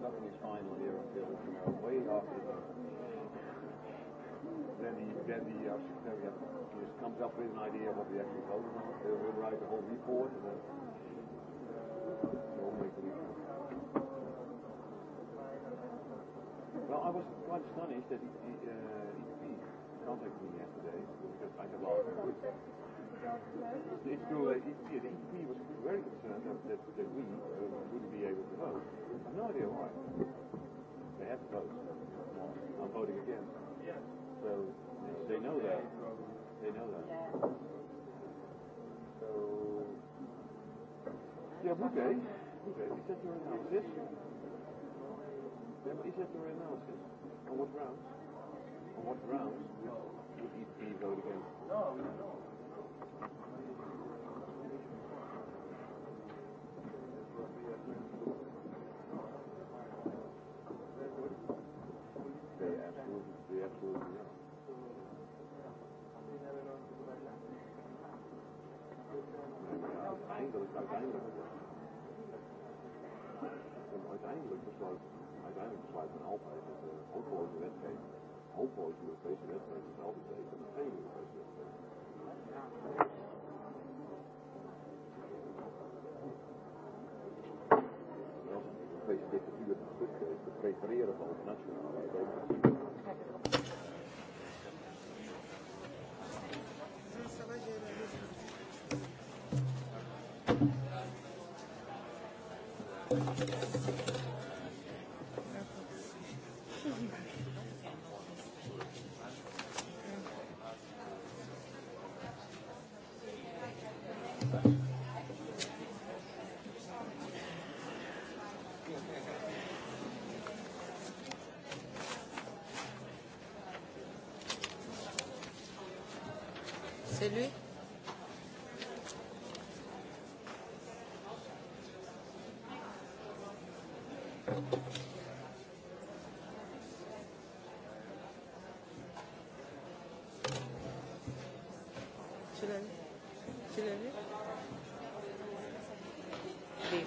Nothing is final here until, you know, way after the then the then the uh, secretariat just comes up with an idea of what they actually voted on. They will write the whole report and then they'll make the report. Well, I was quite astonished that he, he, uh, he contacted me yesterday because I had lost my voice. It's true that he, the EPP was very concerned that, that, that we uh, wouldn't be able to vote. I have no idea why. They had to vote. I'm voting against. So they know that. They know that. Yeah. So yeah, we're okay. We're okay. Is that your analysis? Yeah, but is that your analysis? On what grounds? On what grounds would ET vote against? No, no. eingerückt, als eingerückt wird. Wenn als eingerückt ist, als, als eingerückt schreibt man auf, als äh, aufbauende Wettkämpfe. Aufbauende europäische Wettkämpfe ist auch nicht echt, sondern eingerückt europäische Wettkämpfe. Als het europees dit natuurlijk een stuk is, het prefereren van het nationale. c'est lui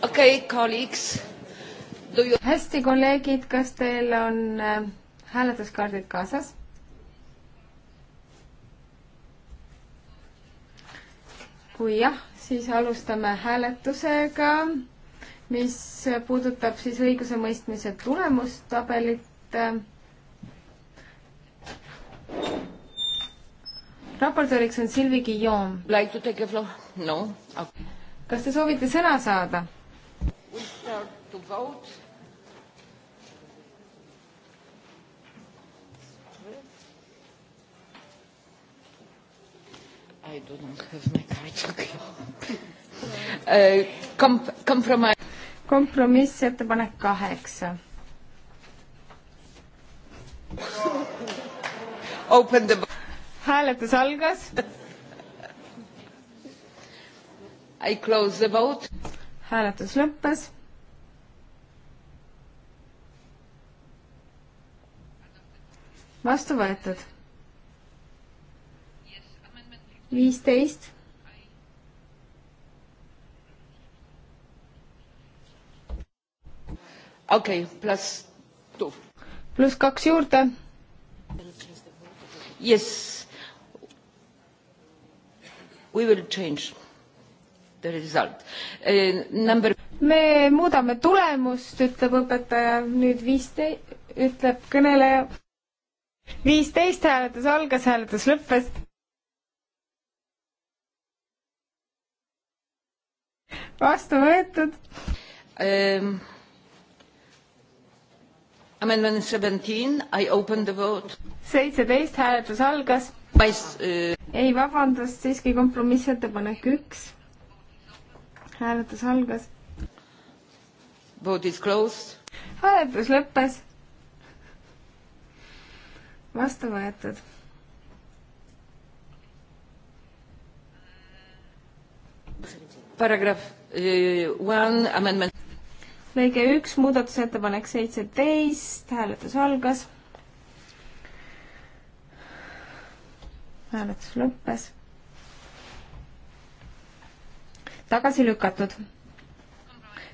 okei okay,, colleagues. You... hästi, kolleegid, kas teil on äh, hääletuskaardid kaasas? kui jah, siis alustame hääletusega mis puudutab siis õigusemõistmise tulemustabelit. Äh, raportööriks on Silvi Guillaume. Like to take a floor? no okay.. kas te soovite sõna saada? We start to vote. I do not have my card. Okay. [laughs] uh, comp compromise kompromissettepanek kaheksa. The... hääletus algas. I close the vote. hääletus lõppes. vastu võetud. viisteist okei okay,, pluss two. pluss kaks juurde. Yes. We will change the result uh,. Number. me muudame tulemust, ütleb õpetaja nüüd viiste-, ütleb kõneleja. viisteist hääletus algas, hääletus lõppes. vastu võetud um Amendment seventeen, I open the vote. seitseteist hääletus algas. Uh, ei, vabandust, siiski kompromissettepanek üks. hääletus algas. Vote is closed. hääletus lõppes. vastu võetud paragrahv uh, one amendment lõige üks, muudatusettepanek seitseteist, hääletus algas. hääletus lõppes. tagasi lükatud.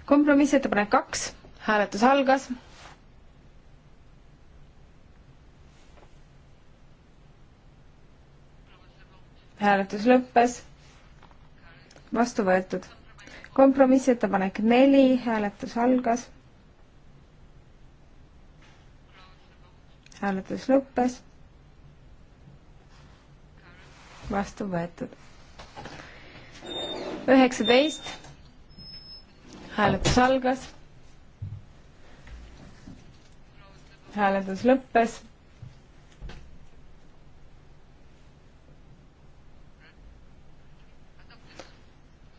kompromissettepanek kaks, hääletus algas hääletus lõppes. vastu võetud kompromissettepanek neli, hääletus algas. hääletus lõppes. vastu võetud. üheksateist, hääletus algas. hääletus lõppes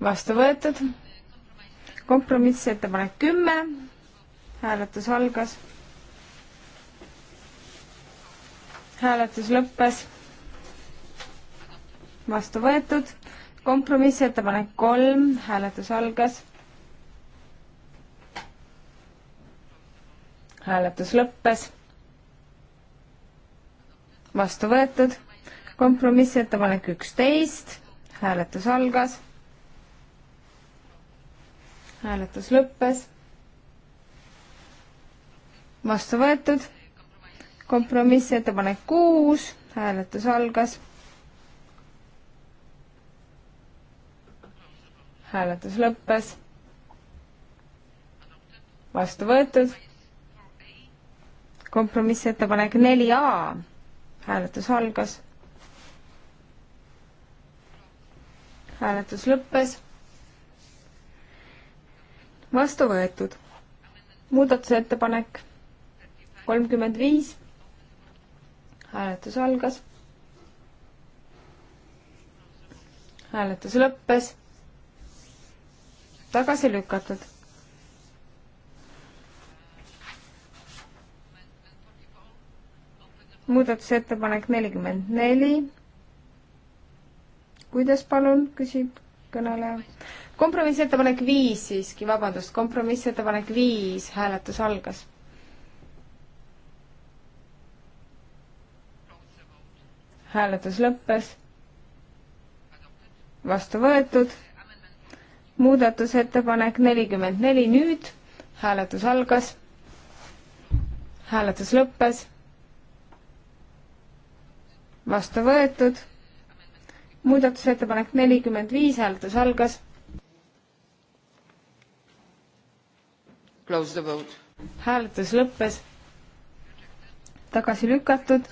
vastu võetud. kompromissettepanek kümme, hääletus algas. hääletus lõppes. vastu võetud. kompromissettepanek kolm, hääletus algas. hääletus lõppes. vastu võetud kompromissettepanek üksteist, hääletus algas hääletus lõppes. vastu võetud. kompromissettepanek kuus, hääletus algas. hääletus lõppes. vastu võetud. kompromissettepanek neli A, hääletus algas. hääletus lõppes vastu võetud. muudatusettepanek kolmkümmend viis. hääletus algas. hääletus lõppes. tagasi lükatud. muudatusettepanek nelikümmend neli. kuidas palun, küsib kõneleja. kompromissettepanek viis siiski, vabandust, kompromissettepanek viis, hääletus algas. hääletus lõppes. vastu võetud. muudatusettepanek nelikümmend neli nüüd, hääletus algas. hääletus lõppes. vastu võetud muudatusettepanek nelikümmend viis, hääletus algas. hääletus lõppes. tagasi lükatud.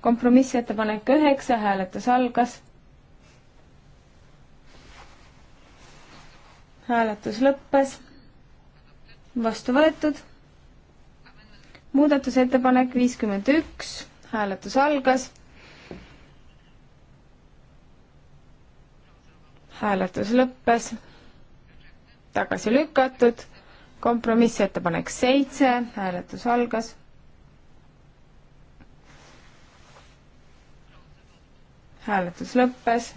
kompromissettepanek üheksa, hääletus algas. hääletus lõppes. vastu võetud. muudatusettepanek viiskümmend üks, hääletus algas hääletus lõppes, tagasi lükatud, kompromissettepanek seitse, hääletus algas. hääletus lõppes,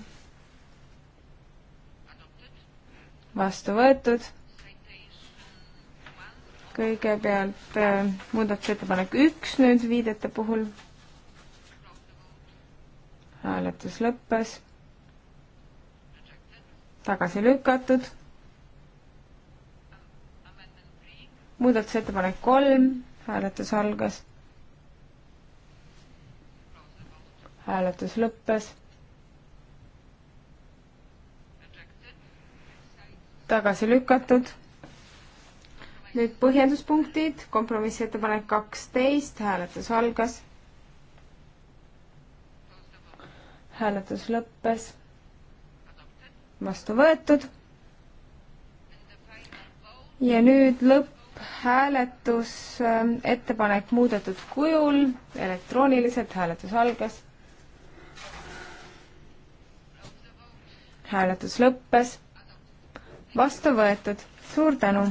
vastu võetud, kõigepealt äh, muudatusettepanek üks nüüd viidete puhul, hääletus lõppes tagasi lükatud. muudatusettepanek kolm, hääletus algas. hääletus lõppes. tagasi lükatud. nüüd põhjenduspunktid, kompromissettepanek kaksteist, hääletus algas. hääletus lõppes vastu võetud. ja nüüd lõpphääletus, ähm, ettepanek muudetud kujul, elektrooniliselt hääletus algas. hääletus lõppes, vastu võetud, suur tänu.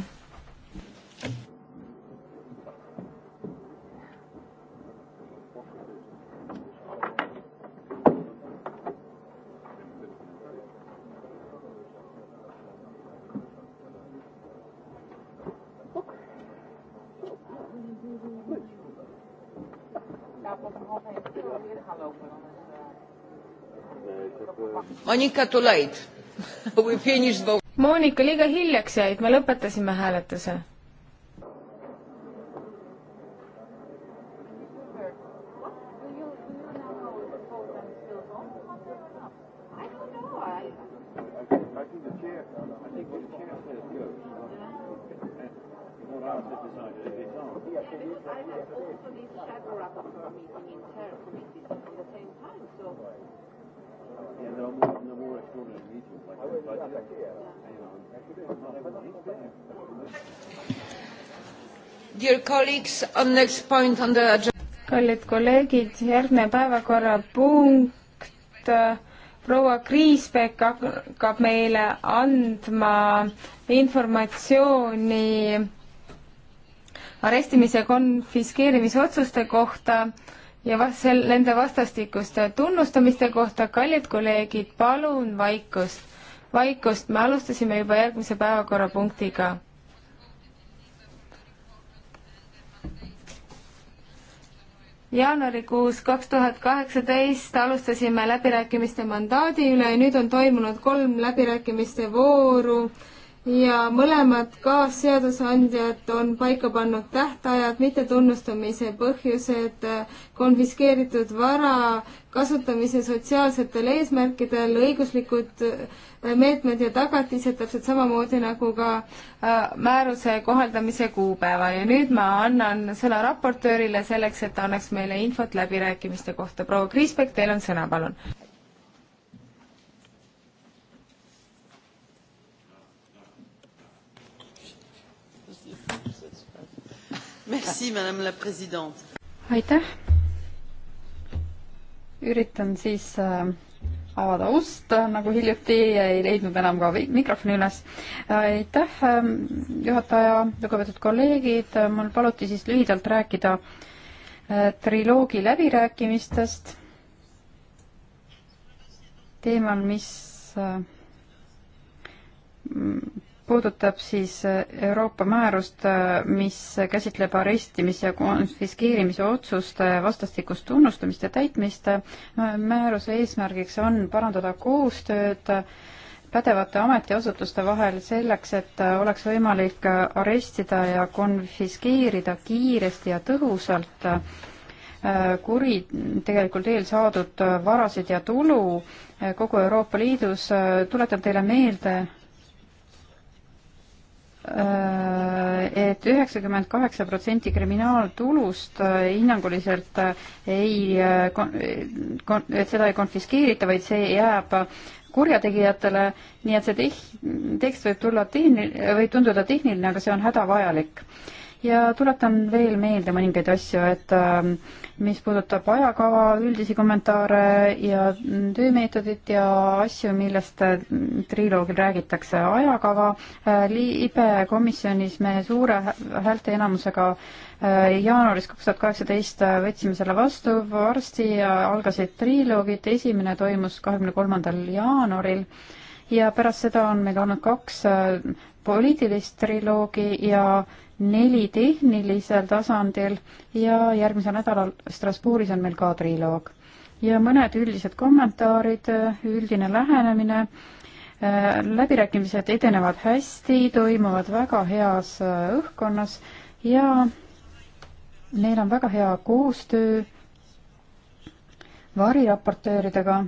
Monika too late. [laughs] We finished vote. Monika liiga hiljaks jäid, me lõpetasime hääletuse kallid kolleegid, järgmine päevakorrapunkt. Äh, proua Kriisbeck hakkab meile andma informatsiooni arestimise konfiskeerimisotsuste kohta ja vast-, sel-, nende vastastikuste tunnustamiste kohta. kallid kolleegid, palun vaikust, vaikust, me alustasime juba järgmise päevakorrapunktiga jaanuarikuus kaks tuhat kaheksateist alustasime läbirääkimiste mandaadi üle ja nüüd on toimunud kolm läbirääkimiste vooru ja mõlemad kaasseadusandjad on paika pannud tähtajad, mittetunnustamise põhjused, konfiskeeritud vara kasutamise sotsiaalsetel eesmärkidel, õiguslikud äh, meetmed ja tagatised, täpselt samamoodi nagu ka äh, määruse kohaldamise kuupäeva ja nüüd ma annan sõna raportöörile selleks, et ta annaks meile infot läbirääkimiste kohta. proua Kriisbek, teil on sõna, palun aitäh. üritan siis äh, avada ust, äh, nagu hiljuti ei leidnud enam ka mikrofoni üles. aitäh, ähm, juhataja, lugupeetud kolleegid, mul paluti siis lühidalt rääkida äh, triloogi läbirääkimistest teemal, mis äh, puudutab siis äh, Euroopa määrust, äh, mis käsitleb arestimis- ja konfiskeerimise otsuste vastastikust tunnustamist ja täitmist. Äh, määruse eesmärgiks on parandada koostööd pädevate ametiasutuste vahel selleks, et oleks võimalik arestida ja konfiskeerida kiiresti ja tõhusalt kuri, tegelikult eelsaadud varasid ja tulu kogu Euroopa Liidus. tuletan teile meelde, Äh, et üheksakümmend kaheksa protsenti kriminaaltulust äh, hinnanguliselt äh, ei, et seda ei konfiskeerita, vaid see jääb kurjategijatele, nii et see teh-, tekst võib tulla tehni-, võib tunduda tehniline, aga see on hädavajalik ja tuletan veel meelde mõningaid asju, et ähm, mis puudutab ajakava, üldisi kommentaare ja töömeetodit ja asju, millest äh, triloogil räägitakse. ajakava äh, liibe komisjonis me suure häälteenamusega äh, jaanuaris kaks tuhat kaheksateist võtsime selle vastu varsti ja algasid triloogid, esimene toimus kahekümne kolmandal jaanuaril ja pärast seda on meil olnud kaks äh, poliitilist triloogi ja neli tehnilisel tasandil ja järgmisel nädalal Strasbourgis on meil ka triloog. ja mõned üldised kommentaarid, äh, üldine lähenemine, äh, läbirääkimised edenevad hästi, toimuvad väga heas õhkkonnas ja neil on väga hea koostöö variraportööridega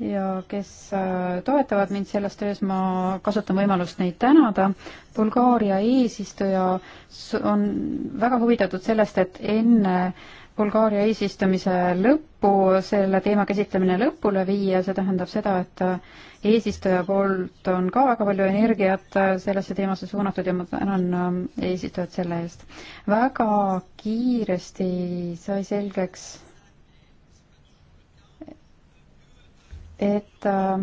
ja kes äh, toetavad mind selles töös, ma kasutan võimalust neid tänada. Bulgaaria eesistuja on väga huvitatud sellest, et enne Bulgaaria eesistumise lõppu selle teema käsitlemine lõpule viia, see tähendab seda, et äh, eesistuja poolt on ka väga palju energiat äh, sellesse teemasse suunatud ja ma tänan ähm, eesistujat selle eest. väga kiiresti sai selgeks et äh,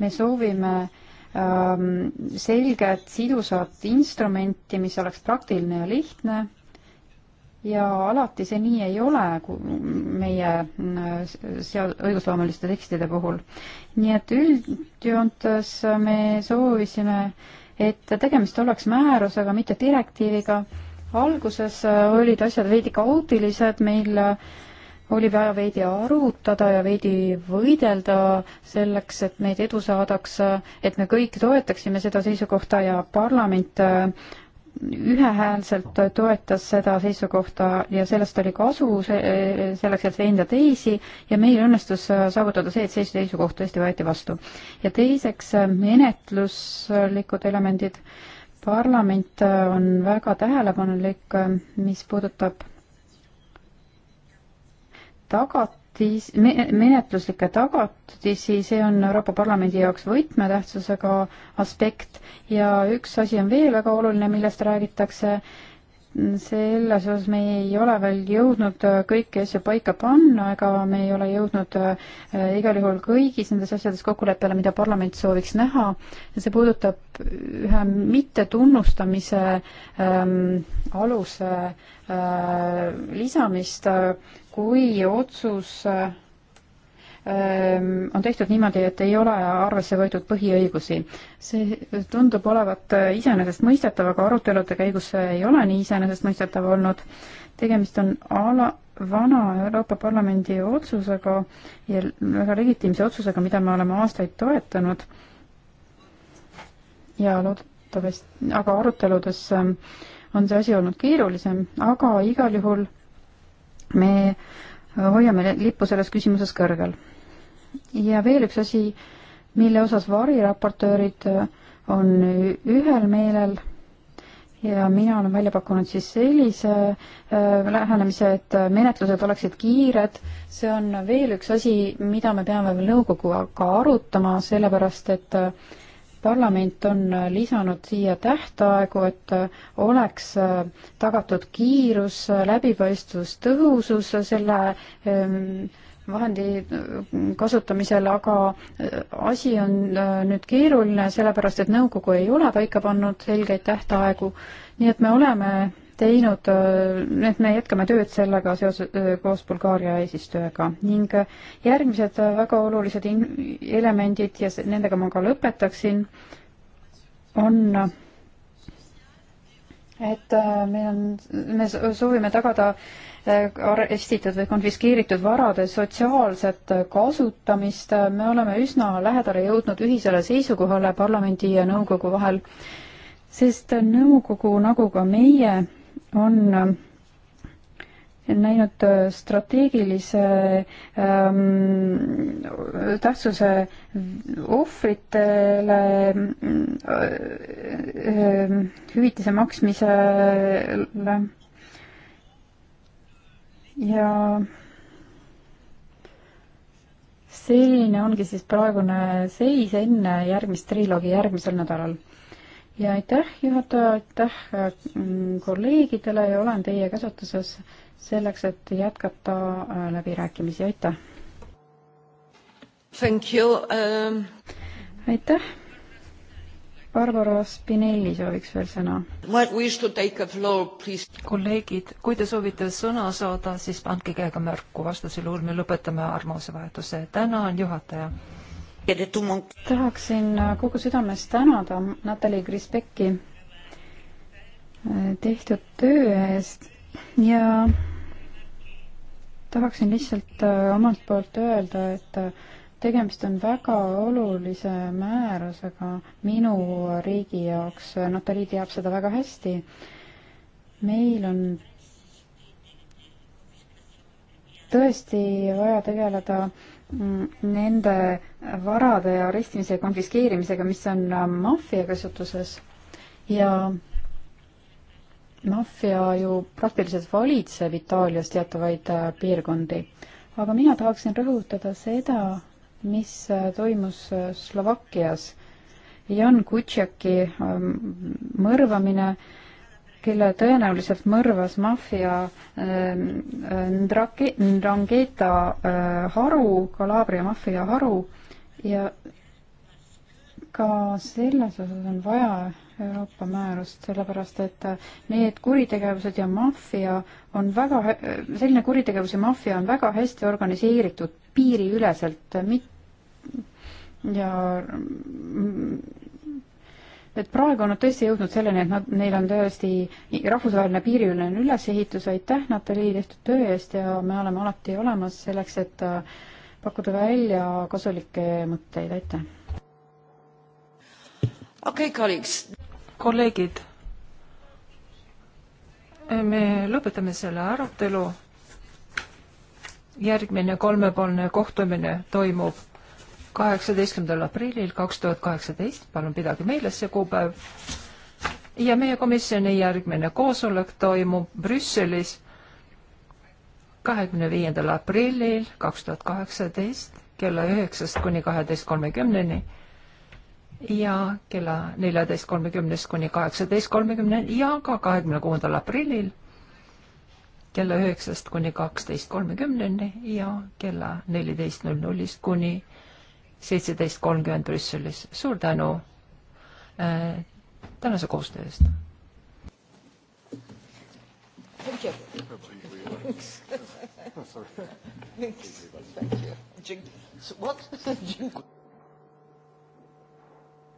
me soovime ähm, selget sidusat instrumenti, mis oleks praktiline ja lihtne ja alati see nii ei ole meie äh, seal õigusloomeliste tekstide puhul. nii et üldjoontes me soovisime, et tegemist oleks määrusega, mitte direktiiviga. alguses olid asjad veidi kaootilised, meil äh, oli vaja veidi arutada ja veidi võidelda selleks, et meid edu saadaks, et me kõik toetaksime seda seisukohta ja parlament äh, ühehäälselt toetas seda seisukohta ja sellest oli kasu selleks, et veenda teisi ja meil õnnestus äh, saavutada see, et see seisukoht tõesti võeti vastu. ja teiseks äh, menetluslikud elemendid. parlament on väga tähelepanelik, mis puudutab tagatis, menetluslikke tagatisi, see on Euroopa Parlamendi jaoks võtmetähtsusega aspekt ja üks asi on veel väga oluline, millest räägitakse, selles osas me ei ole veel jõudnud kõiki asju paika panna, ega me ei ole jõudnud äh, igal juhul kõigis nendes asjades kokkuleppele, mida parlament sooviks näha. see puudutab ühe mittetunnustamise ähm, aluse äh, lisamist äh, kui otsus ähm, on tehtud niimoodi, et ei ole arvesse võetud põhiõigusi. see tundub olevat iseenesestmõistetav, aga arutelude käigus see ei ole nii iseenesestmõistetav olnud. tegemist on ala, vana Euroopa Parlamendi otsusega ja väga legitiimse otsusega, mida me oleme aastaid toetanud. ja loodetavasti, aga aruteludes ähm, on see asi olnud keerulisem, aga igal juhul me hoiame lippu selles küsimuses kõrgel. ja veel üks asi, mille osas variraportöörid on ühel meelel ja mina olen välja pakkunud siis sellise äh, lähenemise, et menetlused oleksid kiired. see on veel üks asi, mida me peame veel nõukoguga arutama, sellepärast et äh, parlament on lisanud siia tähtaegu, et oleks tagatud kiirus, läbipaistvus, tõhusus selle ehm, vahendi kasutamisel, aga äh, asi on äh, nüüd keeruline, sellepärast et nõukogu ei ole paika pannud selgeid tähtaegu, nii et me oleme teinud, nüüd me jätkame tööd sellega seoses, koos Bulgaaria eesistujaga ning järgmised väga olulised in-, elemendid ja nendega ma ka lõpetaksin, on et äh, meil on, me soovime tagada äh, arestitud või konfiskeeritud varade sotsiaalset kasutamist, me oleme üsna lähedale jõudnud ühisele seisukohale parlamendi ja nõukogu vahel, sest nõukogu, nagu ka meie, on äh, näinud äh, strateegilise ähm, tähtsuse ohvritele äh, äh, hüvitise maksmisele ja selline ongi siis praegune seis enne järgmist triloogi järgmisel nädalal ja aitäh, juhataja, aitäh mm, kolleegidele ja olen teie käsutuses selleks, et jätkata äh, läbirääkimisi, aitäh! Thank you um...! aitäh! Barbara Spinelli sooviks veel sõna. kolleegid, kui te soovite sõna saada, siis andke käega märku, vastasel juhul me lõpetame arvamusevahetuse. tänan, juhataja! tahaksin äh, kogu südamest tänada Natalja Krispekki äh, tehtud töö eest ja tahaksin lihtsalt äh, omalt poolt öelda, et tegemist on väga olulise määrusega minu riigi jaoks, Natalja teab seda väga hästi. meil on tõesti vaja tegeleda äh, nende varade arestimise ja konfiskeerimisega, mis on äh, maffia käsutuses ja maffia ju praktiliselt valitseb Itaalias teatavaid äh, piirkondi. aga mina tahaksin rõhutada seda, mis äh, toimus Slovakkias. Jan Kutšeki ähm, mõrvamine äh, kelle tõenäoliselt mõrvas maffia ähm, äh, Ndrangheta äh, haru, Kalabria maffia haru ja ka selles osas on vaja Euroopa määrust, sellepärast et äh, need kuritegevused ja maffia on väga, selline kuritegevus ja maffia on väga hästi organiseeritud piiriüleselt mit- ja mm, et praegu on nad tõesti jõudnud selleni, et nad, neil on tõesti rahvusvaheline piiriülene ülesehitus, aitäh Natalii tehtud töö eest ja me oleme alati olemas selleks, et äh, pakkuda välja kasulikke mõtteid, aitäh! okei okay,, kolleegid. kolleegid, me lõpetame selle arutelu. järgmine kolmepoolne kohtumine toimub kaheksateistkümnendal aprillil kaks tuhat kaheksateist, palun pidage meeles see kuupäev. ja meie komisjoni järgmine koosolek toimub Brüsselis kahekümne viiendal aprillil kaks tuhat kaheksateist kella üheksast kuni kaheteist kolmekümneni ja kella neljateist kolmekümnest kuni kaheksateist kolmekümneni ja ka kahekümne kuuendal aprillil kella üheksast kuni kaksteist kolmekümneni ja kella neliteist null nullist kuni seitseteist kolmkümmend Brüsselis. suur tänu äh, tänase koostöö eest. Thank you. Thank you. What? [laughs]